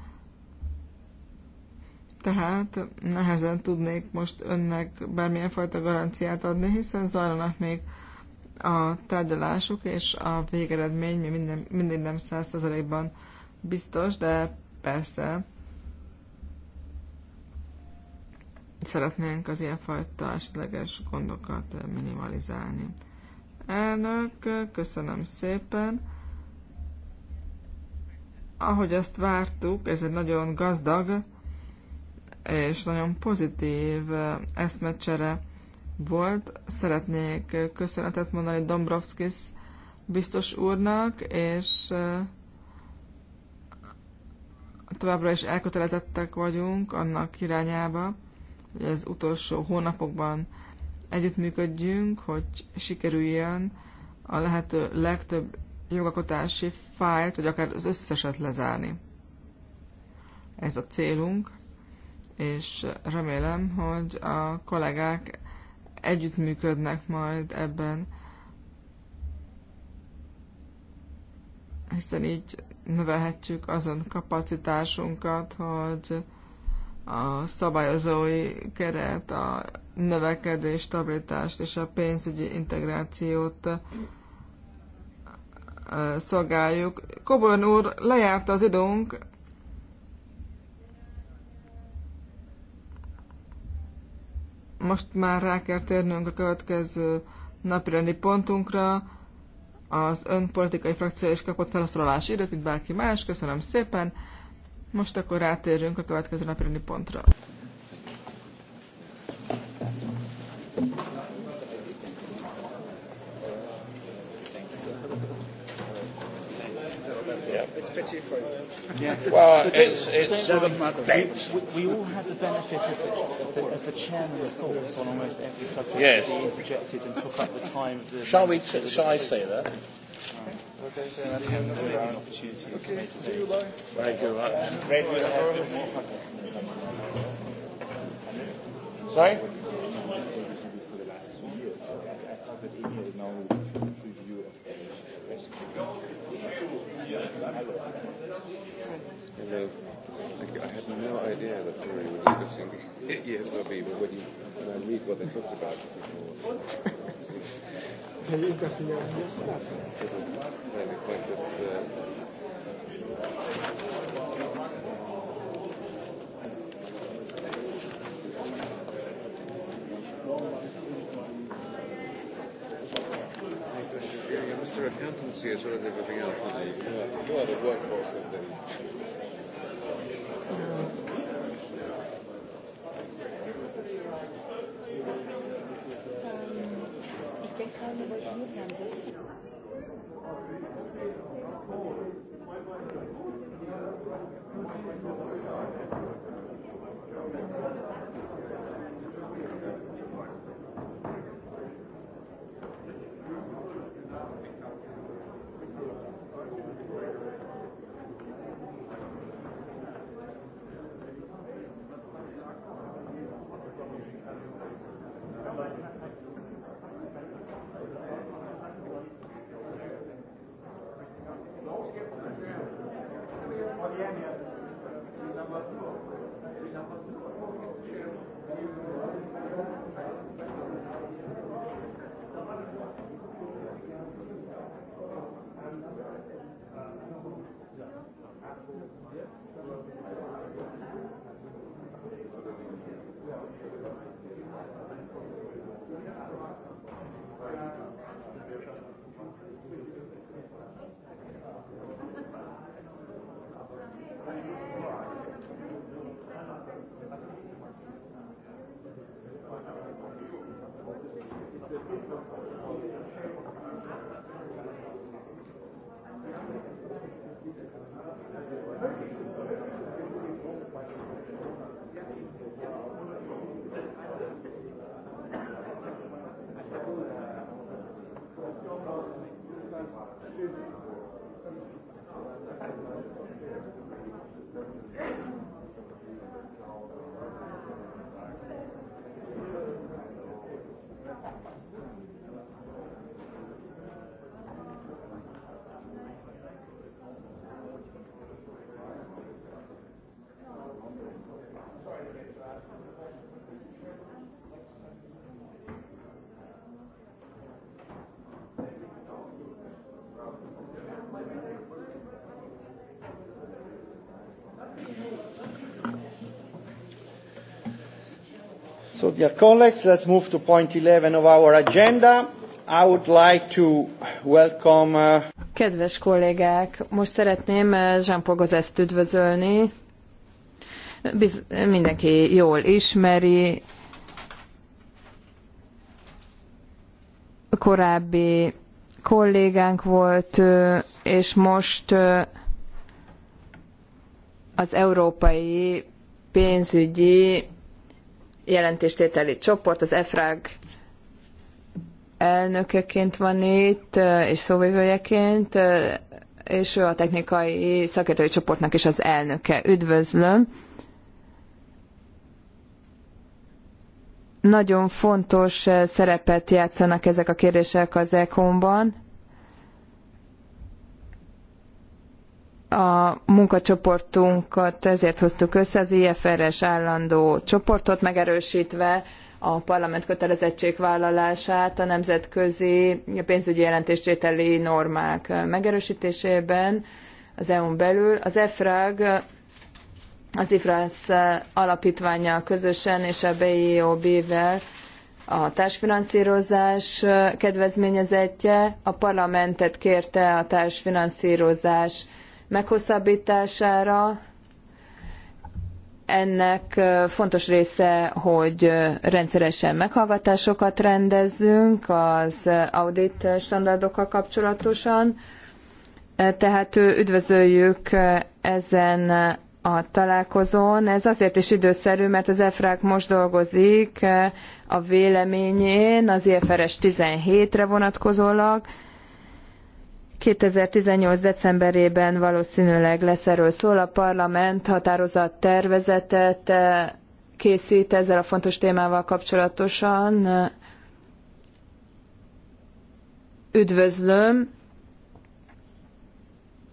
tehát nehezen tudnék most önnek bármilyen fajta garanciát adni, hiszen zajlanak még a tárgyalásuk és a végeredmény mi minden, mindig nem százalékban biztos, de persze szeretnénk az ilyenfajta esetleges gondokat minimalizálni. Elnök, köszönöm szépen. Ahogy azt vártuk, ez egy nagyon gazdag és nagyon pozitív eszmecsere volt. Szeretnék köszönetet mondani Dombrovskis biztos úrnak, és eh, továbbra is elkötelezettek vagyunk annak irányába, hogy az utolsó hónapokban együttműködjünk, hogy sikerüljön a lehető legtöbb jogakotási fájt, vagy akár az összeset lezárni. Ez a célunk, és remélem, hogy a kollégák együttműködnek majd ebben, hiszen így növelhetjük azon kapacitásunkat, hogy a szabályozói keret, a növekedés, stabilitást és a pénzügyi integrációt szolgáljuk. Kobon úr, lejárt az időnk, Most már rá kell térnünk a következő napirendi pontunkra. Az önpolitikai frakció is kapott felhasználási időt, mint bárki más. Köszönöm szépen. Most akkor rátérünk a következő napirendi pontra. pity for you. Yes. Well, it's, it's doesn't matter. We, we all have the benefit of the, of the, of the chairman's thoughts on almost every subject. Yes. He interjected and took up the time of the. Shall we? T- shall I say that? Okay, so an opportunity. Okay, see you, bye. Thank you. Sorry? Hello. I had no idea that Tory were discussing ESRB, but when, you, when I read what they talked about before. Does it interfere with your stuff? Maybe pointless. Uh, accountancy as well as everything else, aren't they? Yeah. You are the workforce of the. Ich denke Thank you. Köszönöm. Dear colleagues, let's move to point 11 of our agenda. I would like to welcome... Uh... Kedves kollégák, most szeretném uh, Jean-Paul Gozeszt üdvözölni. Biz- mindenki jól ismeri. Korábbi kollégánk volt, uh, és most uh, az európai pénzügyi jelentéstételi csoport, az EFRAG elnökeként van itt, és szóvivőjeként, és ő a technikai szakértői csoportnak is az elnöke. Üdvözlöm! Nagyon fontos szerepet játszanak ezek a kérdések az ECOM-ban, a munkacsoportunkat ezért hoztuk össze, az IFRS állandó csoportot megerősítve a parlament kötelezettségvállalását a nemzetközi pénzügyi jelentéstételi normák megerősítésében az EU-n belül. Az EFRAG az IFRASZ alapítványa közösen és a BIOB-vel a társfinanszírozás kedvezményezettje. A parlamentet kérte a társfinanszírozás meghosszabbítására. Ennek fontos része, hogy rendszeresen meghallgatásokat rendezzünk az audit standardokkal kapcsolatosan. Tehát üdvözöljük ezen a találkozón. Ez azért is időszerű, mert az EFRAK most dolgozik a véleményén az IFRS 17-re vonatkozólag, 2018. decemberében valószínűleg lesz erről szól. A parlament határozat tervezetet eh, készít ezzel a fontos témával kapcsolatosan. Üdvözlöm.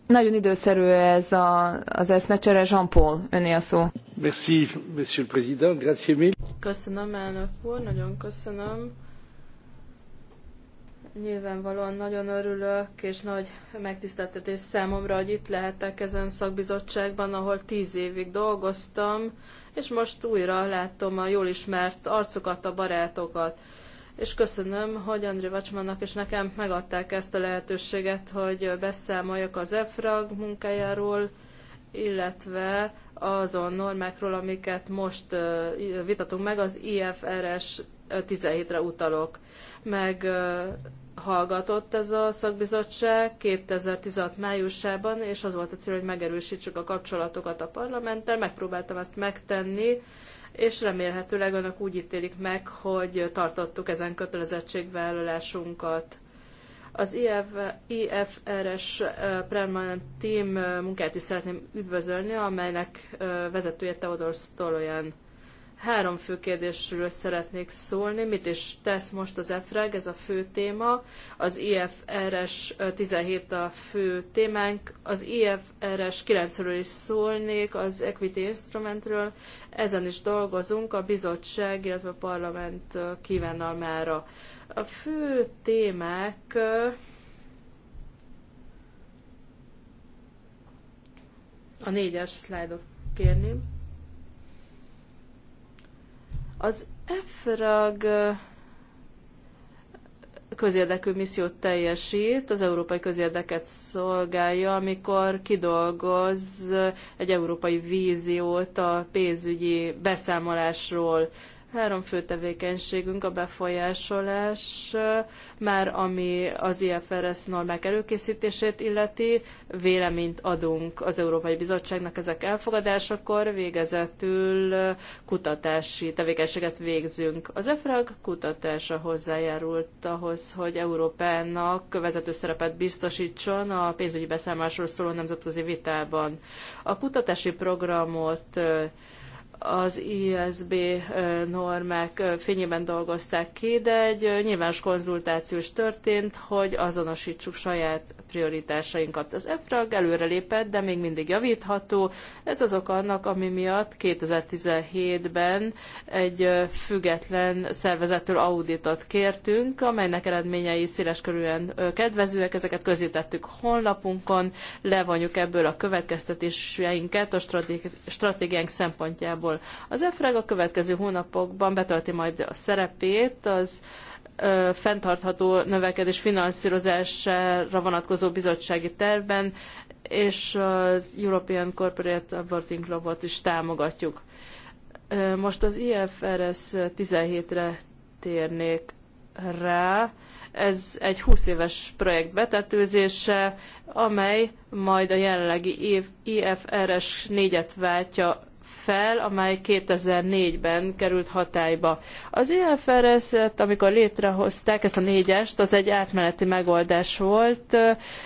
Nagyon időszerű ez a, az eszmecsere. Jean-Paul, öné a szó. Merci, monsieur le président. Grazie mille. Köszönöm, elnök úr, nagyon köszönöm. Nyilvánvalóan nagyon örülök, és nagy megtiszteltetés számomra, hogy itt lehetek ezen szakbizottságban, ahol tíz évig dolgoztam, és most újra látom a jól ismert arcokat, a barátokat. És köszönöm, hogy André Vacsmannak és nekem megadták ezt a lehetőséget, hogy beszámoljak az EFRAG munkájáról, illetve azon normákról, amiket most vitatunk meg, az IFRS 17-re utalok, meg hallgatott ez a szakbizottság 2016 májusában, és az volt a cél, hogy megerősítsük a kapcsolatokat a parlamenttel. Megpróbáltam ezt megtenni, és remélhetőleg önök úgy ítélik meg, hogy tartottuk ezen kötelezettségvállalásunkat. Az IFRS Permanent Team munkát is szeretném üdvözölni, amelynek vezetője Teodor Stolojan. Három fő kérdésről szeretnék szólni. Mit is tesz most az EFREG, ez a fő téma. Az IFRS 17 a fő témánk. Az IFRS 9-ről is szólnék, az Equity Instrumentről. Ezen is dolgozunk a bizottság, illetve a parlament kívánalmára. A fő témák a négyes szlájdot kérném. Az EFRAG közérdekű missziót teljesít, az európai közérdeket szolgálja, amikor kidolgoz egy európai víziót a pénzügyi beszámolásról. Három fő tevékenységünk a befolyásolás, már ami az IFRS normák előkészítését illeti, véleményt adunk az Európai Bizottságnak ezek elfogadásakor, végezetül kutatási tevékenységet végzünk. Az EFRAG kutatása hozzájárult ahhoz, hogy Európának vezető szerepet biztosítson a pénzügyi beszámásról szóló nemzetközi vitában. A kutatási programot az ISB normák fényében dolgozták ki, de egy nyilvános konzultáció is történt, hogy azonosítsuk saját prioritásainkat. Az EFRAG előrelépett, de még mindig javítható. Ez az oka annak, ami miatt 2017-ben egy független szervezettől auditot kértünk, amelynek eredményei széleskörűen kedvezőek, ezeket közítettük honlapunkon, levonjuk ebből a következtetéseinket a stratégiánk szempontjából szól. Az EFREG a következő hónapokban betölti majd a szerepét az ö, fenntartható növekedés finanszírozására vonatkozó bizottsági tervben, és az European Corporate Aborting Globot is támogatjuk. Most az IFRS 17-re térnék rá. Ez egy 20 éves projekt betetőzése, amely majd a jelenlegi IFRS 4-et váltja fel, amely 2004-ben került hatályba. Az IFRS-et, amikor létrehozták, ezt a négyest, az egy átmeneti megoldás volt,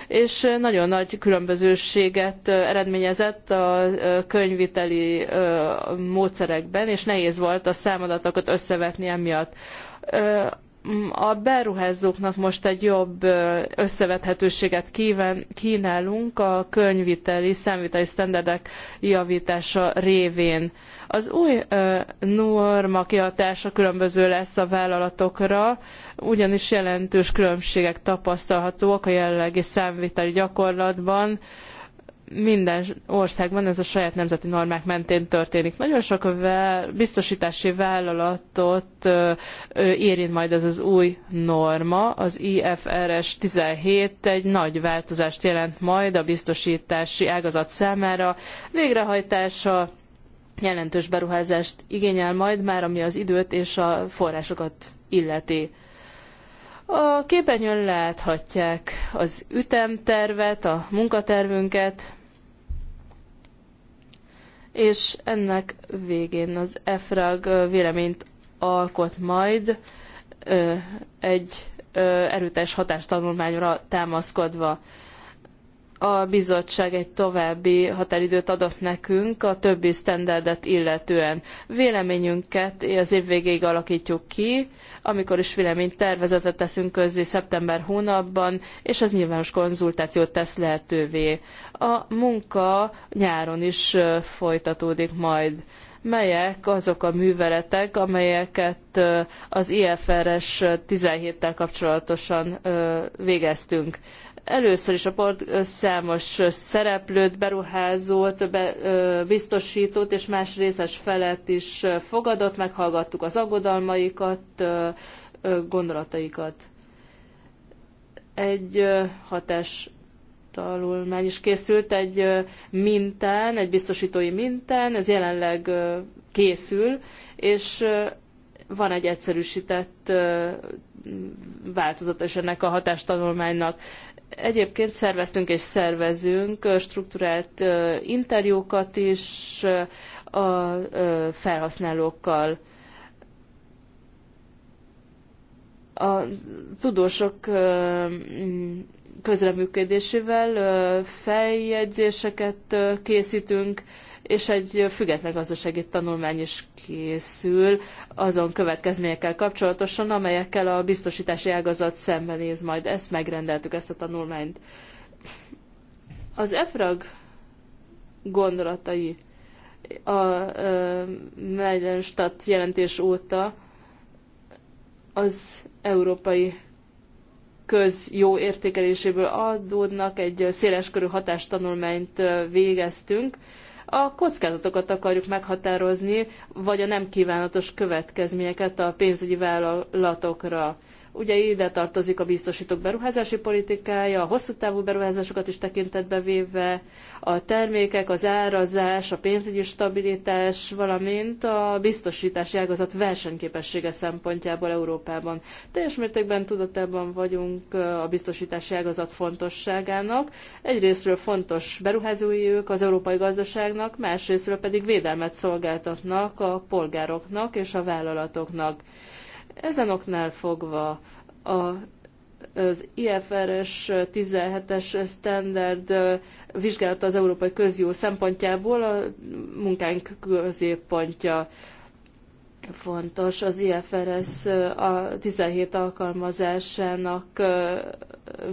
és nagyon nagy különbözőséget eredményezett a könyviteli módszerekben, és nehéz volt a számadatokat összevetni emiatt a beruházóknak most egy jobb összevethetőséget kínálunk a könyviteli, számviteli sztenderdek javítása révén. Az új norma kihatása különböző lesz a vállalatokra, ugyanis jelentős különbségek tapasztalhatóak a jelenlegi számviteli gyakorlatban, minden országban ez a saját nemzeti normák mentén történik. Nagyon sok biztosítási vállalatot érint majd ez az új norma. Az IFRS 17 egy nagy változást jelent majd a biztosítási ágazat számára. Végrehajtása jelentős beruházást igényel majd már, ami az időt és a forrásokat illeti. A képernyőn láthatják az ütemtervet, a munkatervünket, és ennek végén az EFRAG véleményt alkot majd egy erőteljes hatástanulmányra támaszkodva. A bizottság egy további határidőt adott nekünk a többi standardet illetően. Véleményünket az év végéig alakítjuk ki, amikor is véleményt tervezetet teszünk közzé szeptember hónapban, és ez nyilvános konzultációt tesz lehetővé. A munka nyáron is folytatódik majd melyek azok a műveletek, amelyeket az IFRS 17-tel kapcsolatosan végeztünk. Először is a board számos szereplőt, beruházót, be, biztosítót és más részes felet is fogadott, meghallgattuk az aggodalmaikat, gondolataikat. Egy hatás tanulmány is készült egy mintán, egy biztosítói mintán, ez jelenleg készül, és van egy egyszerűsített változata is ennek a hatástanulmánynak. Egyébként szerveztünk és szervezünk strukturált interjúkat is a felhasználókkal. A tudósok közreműködésével feljegyzéseket készítünk, és egy független gazdasági tanulmány is készül azon következményekkel kapcsolatosan, amelyekkel a biztosítási ágazat szembenéz majd. Ezt megrendeltük, ezt a tanulmányt. Az EFRAG gondolatai a Meidenstadt jelentés óta az európai köz jó értékeléséből adódnak, egy széleskörű hatástanulmányt végeztünk, a kockázatokat akarjuk meghatározni, vagy a nem kívánatos következményeket a pénzügyi vállalatokra. Ugye ide tartozik a biztosítók beruházási politikája, a hosszú távú beruházásokat is tekintetbe véve, a termékek, az árazás, a pénzügyi stabilitás, valamint a biztosítási ágazat versenyképessége szempontjából Európában. Teljes mértékben tudatában vagyunk a biztosítási ágazat fontosságának. Egyrésztről fontos beruházói ők az európai gazdaságnak, másrésztről pedig védelmet szolgáltatnak a polgároknak és a vállalatoknak. Ezen oknál fogva a az IFRS 17-es standard vizsgálata az európai közjó szempontjából a munkánk középpontja fontos az IFRS a 17 alkalmazásának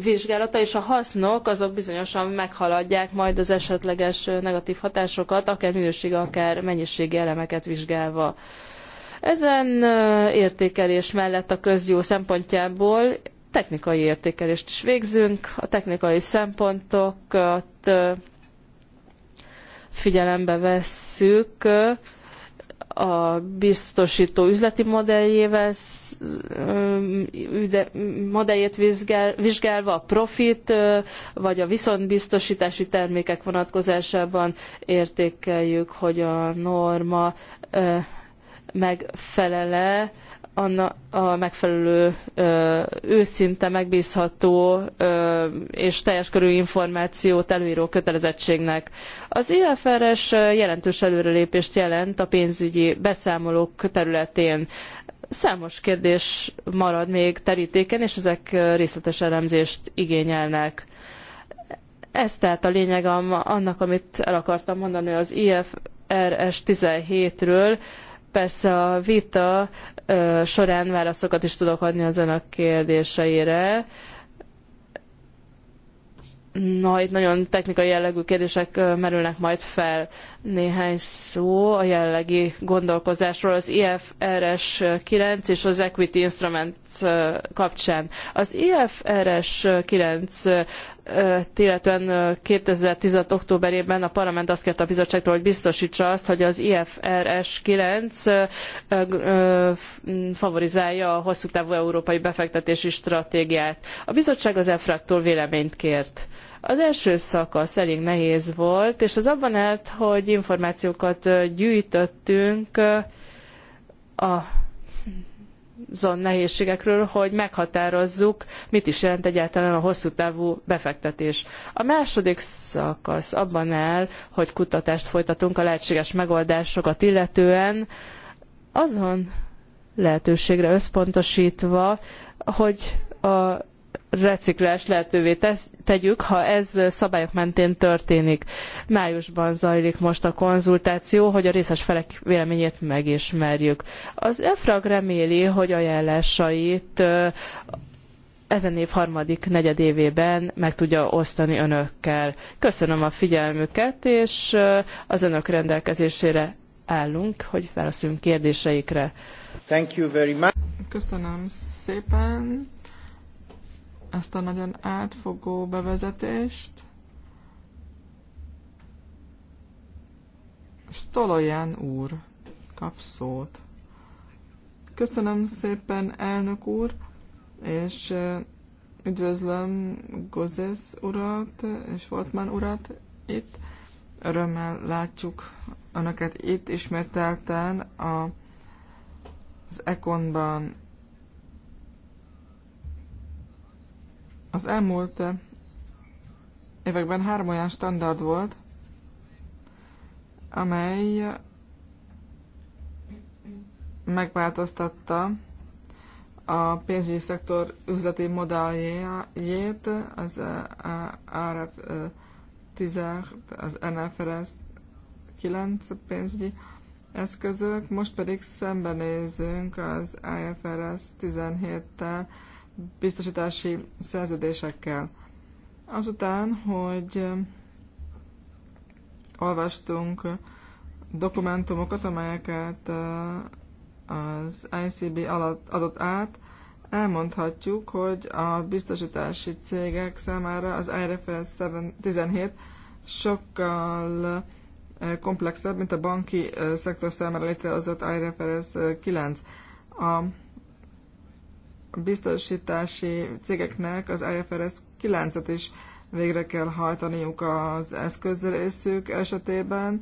vizsgálata, és a hasznok azok bizonyosan meghaladják majd az esetleges negatív hatásokat, akár minőség, akár mennyiségi elemeket vizsgálva. Ezen értékelés mellett a közjó szempontjából technikai értékelést is végzünk. A technikai szempontokat figyelembe vesszük a biztosító üzleti modelljével, modelljét vizsgálva, a profit vagy a viszontbiztosítási termékek vonatkozásában értékeljük, hogy a norma megfelele a megfelelő őszinte, megbízható és teljes körű információt előíró kötelezettségnek. Az IFRS jelentős előrelépést jelent a pénzügyi beszámolók területén. Számos kérdés marad még terítéken, és ezek részletes elemzést igényelnek. Ez tehát a lényeg annak, amit el akartam mondani az IFRS 17-ről, Persze a vita során válaszokat is tudok adni az önök kérdéseire. Na, itt nagyon technikai jellegű kérdések merülnek majd fel néhány szó a jellegi gondolkozásról az IFRS 9 és az Equity Instrument kapcsán. Az IFRS 9 illetően 2016. októberében a parlament azt kérte a bizottságtól, hogy biztosítsa azt, hogy az IFRS 9 favorizálja a hosszú távú európai befektetési stratégiát. A bizottság az EFRAG-tól véleményt kért. Az első szakasz elég nehéz volt, és az abban állt, hogy információkat gyűjtöttünk a azon nehézségekről, hogy meghatározzuk, mit is jelent egyáltalán a hosszú távú befektetés. A második szakasz abban áll, hogy kutatást folytatunk a lehetséges megoldásokat illetően, azon lehetőségre összpontosítva, hogy a reciklás lehetővé tesz, tegyük, ha ez szabályok mentén történik. Májusban zajlik most a konzultáció, hogy a részes felek véleményét megismerjük. Az EFRAG reméli, hogy ajánlásait ezen év harmadik negyedévében meg tudja osztani önökkel. Köszönöm a figyelmüket, és az önök rendelkezésére állunk, hogy válaszoljunk kérdéseikre. Thank you very much. Köszönöm szépen ezt a nagyon átfogó bevezetést. Stoloyan úr kap szót. Köszönöm szépen, elnök úr, és üdvözlöm Gozes urat és Voltman urat itt. Örömmel látjuk önöket itt ismételten a, az Ekonban Az elmúlt években három olyan standard volt, amely megváltoztatta a pénzügyi szektor üzleti modelljét, az eh, eh, RF 10, eh, az NFRS 9 pénzügyi eszközök, most pedig szembenézünk az IFRS 17-tel, biztosítási szerződésekkel. Azután, hogy olvastunk dokumentumokat, amelyeket az ICB alatt adott át, elmondhatjuk, hogy a biztosítási cégek számára az IRFS 17 sokkal komplexebb, mint a banki szektor számára létrehozott IFRS 9. A biztosítási cégeknek az IFRS 9-et is végre kell hajtaniuk az eszközrészük esetében,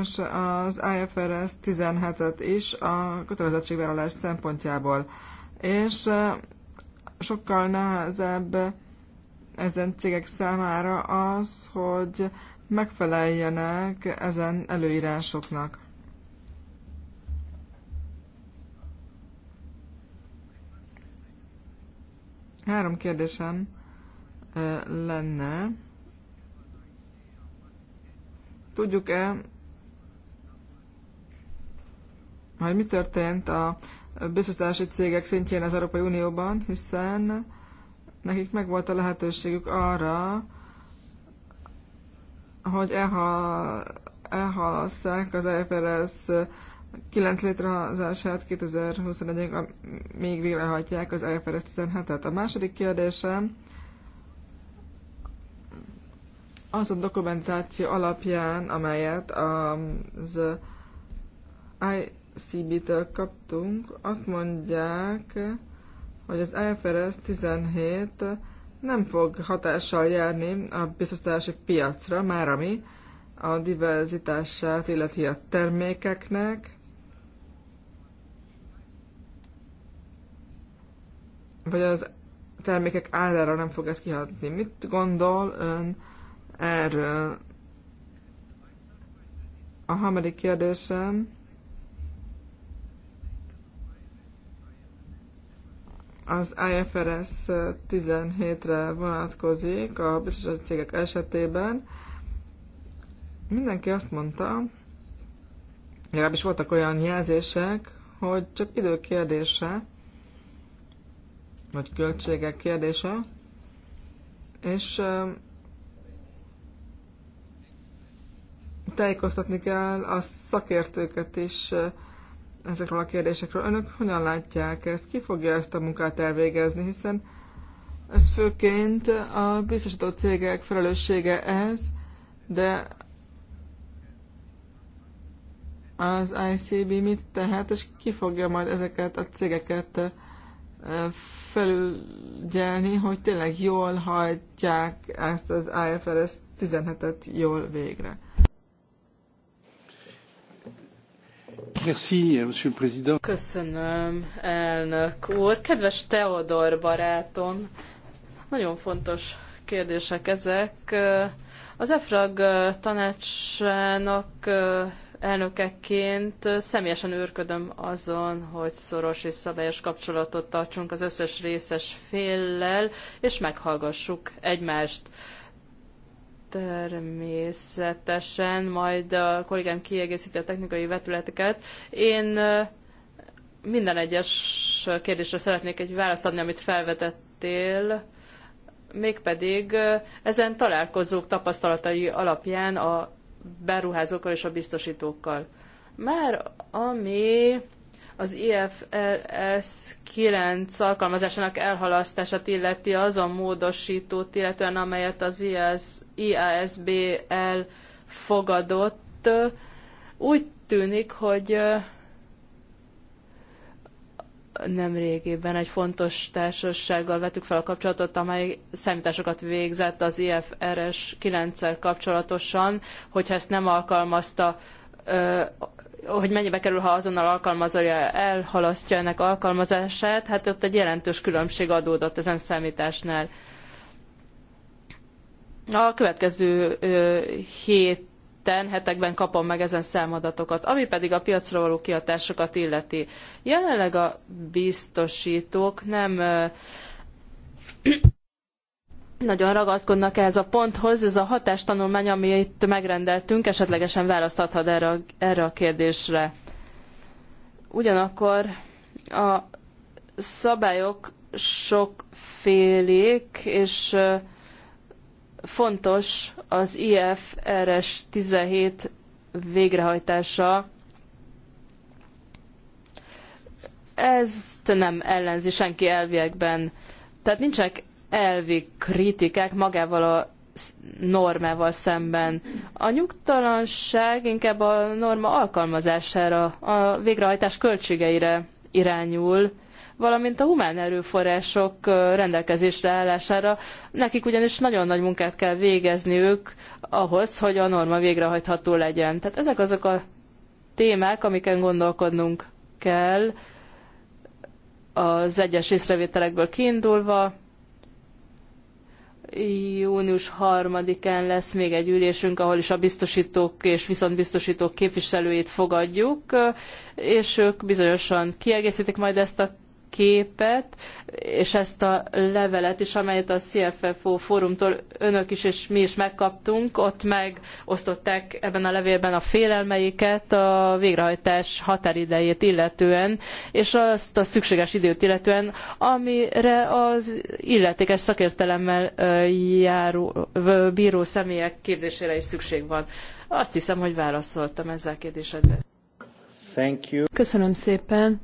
és az IFRS 17-et is a kötelezettségvállalás szempontjából. És sokkal nehezebb ezen cégek számára az, hogy megfeleljenek ezen előírásoknak. Három kérdésem lenne. Tudjuk-e, hogy mi történt a biztosítási cégek szintjén az Európai Unióban, hiszen nekik megvolt a lehetőségük arra, hogy elhal, elhalasszák az uh, 9 létrehozását 2021-ig még végrehajtják az IFRS 17-et. A második kérdésem az a dokumentáció alapján, amelyet az ICB-től kaptunk, azt mondják, hogy az IFRS 17 nem fog hatással járni a biztosítási piacra, már ami a diverzitását illeti a termékeknek, vagy az termékek árára nem fog ez kihatni. Mit gondol ön erről? A harmadik kérdésem az IFRS 17-re vonatkozik a biztosítási cégek esetében. Mindenki azt mondta, legalábbis voltak olyan jelzések, hogy csak idő kérdése, vagy költségek kérdése, és tájékoztatni kell a szakértőket is ezekről a kérdésekről. Önök hogyan látják ezt? Ki fogja ezt a munkát elvégezni? Hiszen ez főként a biztosító cégek felelőssége ez, de az ICB mit tehet, és ki fogja majd ezeket a cégeket felügyelni, hogy tényleg jól hajtják ezt az IFRS 17-et jól végre. Köszönöm, elnök úr. Kedves Teodor barátom, nagyon fontos kérdések ezek. Az EFRAG tanácsának elnökeként személyesen őrködöm azon, hogy szoros és szabályos kapcsolatot tartsunk az összes részes féllel, és meghallgassuk egymást. Természetesen, majd a kollégám kiegészíti a technikai vetületeket. Én minden egyes kérdésre szeretnék egy választ adni, amit felvetettél, mégpedig ezen találkozók tapasztalatai alapján a beruházókkal és a biztosítókkal. Már ami az IFRS 9 alkalmazásának elhalasztását illeti a módosítót, illetően amelyet az IASB IASBL fogadott, úgy tűnik, hogy nemrégében egy fontos társasággal vettük fel a kapcsolatot, amely számításokat végzett az IFRS 9-szel kapcsolatosan, hogyha ezt nem alkalmazta, hogy mennyibe kerül, ha azonnal alkalmazolja, elhalasztja ennek alkalmazását, hát ott egy jelentős különbség adódott ezen számításnál. A következő hét héten, hetekben kapom meg ezen számadatokat. Ami pedig a piacra való kiadásokat illeti. Jelenleg a biztosítók nem nagyon ragaszkodnak ehhez a ponthoz. Ez a hatástanulmány, amit megrendeltünk, esetlegesen választ adhat erre a, erre a kérdésre. Ugyanakkor a szabályok sokfélék, és Fontos az IFRS 17 végrehajtása. Ezt nem ellenzi senki elviekben. Tehát nincsenek elvi kritikák magával a normával szemben. A nyugtalanság inkább a norma alkalmazására, a végrehajtás költségeire irányul, valamint a humán erőforrások rendelkezésre állására. Nekik ugyanis nagyon nagy munkát kell végezniük ahhoz, hogy a norma végrehajtható legyen. Tehát ezek azok a témák, amiken gondolkodnunk kell az egyes észrevételekből kiindulva. Június 3-án lesz még egy ülésünk, ahol is a biztosítók és viszontbiztosítók képviselőit fogadjuk, és ők bizonyosan kiegészítik majd ezt a képet, és ezt a levelet is, amelyet a CFFO fórumtól önök is és mi is megkaptunk, ott megosztották ebben a levélben a félelmeiket a végrehajtás határidejét illetően, és azt a szükséges időt illetően, amire az illetékes szakértelemmel járó bíró személyek képzésére is szükség van. Azt hiszem, hogy válaszoltam ezzel a kérdésedre. Köszönöm szépen.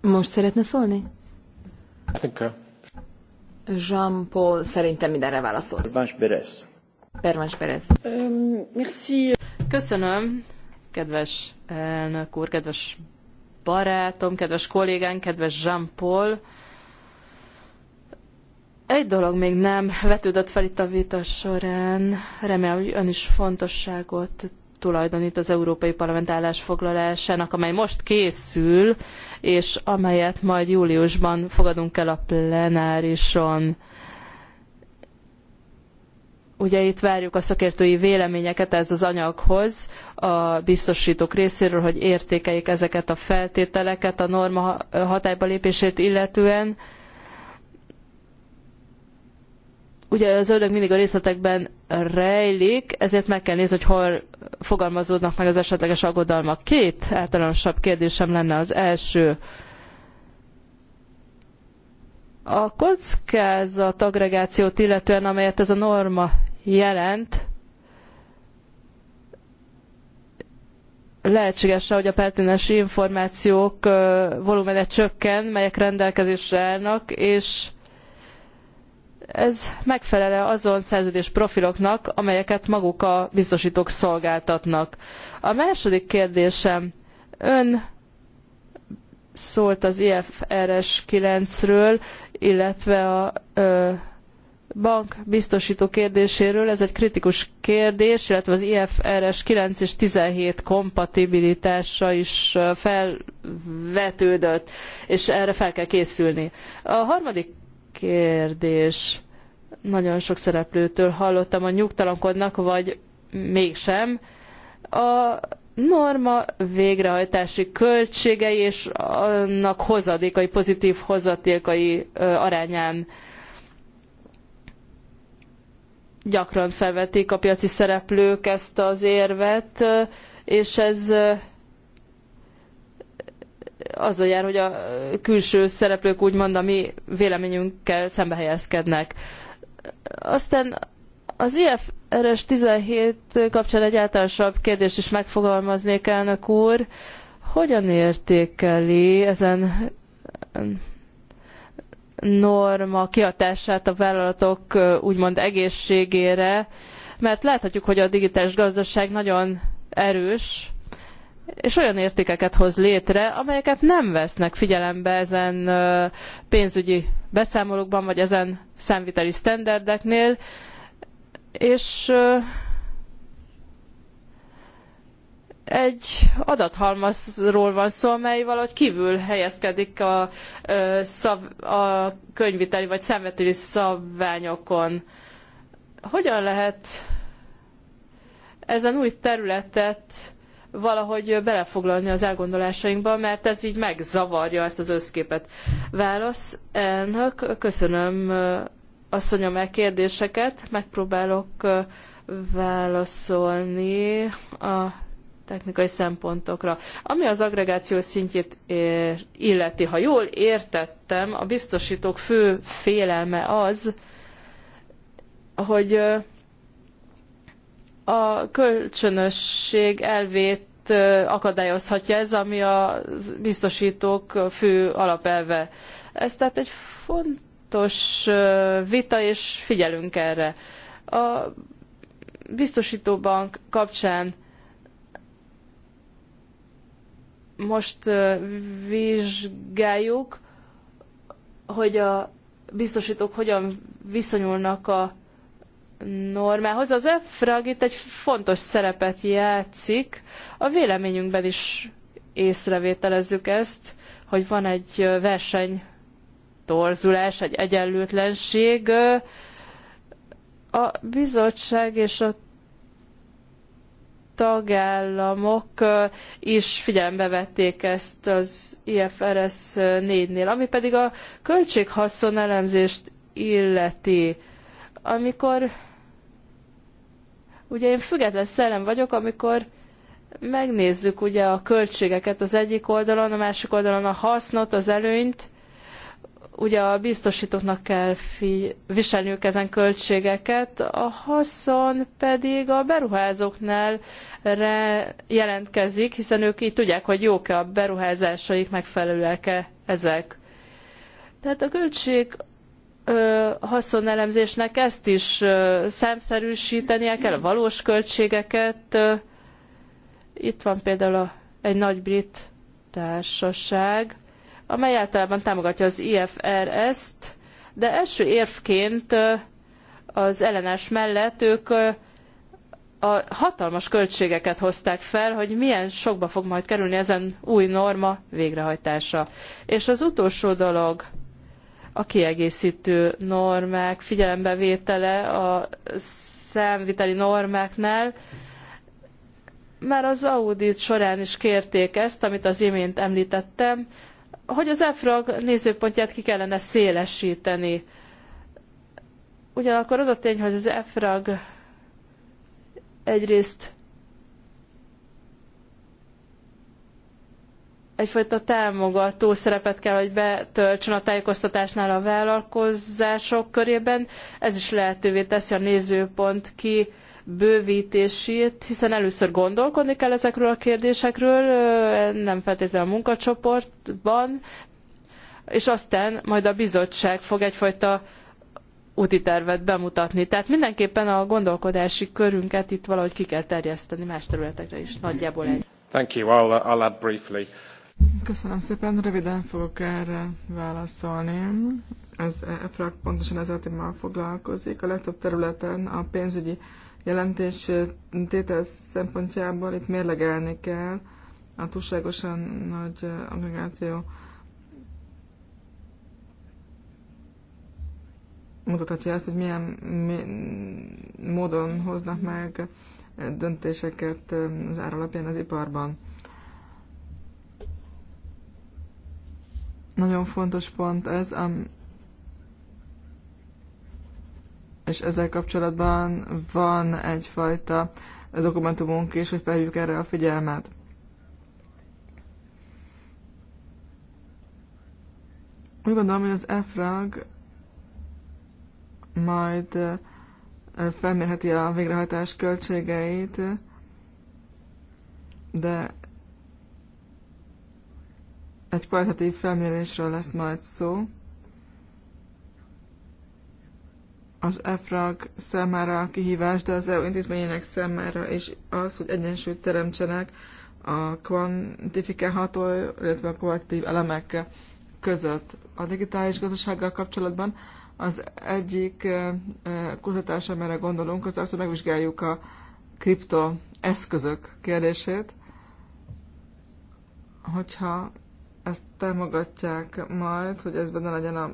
Most szeretne szólni? Hát Jean-Paul szerintem mindenre válaszol. Pervans Perez. Pervans Berez. Um, merci. Köszönöm, kedves elnök úr, kedves barátom, kedves kollégánk, kedves Jean-Paul. Egy dolog még nem vetődött fel itt a vita során, remélem, hogy ön is fontosságot tulajdonít az Európai Parlament állásfoglalásának, amely most készül, és amelyet majd júliusban fogadunk el a plenárison. Ugye itt várjuk a szakértői véleményeket ez az anyaghoz, a biztosítók részéről, hogy értékeljék ezeket a feltételeket a norma hatályba lépését illetően ugye az ördög mindig a részletekben rejlik, ezért meg kell nézni, hogy hol fogalmazódnak meg az esetleges aggodalmak. Két általánosabb kérdésem lenne az első. A kockázat agregációt illetően, amelyet ez a norma jelent, lehetséges hogy a pertinens információk volumene csökken, melyek rendelkezésre állnak, és ez megfelele azon szerződés profiloknak, amelyeket maguk a biztosítók szolgáltatnak. A második kérdésem, ön szólt az IFRS 9-ről, illetve a ö, bank biztosító kérdéséről. Ez egy kritikus kérdés, illetve az IFRS 9 és 17 kompatibilitása is felvetődött, és erre fel kell készülni. A harmadik kérdés. Nagyon sok szereplőtől hallottam, hogy nyugtalankodnak, vagy mégsem. A norma végrehajtási költségei és annak hozadékai, pozitív hozadékai arányán gyakran felvetik a piaci szereplők ezt az érvet, és ez azzal jár, hogy a külső szereplők úgymond a mi véleményünkkel szembe helyezkednek. Aztán az IFRS 17 kapcsán egy általánosabb kérdést is megfogalmaznék, elnök úr. Hogyan értékeli ezen norma kihatását a vállalatok úgymond egészségére, mert láthatjuk, hogy a digitális gazdaság nagyon erős, és olyan értékeket hoz létre, amelyeket nem vesznek figyelembe ezen pénzügyi beszámolókban, vagy ezen számviteli sztenderdeknél, és egy adathalmazról van szó, amely valahogy kívül helyezkedik a, szav, a könyviteli vagy számviteli szabványokon. Hogyan lehet ezen új területet valahogy belefoglalni az elgondolásainkba, mert ez így megzavarja ezt az összképet. Válasz, elnök, köszönöm asszonyom e kérdéseket, megpróbálok válaszolni a technikai szempontokra. Ami az agregáció szintjét illeti, ha jól értettem, a biztosítók fő félelme az, hogy a kölcsönösség elvét akadályozhatja ez, ami a biztosítók fő alapelve. Ez tehát egy fontos vita, és figyelünk erre. A biztosítóbank kapcsán most vizsgáljuk, hogy a biztosítók hogyan viszonyulnak a normához. Az EFRAG itt egy fontos szerepet játszik. A véleményünkben is észrevételezzük ezt, hogy van egy verseny torzulás, egy egyenlőtlenség. A bizottság és a tagállamok is figyelembe vették ezt az IFRS 4-nél, ami pedig a költséghaszon elemzést illeti. Amikor Ugye én független szellem vagyok, amikor megnézzük ugye a költségeket az egyik oldalon, a másik oldalon a hasznot, az előnyt, ugye a biztosítóknak kell fi, viselniük ezen költségeket, a haszon pedig a beruházóknál re jelentkezik, hiszen ők így tudják, hogy jók-e a beruházásaik, megfelelőek-e ezek. Tehát a költség haszonelemzésnek ezt is ö, számszerűsítenie kell, a valós költségeket. itt van például a, egy nagy brit társaság, amely általában támogatja az IFRS-t, de első érvként az ellenes mellett ők a hatalmas költségeket hozták fel, hogy milyen sokba fog majd kerülni ezen új norma végrehajtása. És az utolsó dolog, a kiegészítő normák figyelembevétele a számviteli normáknál. Már az audit során is kérték ezt, amit az imént említettem, hogy az EFRAG nézőpontját ki kellene szélesíteni. Ugyanakkor az a tény, hogy az EFRAG egyrészt egyfajta támogató szerepet kell, hogy betöltsön a tájékoztatásnál a vállalkozások körében. Ez is lehetővé teszi a nézőpont ki bővítését, hiszen először gondolkodni kell ezekről a kérdésekről, nem feltétlenül a munkacsoportban, és aztán majd a bizottság fog egyfajta úti tervet bemutatni. Tehát mindenképpen a gondolkodási körünket itt valahogy ki kell terjeszteni más területekre is, nagyjából egy. Thank you. I'll, uh, I'll add briefly. Köszönöm szépen, röviden fogok erre válaszolni. Ez EFRAG e, pontosan ezzel témával foglalkozik. A legtöbb területen a pénzügyi jelentés tétel szempontjából itt mérlegelni kell a túlságosan nagy aggregáció mutathatja azt, hogy milyen mi, módon hoznak meg döntéseket az ár alapján az iparban. Nagyon fontos pont ez, am, és ezzel kapcsolatban van egyfajta dokumentumunk is, hogy felhívjuk erre a figyelmet. Úgy gondolom, hogy az EFRAG majd felmérheti a végrehajtás költségeit, de egy kvalitatív felmérésről lesz majd szó. Az EFRAG számára a kihívás, de az EU intézményének számára is az, hogy egyensúlyt teremtsenek a kvantifikálható, illetve a kvalitatív elemek között. A digitális gazdasággal kapcsolatban az egyik eh, eh, kutatás, amire gondolunk, az az, hogy megvizsgáljuk a kriptoeszközök kérdését, hogyha ezt támogatják majd, hogy ez benne legyen a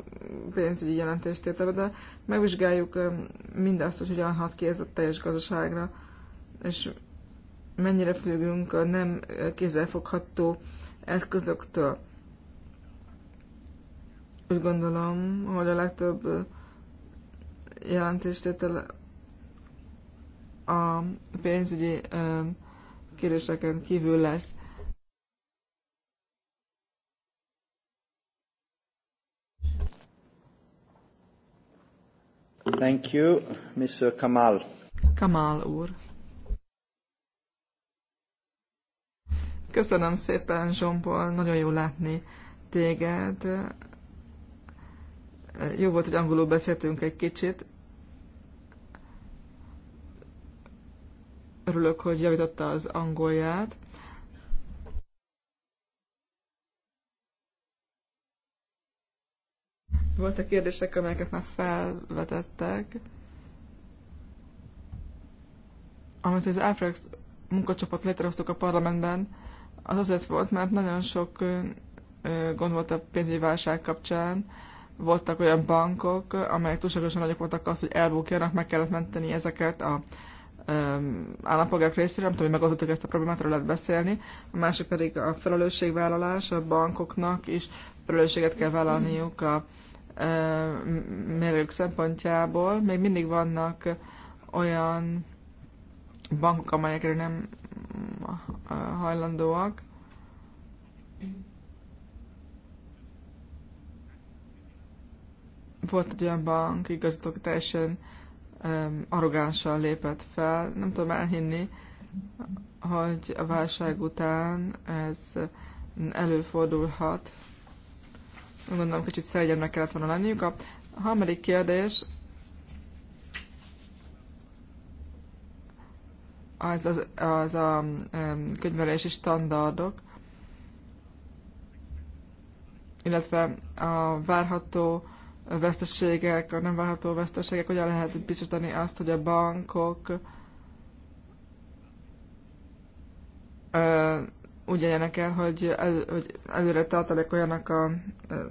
pénzügyi jelentéstétele, de megvizsgáljuk mindazt, hogy hogyan hat ki ez a teljes gazdaságra, és mennyire függünk a nem kézzelfogható eszközöktől. Úgy gondolom, hogy a legtöbb jelentéstétel a pénzügyi kéréseken kívül lesz. Thank you, Mr. Kamal. Kamal úr. Köszönöm szépen, Zsombol, nagyon jó látni téged. Jó volt, hogy angolul beszéltünk egy kicsit. Örülök, hogy javította az angolját. Voltak kérdések, amelyeket már felvetettek. Amit az Afrex munkacsoport létrehoztuk a parlamentben, az azért volt, mert nagyon sok gond volt a pénzügyi válság kapcsán. Voltak olyan bankok, amelyek túlságosan nagyok voltak az, hogy elbukjanak, meg kellett menteni ezeket a állampolgárok részéről, nem tudom, hogy megoldottuk ezt a problémát, erről lehet beszélni. A másik pedig a felelősségvállalás, a bankoknak is felelősséget kell vállalniuk a mérők szempontjából. Még mindig vannak olyan bankok, amelyekre nem hajlandóak. Volt egy olyan bank, igazgatók teljesen arrogánsan lépett fel. Nem tudom elhinni, hogy a válság után ez előfordulhat, Gondolom kicsit szelgyebbnek kellett volna lenniük. A harmadik kérdés az, az, az a könyvelési standardok, illetve a várható veszteségek, a nem várható veszteségek, hogyan lehet biztosítani azt, hogy a bankok úgy éljenek el, hogy, el, hogy előre olyanak a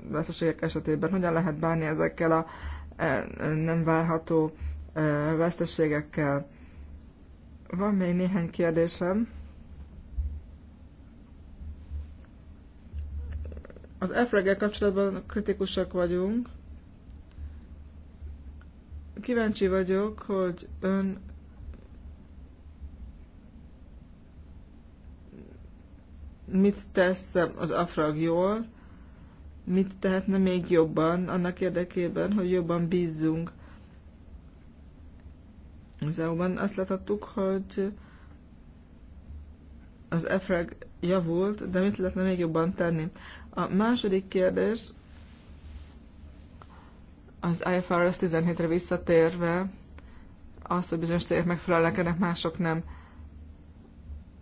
veszteségek esetében. Hogyan lehet bánni ezekkel a e, e, nem várható e, veszteségekkel? Van még néhány kérdésem. Az efreg kapcsolatban kritikusak vagyunk. Kíváncsi vagyok, hogy ön mit tesz az afrag jól, mit tehetne még jobban annak érdekében, hogy jobban bízzunk az EU-ban. Azt láthattuk, hogy az EFREG javult, de mit lehetne még jobban tenni? A második kérdés az IFRS 17-re visszatérve az, hogy bizonyos cégek megfelelnek ennek, mások nem.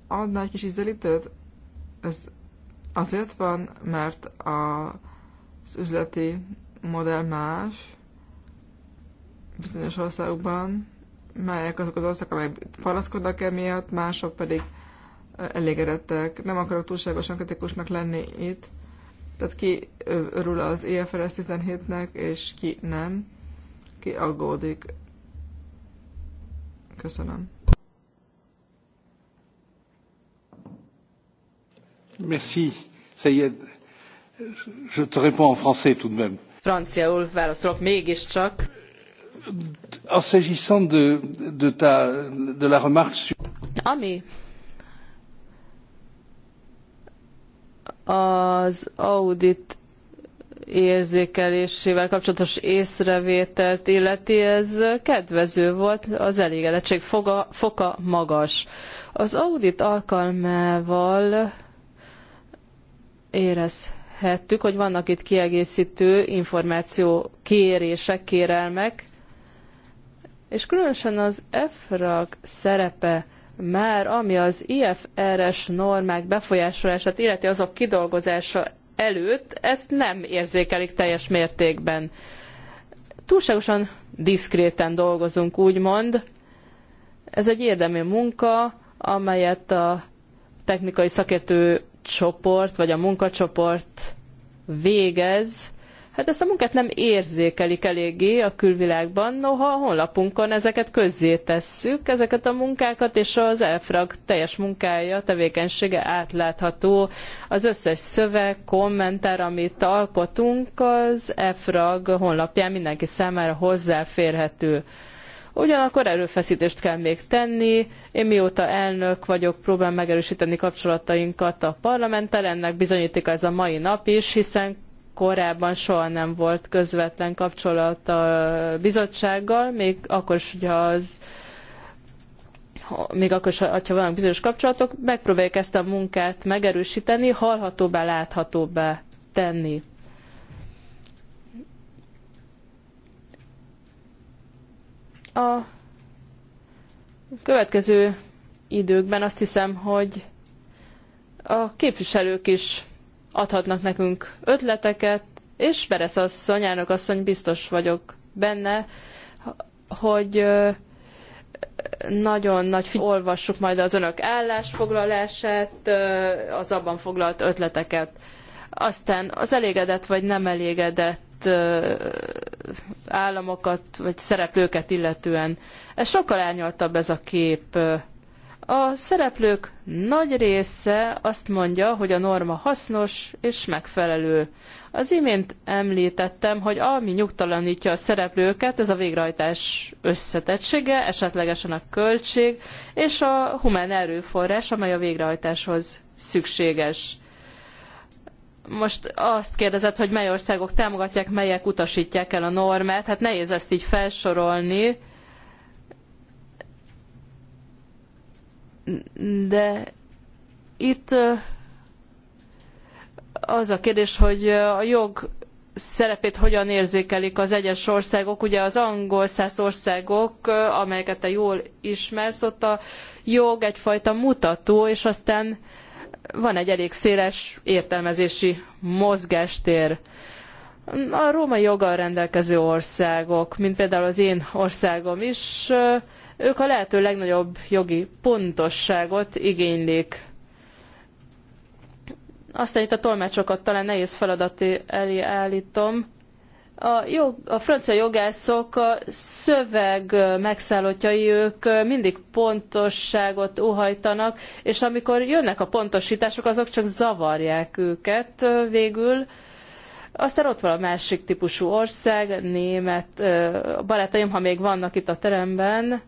Adná egy kis ízelítőt ez azért van, mert a, az üzleti modell más bizonyos országokban, melyek azok az országok, amelyek el emiatt, mások pedig elégedettek. Nem akarok túlságosan kritikusnak lenni itt, tehát ki örül az EFRS 17-nek, és ki nem, ki aggódik. Köszönöm. franciául Franciaul válaszolok mégiscsak. de, de Ami az audit érzékelésével kapcsolatos észrevételt illeti, ez kedvező volt, az elégedettség foga, foka magas. Az audit alkalmával érezhettük, hogy vannak itt kiegészítő információ kérések, kérelmek, és különösen az EFRAG szerepe már, ami az IFRS normák befolyásolását illeti azok kidolgozása előtt, ezt nem érzékelik teljes mértékben. Túlságosan diszkréten dolgozunk, úgymond. Ez egy érdemi munka, amelyet a technikai szakértő csoport, vagy a munkacsoport végez, hát ezt a munkát nem érzékelik eléggé a külvilágban, noha a honlapunkon ezeket közzétesszük, ezeket a munkákat, és az elfrag teljes munkája, tevékenysége átlátható. Az összes szöveg, kommentár, amit alkotunk, az elfrag honlapján mindenki számára hozzáférhető. Ugyanakkor erőfeszítést kell még tenni. Én mióta elnök vagyok, próbálom megerősíteni kapcsolatainkat a parlamenttel, ennek bizonyítik ez a mai nap is, hiszen korábban soha nem volt közvetlen kapcsolat a bizottsággal, még akkor is, hogyha az még akkor, ha vannak bizonyos kapcsolatok, megpróbáljuk ezt a munkát megerősíteni, hallhatóbbá, láthatóbbá tenni. A következő időkben azt hiszem, hogy a képviselők is adhatnak nekünk ötleteket, és Beresz asszony, elnök asszony, biztos vagyok benne, hogy nagyon nagy olvassuk majd az önök állásfoglalását, az abban foglalt ötleteket. Aztán az elégedett vagy nem elégedett államokat vagy szereplőket illetően. Ez sokkal árnyaltabb ez a kép. A szereplők nagy része azt mondja, hogy a norma hasznos és megfelelő. Az imént említettem, hogy ami nyugtalanítja a szereplőket, ez a végrehajtás összetettsége, esetlegesen a költség és a humán erőforrás, amely a végrehajtáshoz szükséges. Most azt kérdezett, hogy mely országok támogatják, melyek utasítják el a normát. Hát nehéz ezt így felsorolni. De itt az a kérdés, hogy a jog szerepét hogyan érzékelik az egyes országok. Ugye az angol száz országok, amelyeket te jól ismersz, ott a jog egyfajta mutató, és aztán van egy elég széles értelmezési mozgástér. A római joggal rendelkező országok, mint például az én országom is, ők a lehető legnagyobb jogi pontosságot igénylik. Aztán itt a tolmácsokat talán nehéz feladat elé állítom, a, jog, a francia jogászok a szöveg megszállottjai, ők mindig pontosságot óhajtanak, és amikor jönnek a pontosítások, azok csak zavarják őket végül. Aztán ott van a másik típusú ország, német barátaim, ha még vannak itt a teremben,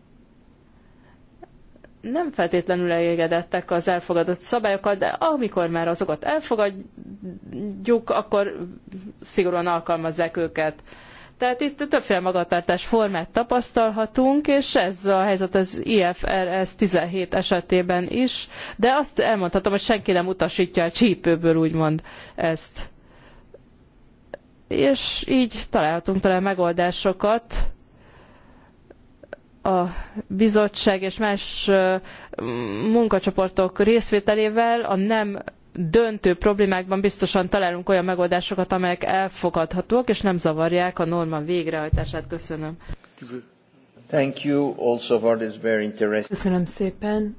nem feltétlenül elégedettek az elfogadott szabályokkal, de amikor már azokat elfogadjuk, akkor szigorúan alkalmazzák őket. Tehát itt többféle magatartás formát tapasztalhatunk, és ez a helyzet az IFRS 17 esetében is, de azt elmondhatom, hogy senki nem utasítja a csípőből úgymond ezt. És így találhatunk talán megoldásokat, a bizottság és más munkacsoportok részvételével a nem döntő problémákban biztosan találunk olyan megoldásokat, amelyek elfogadhatók, és nem zavarják a norma végrehajtását. Köszönöm. Köszönöm szépen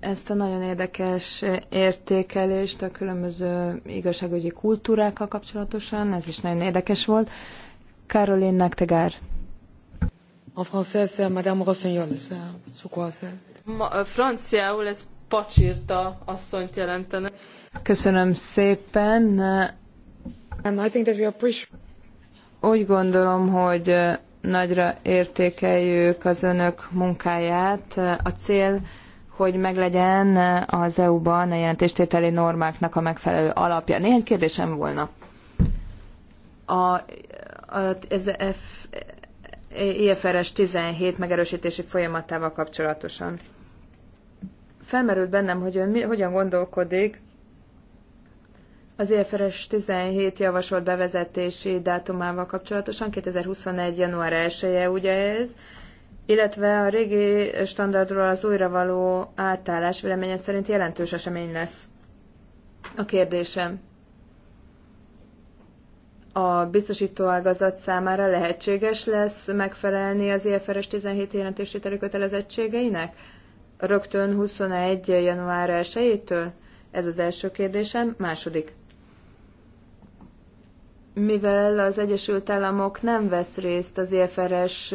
ezt a nagyon érdekes értékelést a különböző igazságügyi kultúrákkal kapcsolatosan, ez is nagyon érdekes volt. Karolin Naktegár En français, c'est Madame Rossignol, c'est quoi Ma, euh, franciául ez pacsirta asszonyt jelentene. Köszönöm szépen. And I think that we appreciate... Úgy gondolom, hogy nagyra értékeljük az önök munkáját. A cél, hogy meglegyen az EU-ban a jelentéstételi normáknak a megfelelő alapja. Néhány kérdésem volna. A, a, ez F, IFRS 17 megerősítési folyamatával kapcsolatosan. Felmerült bennem, hogy ön mi, hogyan gondolkodik az IFRS 17 javasolt bevezetési dátumával kapcsolatosan, 2021. január 1 -e, ugye ez, illetve a régi standardról az újra való átállás véleményem szerint jelentős esemény lesz. A kérdésem, a ágazat számára lehetséges lesz megfelelni az IFRS 17 jelentéstételi kötelezettségeinek? Rögtön 21. január 1-től? Ez az első kérdésem. Második. Mivel az Egyesült Államok nem vesz részt az IFRS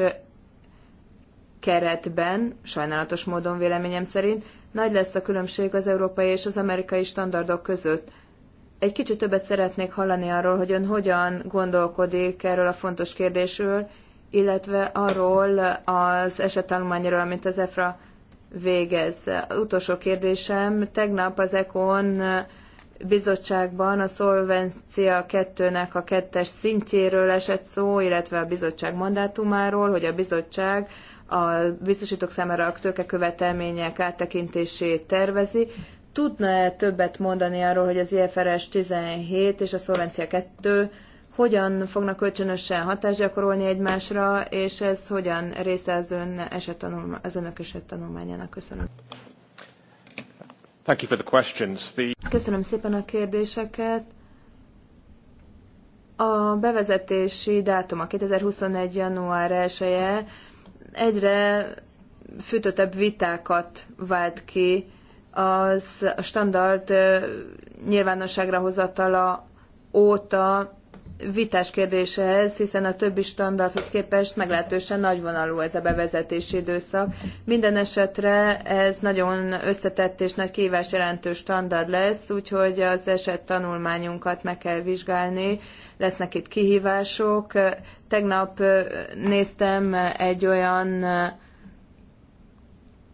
keretben, sajnálatos módon véleményem szerint, nagy lesz a különbség az európai és az amerikai standardok között – egy kicsit többet szeretnék hallani arról, hogy ön hogyan gondolkodik erről a fontos kérdésről, illetve arról az esettanulmányról, amit az EFRA végez. Utolsó kérdésem, tegnap az ECON bizottságban a szolvencia kettőnek a kettes szintjéről esett szó, illetve a bizottság mandátumáról, hogy a bizottság a biztosítók számára a tőkekövetelmények áttekintését tervezi. Tudna-e többet mondani arról, hogy az IFRS 17 és a Szolvencia 2 hogyan fognak kölcsönösen hatást gyakorolni egymásra, és ez hogyan része az, ön eset az önök tanulmányának? Köszönöm. Thank you for the questions. The... Köszönöm szépen a kérdéseket. A bevezetési dátum a 2021. január 1 egyre fűtöttebb vitákat vált ki az a standard nyilvánosságra hozatala óta vitás kérdése ez, hiszen a többi standardhoz képest meglehetősen nagyvonalú ez a bevezetési időszak. Minden esetre ez nagyon összetett és nagy kívás jelentő standard lesz, úgyhogy az eset tanulmányunkat meg kell vizsgálni. Lesznek itt kihívások. Tegnap néztem egy olyan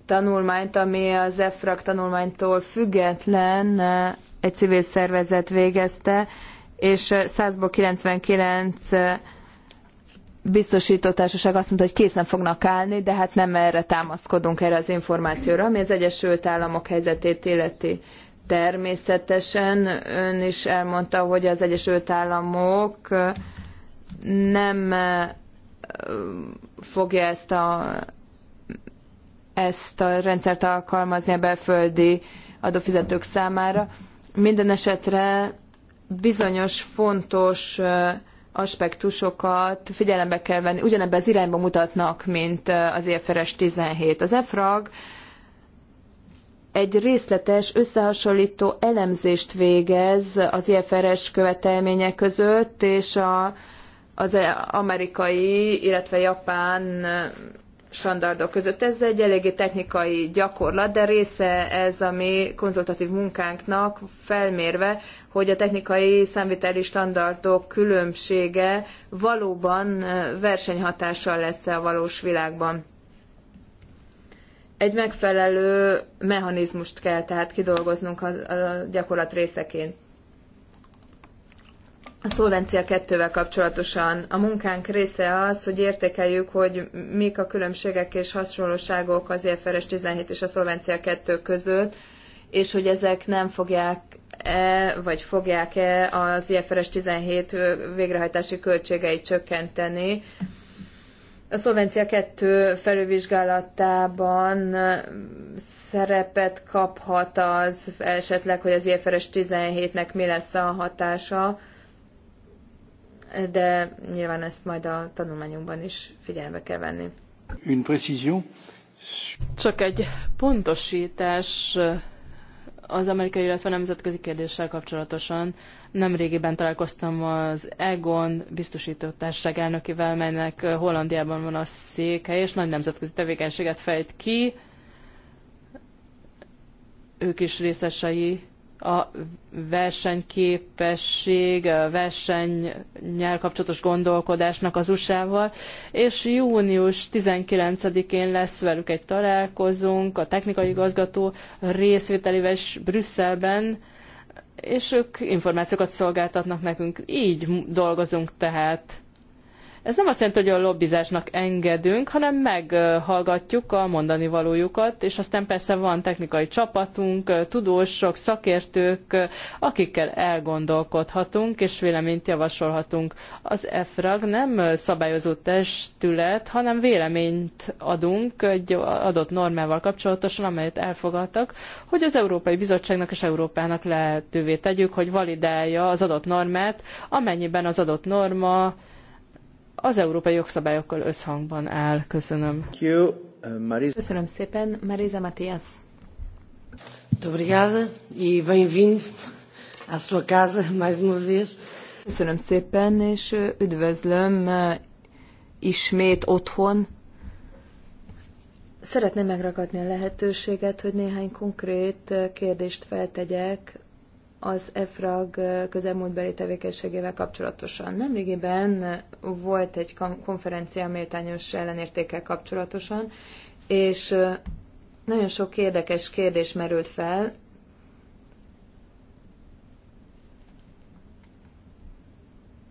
tanulmányt, ami az EFRAG tanulmánytól független eh, egy civil szervezet végezte, és 100-ból eh, 99 eh, biztosító társaság azt mondta, hogy készen fognak állni, de hát nem erre támaszkodunk erre az információra, ami az Egyesült Államok helyzetét illeti. Természetesen ön is elmondta, hogy az Egyesült Államok nem fogja ezt a ezt a rendszert alkalmazni a belföldi adófizetők számára. Minden esetre bizonyos fontos aspektusokat figyelembe kell venni, ugyanebben az irányba mutatnak, mint az EFRS 17. Az EFRAG egy részletes, összehasonlító elemzést végez az IFRS követelmények között, és a, az e- amerikai, illetve japán standardok között. Ez egy eléggé technikai gyakorlat, de része ez a mi konzultatív munkánknak felmérve, hogy a technikai számviteli standardok különbsége valóban eh, versenyhatással lesz-e a valós világban. Egy megfelelő mechanizmust kell tehát kidolgoznunk a gyakorlat részeként. A szolvencia kettővel kapcsolatosan a munkánk része az, hogy értékeljük, hogy mik a különbségek és hasonlóságok az EFRS 17 és a szolvencia 2 között, és hogy ezek nem fogják -e, vagy fogják-e az EFRS 17 végrehajtási költségeit csökkenteni. A Szolvencia 2 felülvizsgálatában szerepet kaphat az esetleg, hogy az IFRS e 17-nek mi lesz a hatása de nyilván ezt majd a tanulmányunkban is figyelembe kell venni. Une précision. Csak egy pontosítás az amerikai, illetve nemzetközi kérdéssel kapcsolatosan. Nemrégiben találkoztam az Egon biztosítótárság elnökével, melynek Hollandiában van a széke, és nagy nemzetközi tevékenységet fejt ki. Ők is részesei a versenyképesség, a versennyel kapcsolatos gondolkodásnak az USA-val, és június 19-én lesz velük egy találkozónk, a technikai igazgató részvételével is Brüsszelben, és ők információkat szolgáltatnak nekünk. Így dolgozunk tehát ez nem azt jelenti, hogy a lobbizásnak engedünk, hanem meghallgatjuk a mondani valójukat, és aztán persze van technikai csapatunk, tudósok, szakértők, akikkel elgondolkodhatunk és véleményt javasolhatunk. Az EFRAG nem szabályozó testület, hanem véleményt adunk egy adott normával kapcsolatosan, amelyet elfogadtak, hogy az Európai Bizottságnak és Európának lehetővé tegyük, hogy validálja az adott normát, amennyiben az adott norma az európai jogszabályokkal összhangban áll. Köszönöm. Uh, Köszönöm szépen. Marisa Matias. Obrigada e bem-vindo à sua casa mais uma vez. Köszönöm szépen, és üdvözlöm ismét otthon. Szeretném megragadni a lehetőséget, hogy néhány konkrét kérdést feltegyek az EFRAG közelmúltbeli tevékenységével kapcsolatosan. Nemrégiben volt egy konferencia méltányos ellenértékkel kapcsolatosan, és nagyon sok érdekes kérdés merült fel.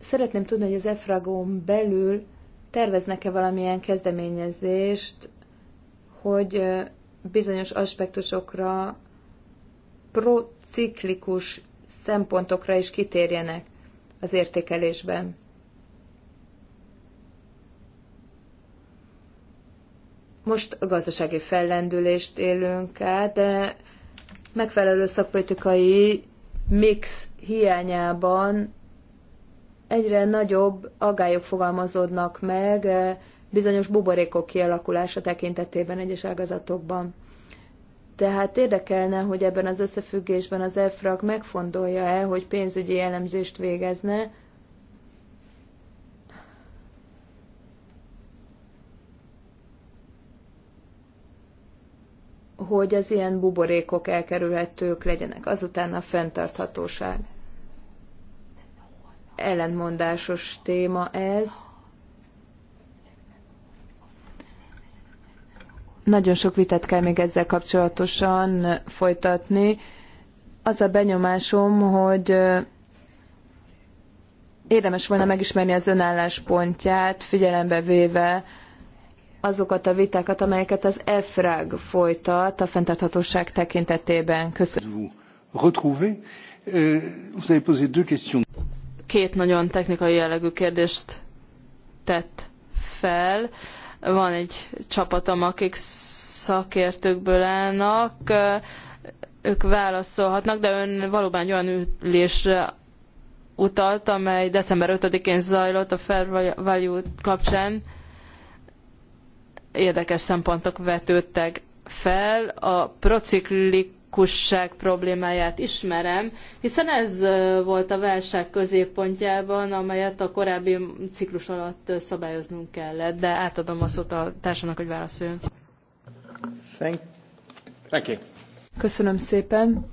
Szeretném tudni, hogy az EFRAG-on belül terveznek-e valamilyen kezdeményezést, hogy bizonyos aspektusokra pro ciklikus szempontokra is kitérjenek az értékelésben. Most a gazdasági fellendülést élünk át, de megfelelő szakpolitikai mix hiányában egyre nagyobb agályok fogalmazódnak meg eh, bizonyos buborékok kialakulása tekintetében egyes ágazatokban. Tehát érdekelne, hogy ebben az összefüggésben az EFRAG megfontolja-e, hogy pénzügyi elemzést végezne, hogy az ilyen buborékok elkerülhetők legyenek. Azután a fenntarthatóság. Ellentmondásos téma ez. Nagyon sok vitát kell még ezzel kapcsolatosan folytatni. Az a benyomásom, hogy érdemes volna megismerni az önálláspontját, figyelembe véve azokat a vitákat, amelyeket az EFRAG folytat a fenntarthatóság tekintetében. Köszönöm. Euh, Két nagyon technikai jellegű kérdést tett fel. Van egy csapatom, akik szakértőkből állnak, ők válaszolhatnak, de ön valóban egy olyan ülésre utalt, amely december 5-én zajlott a Fair Value kapcsán. Érdekes szempontok vetődtek fel. A prociklik kusság problémáját ismerem, hiszen ez volt a válság középpontjában, amelyet a korábbi ciklus alatt szabályoznunk kellett, de átadom a szót a társának, hogy válaszoljon. Thank, Thank you. Köszönöm szépen.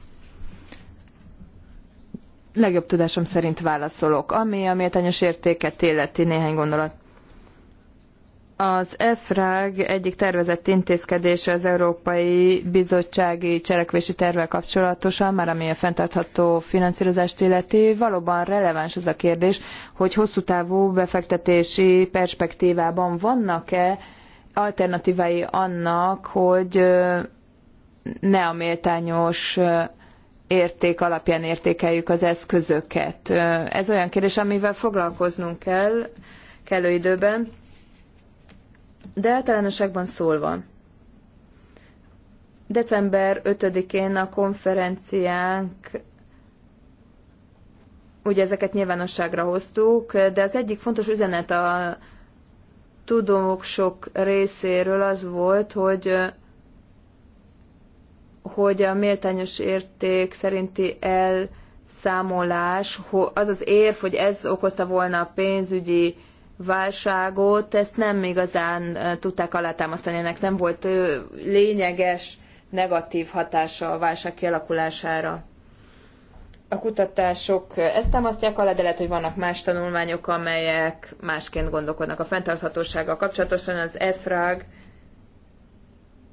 Legjobb tudásom szerint válaszolok. Ami a méltányos értéket illeti néhány gondolat az EFRAG egyik tervezett intézkedése az Európai Bizottsági Cselekvési Tervvel kapcsolatosan, már ami a fenntartható finanszírozást illeti, valóban releváns az a kérdés, hogy hosszú távú befektetési perspektívában vannak-e alternatívái annak, hogy ne a méltányos érték alapján értékeljük az eszközöket. Ez olyan kérdés, amivel foglalkoznunk kell kellő időben de általánosságban szólva, december 5-én a konferenciánk ugye ezeket nyilvánosságra hoztuk, de az egyik fontos üzenet a tudomok részéről az volt, hogy hogy a méltányos érték szerinti elszámolás, az az érv, hogy ez okozta volna a pénzügyi válságot, ezt nem igazán tudták alátámasztani, ennek nem volt lényeges negatív hatása a válság kialakulására. A kutatások ezt támasztják alá, de lehet, hogy vannak más tanulmányok, amelyek másként gondolkodnak. A fenntarthatósággal kapcsolatosan az EFRAG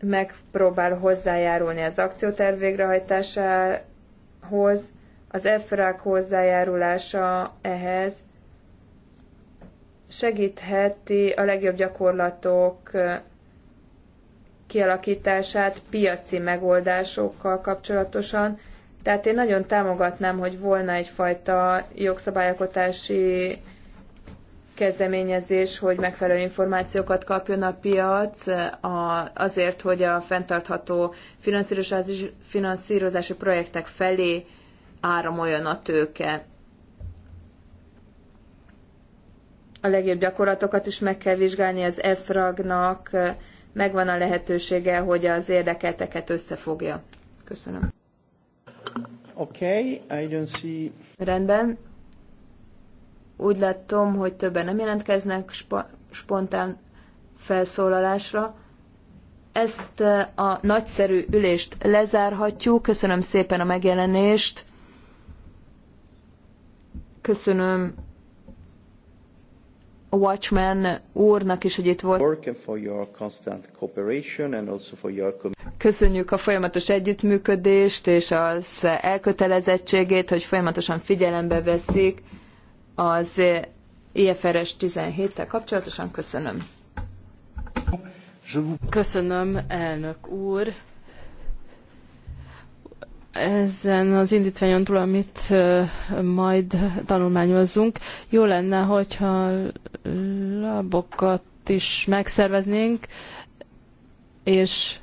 megpróbál hozzájárulni az akcióterv végrehajtásához, az EFRAG hozzájárulása ehhez segítheti a legjobb gyakorlatok kialakítását piaci megoldásokkal kapcsolatosan. Tehát én nagyon támogatnám, hogy volna egyfajta jogszabályalkotási kezdeményezés, hogy megfelelő információkat kapjon a piac a, azért, hogy a fenntartható finanszírozási, finanszírozási projektek felé áramoljon a tőke. a legjobb gyakorlatokat is meg kell vizsgálni, az EFRAG-nak megvan a lehetősége, hogy az érdekelteket összefogja. Köszönöm. Okay, I don't see... Rendben. Úgy látom, hogy többen nem jelentkeznek spo- spontán felszólalásra. Ezt a nagyszerű ülést lezárhatjuk. Köszönöm szépen a megjelenést. Köszönöm Watchman úrnak is, hogy itt volt. Köszönjük a folyamatos együttműködést és az elkötelezettségét, hogy folyamatosan figyelembe veszik az IFRS 17-tel kapcsolatosan. Köszönöm. Köszönöm, elnök úr ezen az indítványon túl, amit majd tanulmányozzunk, jó lenne, hogyha labokat is megszerveznénk, és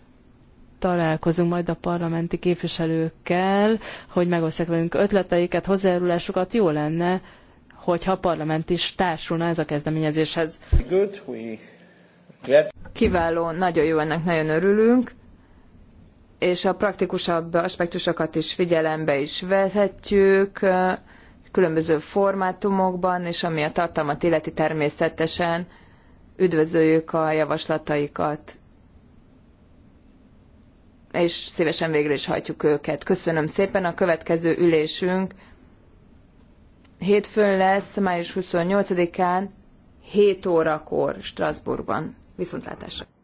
találkozunk majd a parlamenti képviselőkkel, hogy megosztják velünk ötleteiket, hozzájárulásukat. Jó lenne, hogyha a parlament is társulna ez a kezdeményezéshez. Kiváló, nagyon jó, ennek nagyon örülünk és a praktikusabb aspektusokat is figyelembe is vehetjük, különböző formátumokban, és ami a tartalmat illeti természetesen üdvözöljük a javaslataikat, és szívesen végre is hajtjuk őket. Köszönöm szépen, a következő ülésünk hétfőn lesz, május 28-án, 7 órakor Strasbourgban. Viszontlátásra!